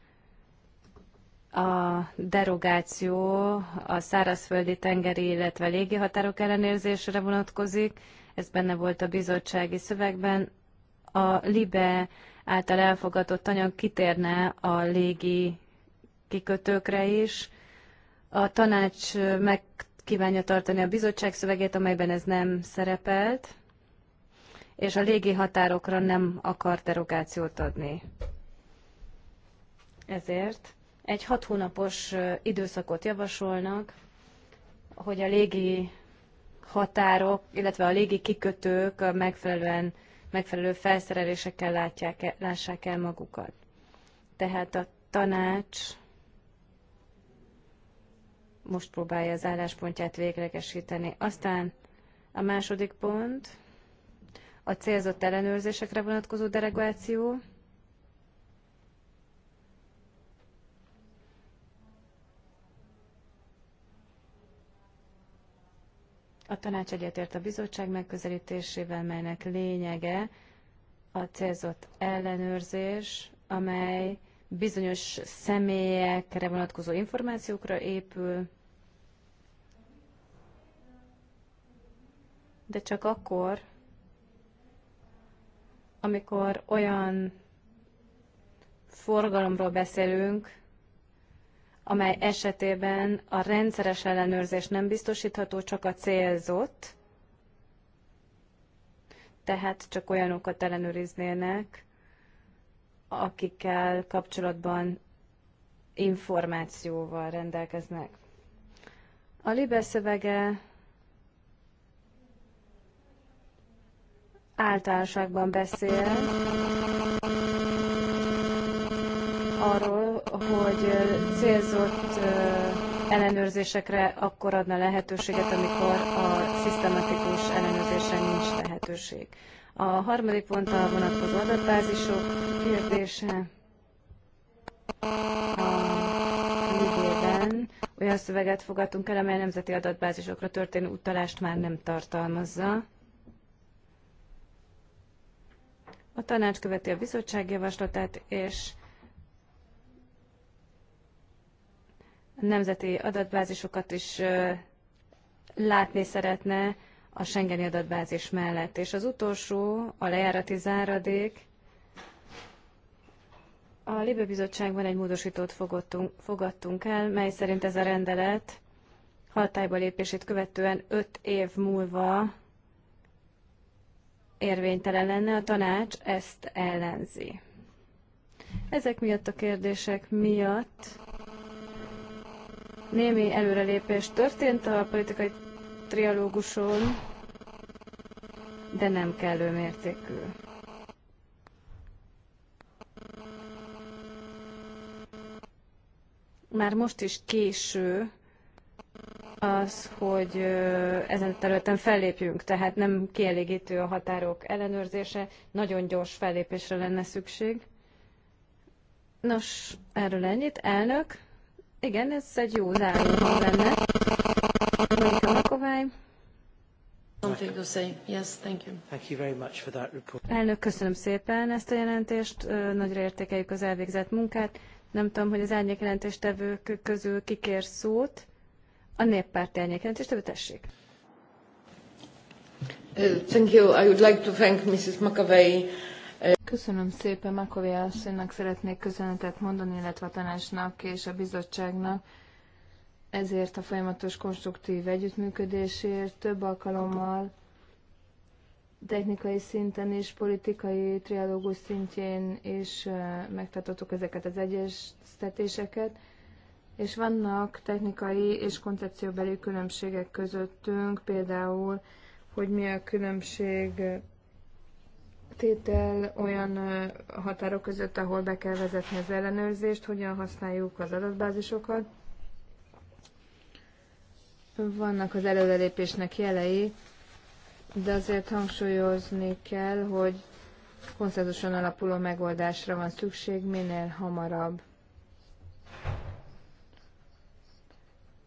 a derogáció a szárazföldi, tengeri, illetve légi határok ellenőrzésére vonatkozik. Ez benne volt a bizottsági szövegben. A LIBE által elfogadott anyag kitérne a légi kikötőkre is. A tanács meg kívánja tartani a bizottság szövegét, amelyben ez nem szerepelt, és a légi határokra nem akar derogációt adni. Ezért egy hat hónapos időszakot javasolnak, hogy a légi határok, illetve a légi kikötők megfelelően, megfelelő felszerelésekkel látják, el, lássák el magukat. Tehát a tanács most próbálja az álláspontját véglegesíteni. Aztán a második pont, a célzott ellenőrzésekre vonatkozó delegáció. A tanács egyetért a bizottság megközelítésével, melynek lényege a célzott ellenőrzés, amely bizonyos személyekre vonatkozó információkra épül, de csak akkor, amikor olyan forgalomról beszélünk, amely esetében a rendszeres ellenőrzés nem biztosítható, csak a célzott, tehát csak olyanokat ellenőriznének, akikkel kapcsolatban információval rendelkeznek. A Libe szövege általánoságban beszél arról, hogy célzott ellenőrzésekre akkor adna lehetőséget, amikor a szisztematikus ellenőrzésre nincs lehetőség. A harmadik pont a vonatkozó adatbázisok kérdése. A ügyében olyan szöveget fogadtunk el, amely a nemzeti adatbázisokra történő utalást már nem tartalmazza. A tanács követi a bizottság javaslatát, és nemzeti adatbázisokat is látni szeretne a Schengeni adatbázis mellett. És az utolsó, a lejárati záradék, a Libő Bizottságban egy módosítót fogadtunk, fogadtunk el, mely szerint ez a rendelet hatályba lépését követően 5 év múlva érvénytelen lenne, a tanács ezt ellenzi. Ezek miatt a kérdések miatt Némi előrelépés történt a politikai trialóguson, de nem kellő mértékű. Már most is késő az, hogy ezen a területen fellépjünk, tehát nem kielégítő a határok ellenőrzése, nagyon gyors fellépésre lenne szükség. Nos, erről ennyit. Elnök, igen, ez egy jó záró lenne. Monika Makovály. say. Yes, thank you. Thank you very much for that report. Elnök, köszönöm szépen ezt a jelentést, nagyra értékeljük az elvégzett munkát. Nem tudom, hogy az árnyék jelentéstevők közül kikér szót. A néppárti árnyék jelentéstevő, tessék. Uh, thank you. I would like to thank Mrs. McAvey Köszönöm szépen, Makovi asszonynak szeretnék köszönetet mondani, illetve a tanácsnak és a bizottságnak ezért a folyamatos konstruktív együttműködésért több alkalommal technikai szinten és politikai trialógus szintjén is megtartottuk ezeket az egyeztetéseket, és vannak technikai és koncepcióbeli különbségek közöttünk, például, hogy mi a különbség tétel olyan határok között, ahol be kell vezetni az ellenőrzést, hogyan használjuk az adatbázisokat. Vannak az előrelépésnek jelei, de azért hangsúlyozni kell, hogy konszenzuson alapuló megoldásra van szükség minél hamarabb.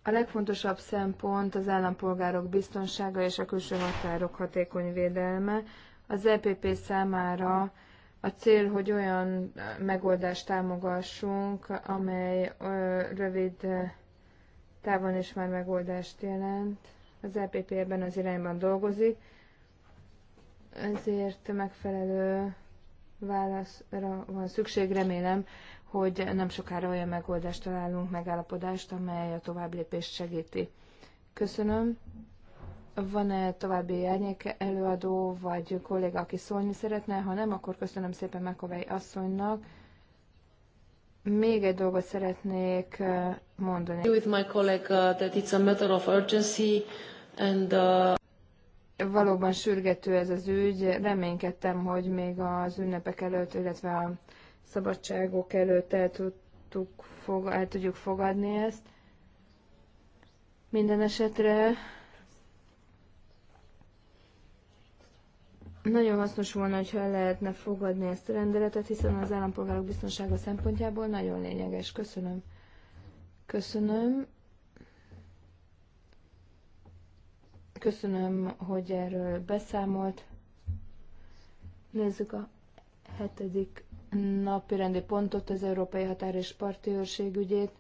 A legfontosabb szempont az állampolgárok biztonsága és a külső határok hatékony védelme. Az EPP számára a cél, hogy olyan megoldást támogassunk, amely rövid távon is már megoldást jelent. Az EPP ebben az irányban dolgozik, ezért megfelelő válaszra van szükség. Remélem, hogy nem sokára olyan megoldást találunk, megállapodást, amely a tovább lépést segíti. Köszönöm. Van-e további árnyék előadó vagy kolléga, aki szólni szeretne? Ha nem, akkor köszönöm szépen Mekovei asszonynak. Még egy dolgot szeretnék mondani. With my colleague uh, that it's a matter of urgency and uh, Valóban sürgető ez az ügy. Reménykedtem, hogy még az ünnepek előtt, illetve a szabadságok előtt el, tudtuk, fog, el tudjuk fogadni ezt. Minden esetre Nagyon hasznos volna, hogyha lehetne fogadni ezt a rendeletet, hiszen az állampolgárok biztonsága szempontjából nagyon lényeges. Köszönöm. Köszönöm. Köszönöm, hogy erről beszámolt. Nézzük a hetedik napi rendi pontot, az Európai Határ és Parti Őrség ügyét.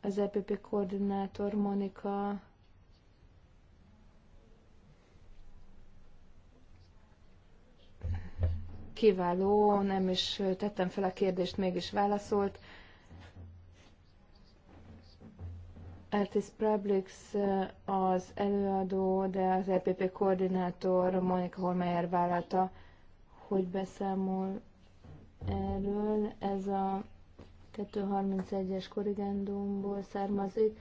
Az EPP koordinátor Monika kiváló, nem is tettem fel a kérdést, mégis válaszolt. Artis Prablix eh, az előadó, de az EPP koordinátor Monika Holmeyer vállalta, hogy beszámol erről. Ez a 231-es korrigendumból származik.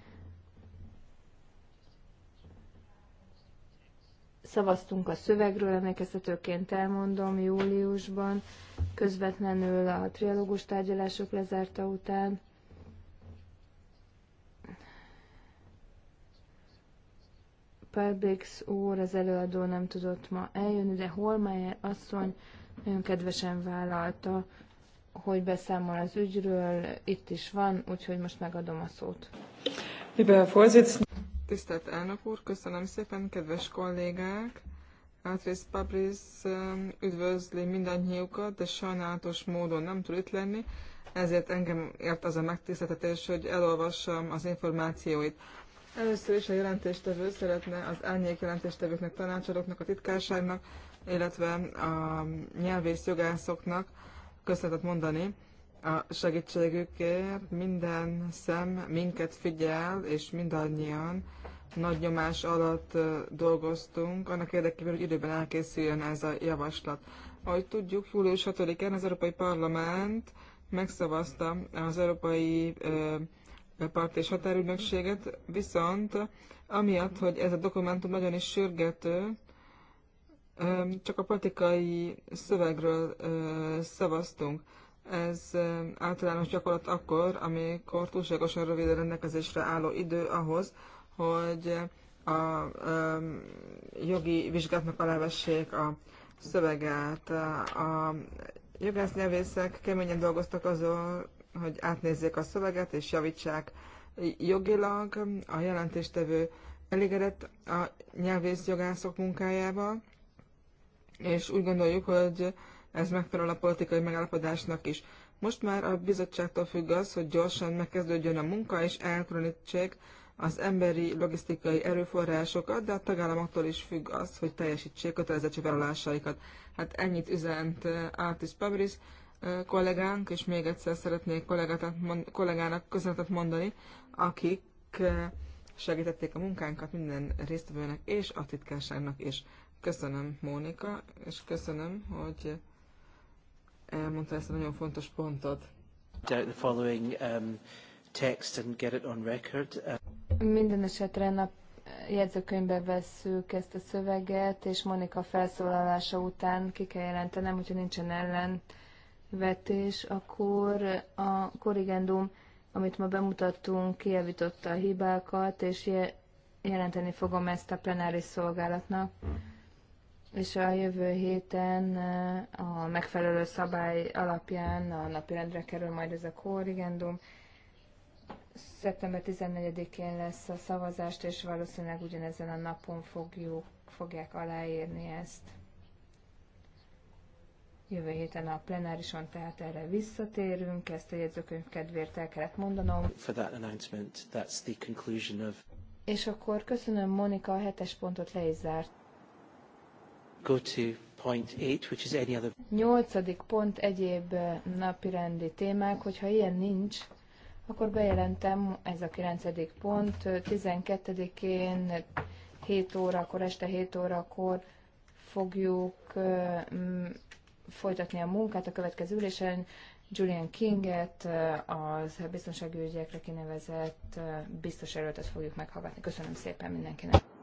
Szavaztunk a szövegről, emlékeztetőként elmondom júliusban, közvetlenül a trialógus tárgyalások lezárta után. Perbix úr, az előadó nem tudott ma eljönni, de Holmeyer asszony nagyon kedvesen vállalta, hogy beszámol az ügyről, itt is van, úgyhogy most megadom a szót. Tisztelt elnök úr, köszönöm szépen, kedves kollégák! Átrész Pabriz um, üdvözli mindannyiukat, de sajnálatos módon nem tud itt lenni, ezért engem ért az a megtiszteltetés, hogy elolvassam az információit. Először is a jelentéstevő szeretne az árnyék jelentéstevőknek, tanácsadóknak, a titkárságnak, illetve a nyelvész jogászoknak köszönetet mondani a segítségükért. Minden szem minket figyel, és mindannyian nagy nyomás alatt dolgoztunk, annak érdekében, hogy időben elkészüljön ez a javaslat. Ahogy tudjuk, július 6-án az Európai Parlament megszavazta az Európai Part és Határügynökséget, viszont amiatt, hogy ez a dokumentum nagyon is sürgető, csak a politikai szövegről szavaztunk. Ez általános gyakorlat akkor, amikor túlságosan rövid a rendelkezésre álló idő ahhoz, hogy a, a jogi vizsgátnak alávessék a szöveget. A jogásznyelvészek keményen dolgoztak azon, hogy átnézzék a szöveget és javítsák jogilag. A jelentéstevő elégedett a nyelvész jogászok munkájával, és úgy gondoljuk, hogy ez megfelel a politikai megállapodásnak is. Most már a bizottságtól függ az, hogy gyorsan megkezdődjön a munka, és elkülönítsék az emberi logisztikai erőforrásokat, de a tagállamoktól is függ az, hogy teljesítsék kötelezettségvállalásaikat. Hát ennyit üzent Artis Pabris kollégánk, és még egyszer szeretnék kollégának köszönetet mondani, akik segítették a munkánkat minden résztvevőnek és a titkárságnak is. Köszönöm, Mónika, és köszönöm, hogy elmondta ezt a nagyon fontos pontot. The following, um, text and get it on record. Uh, Minden esetre a jegyzőkönyvbe vesszük ezt a szöveget, és Monika felszólalása után ki kell jelentenem, hogyha nincsen ellenvetés, akkor a korrigendum, amit ma bemutattunk, kijavította a hibákat, és jelenteni fogom ezt a plenáris szolgálatnak. És a jövő héten uh, a megfelelő szabály alapján a napirendre kerül majd ez a korrigendum. Szeptember 14-én lesz a szavazást, és valószínűleg ugyanezen a napon fogjuk, fogják aláírni ezt. Jövő héten a plenárison, tehát erre visszatérünk, ezt a jegyzőkönyv kedvéért el kellett mondanom. For that announcement, that's the conclusion of... És akkor köszönöm, Monika, a hetes pontot le is zárt. Go to point eight, which is any other... Nyolcadik pont egyéb eh, napirendi témák, hogyha ilyen nincs, akkor bejelentem, ez a 9. pont, 12-én 7 órakor, este 7 órakor fogjuk mm, folytatni a munkát a következő ülésen. Julian Kinget, az biztonsági ügyekre kinevezett biztos erőtet fogjuk meghallgatni. Köszönöm szépen mindenkinek!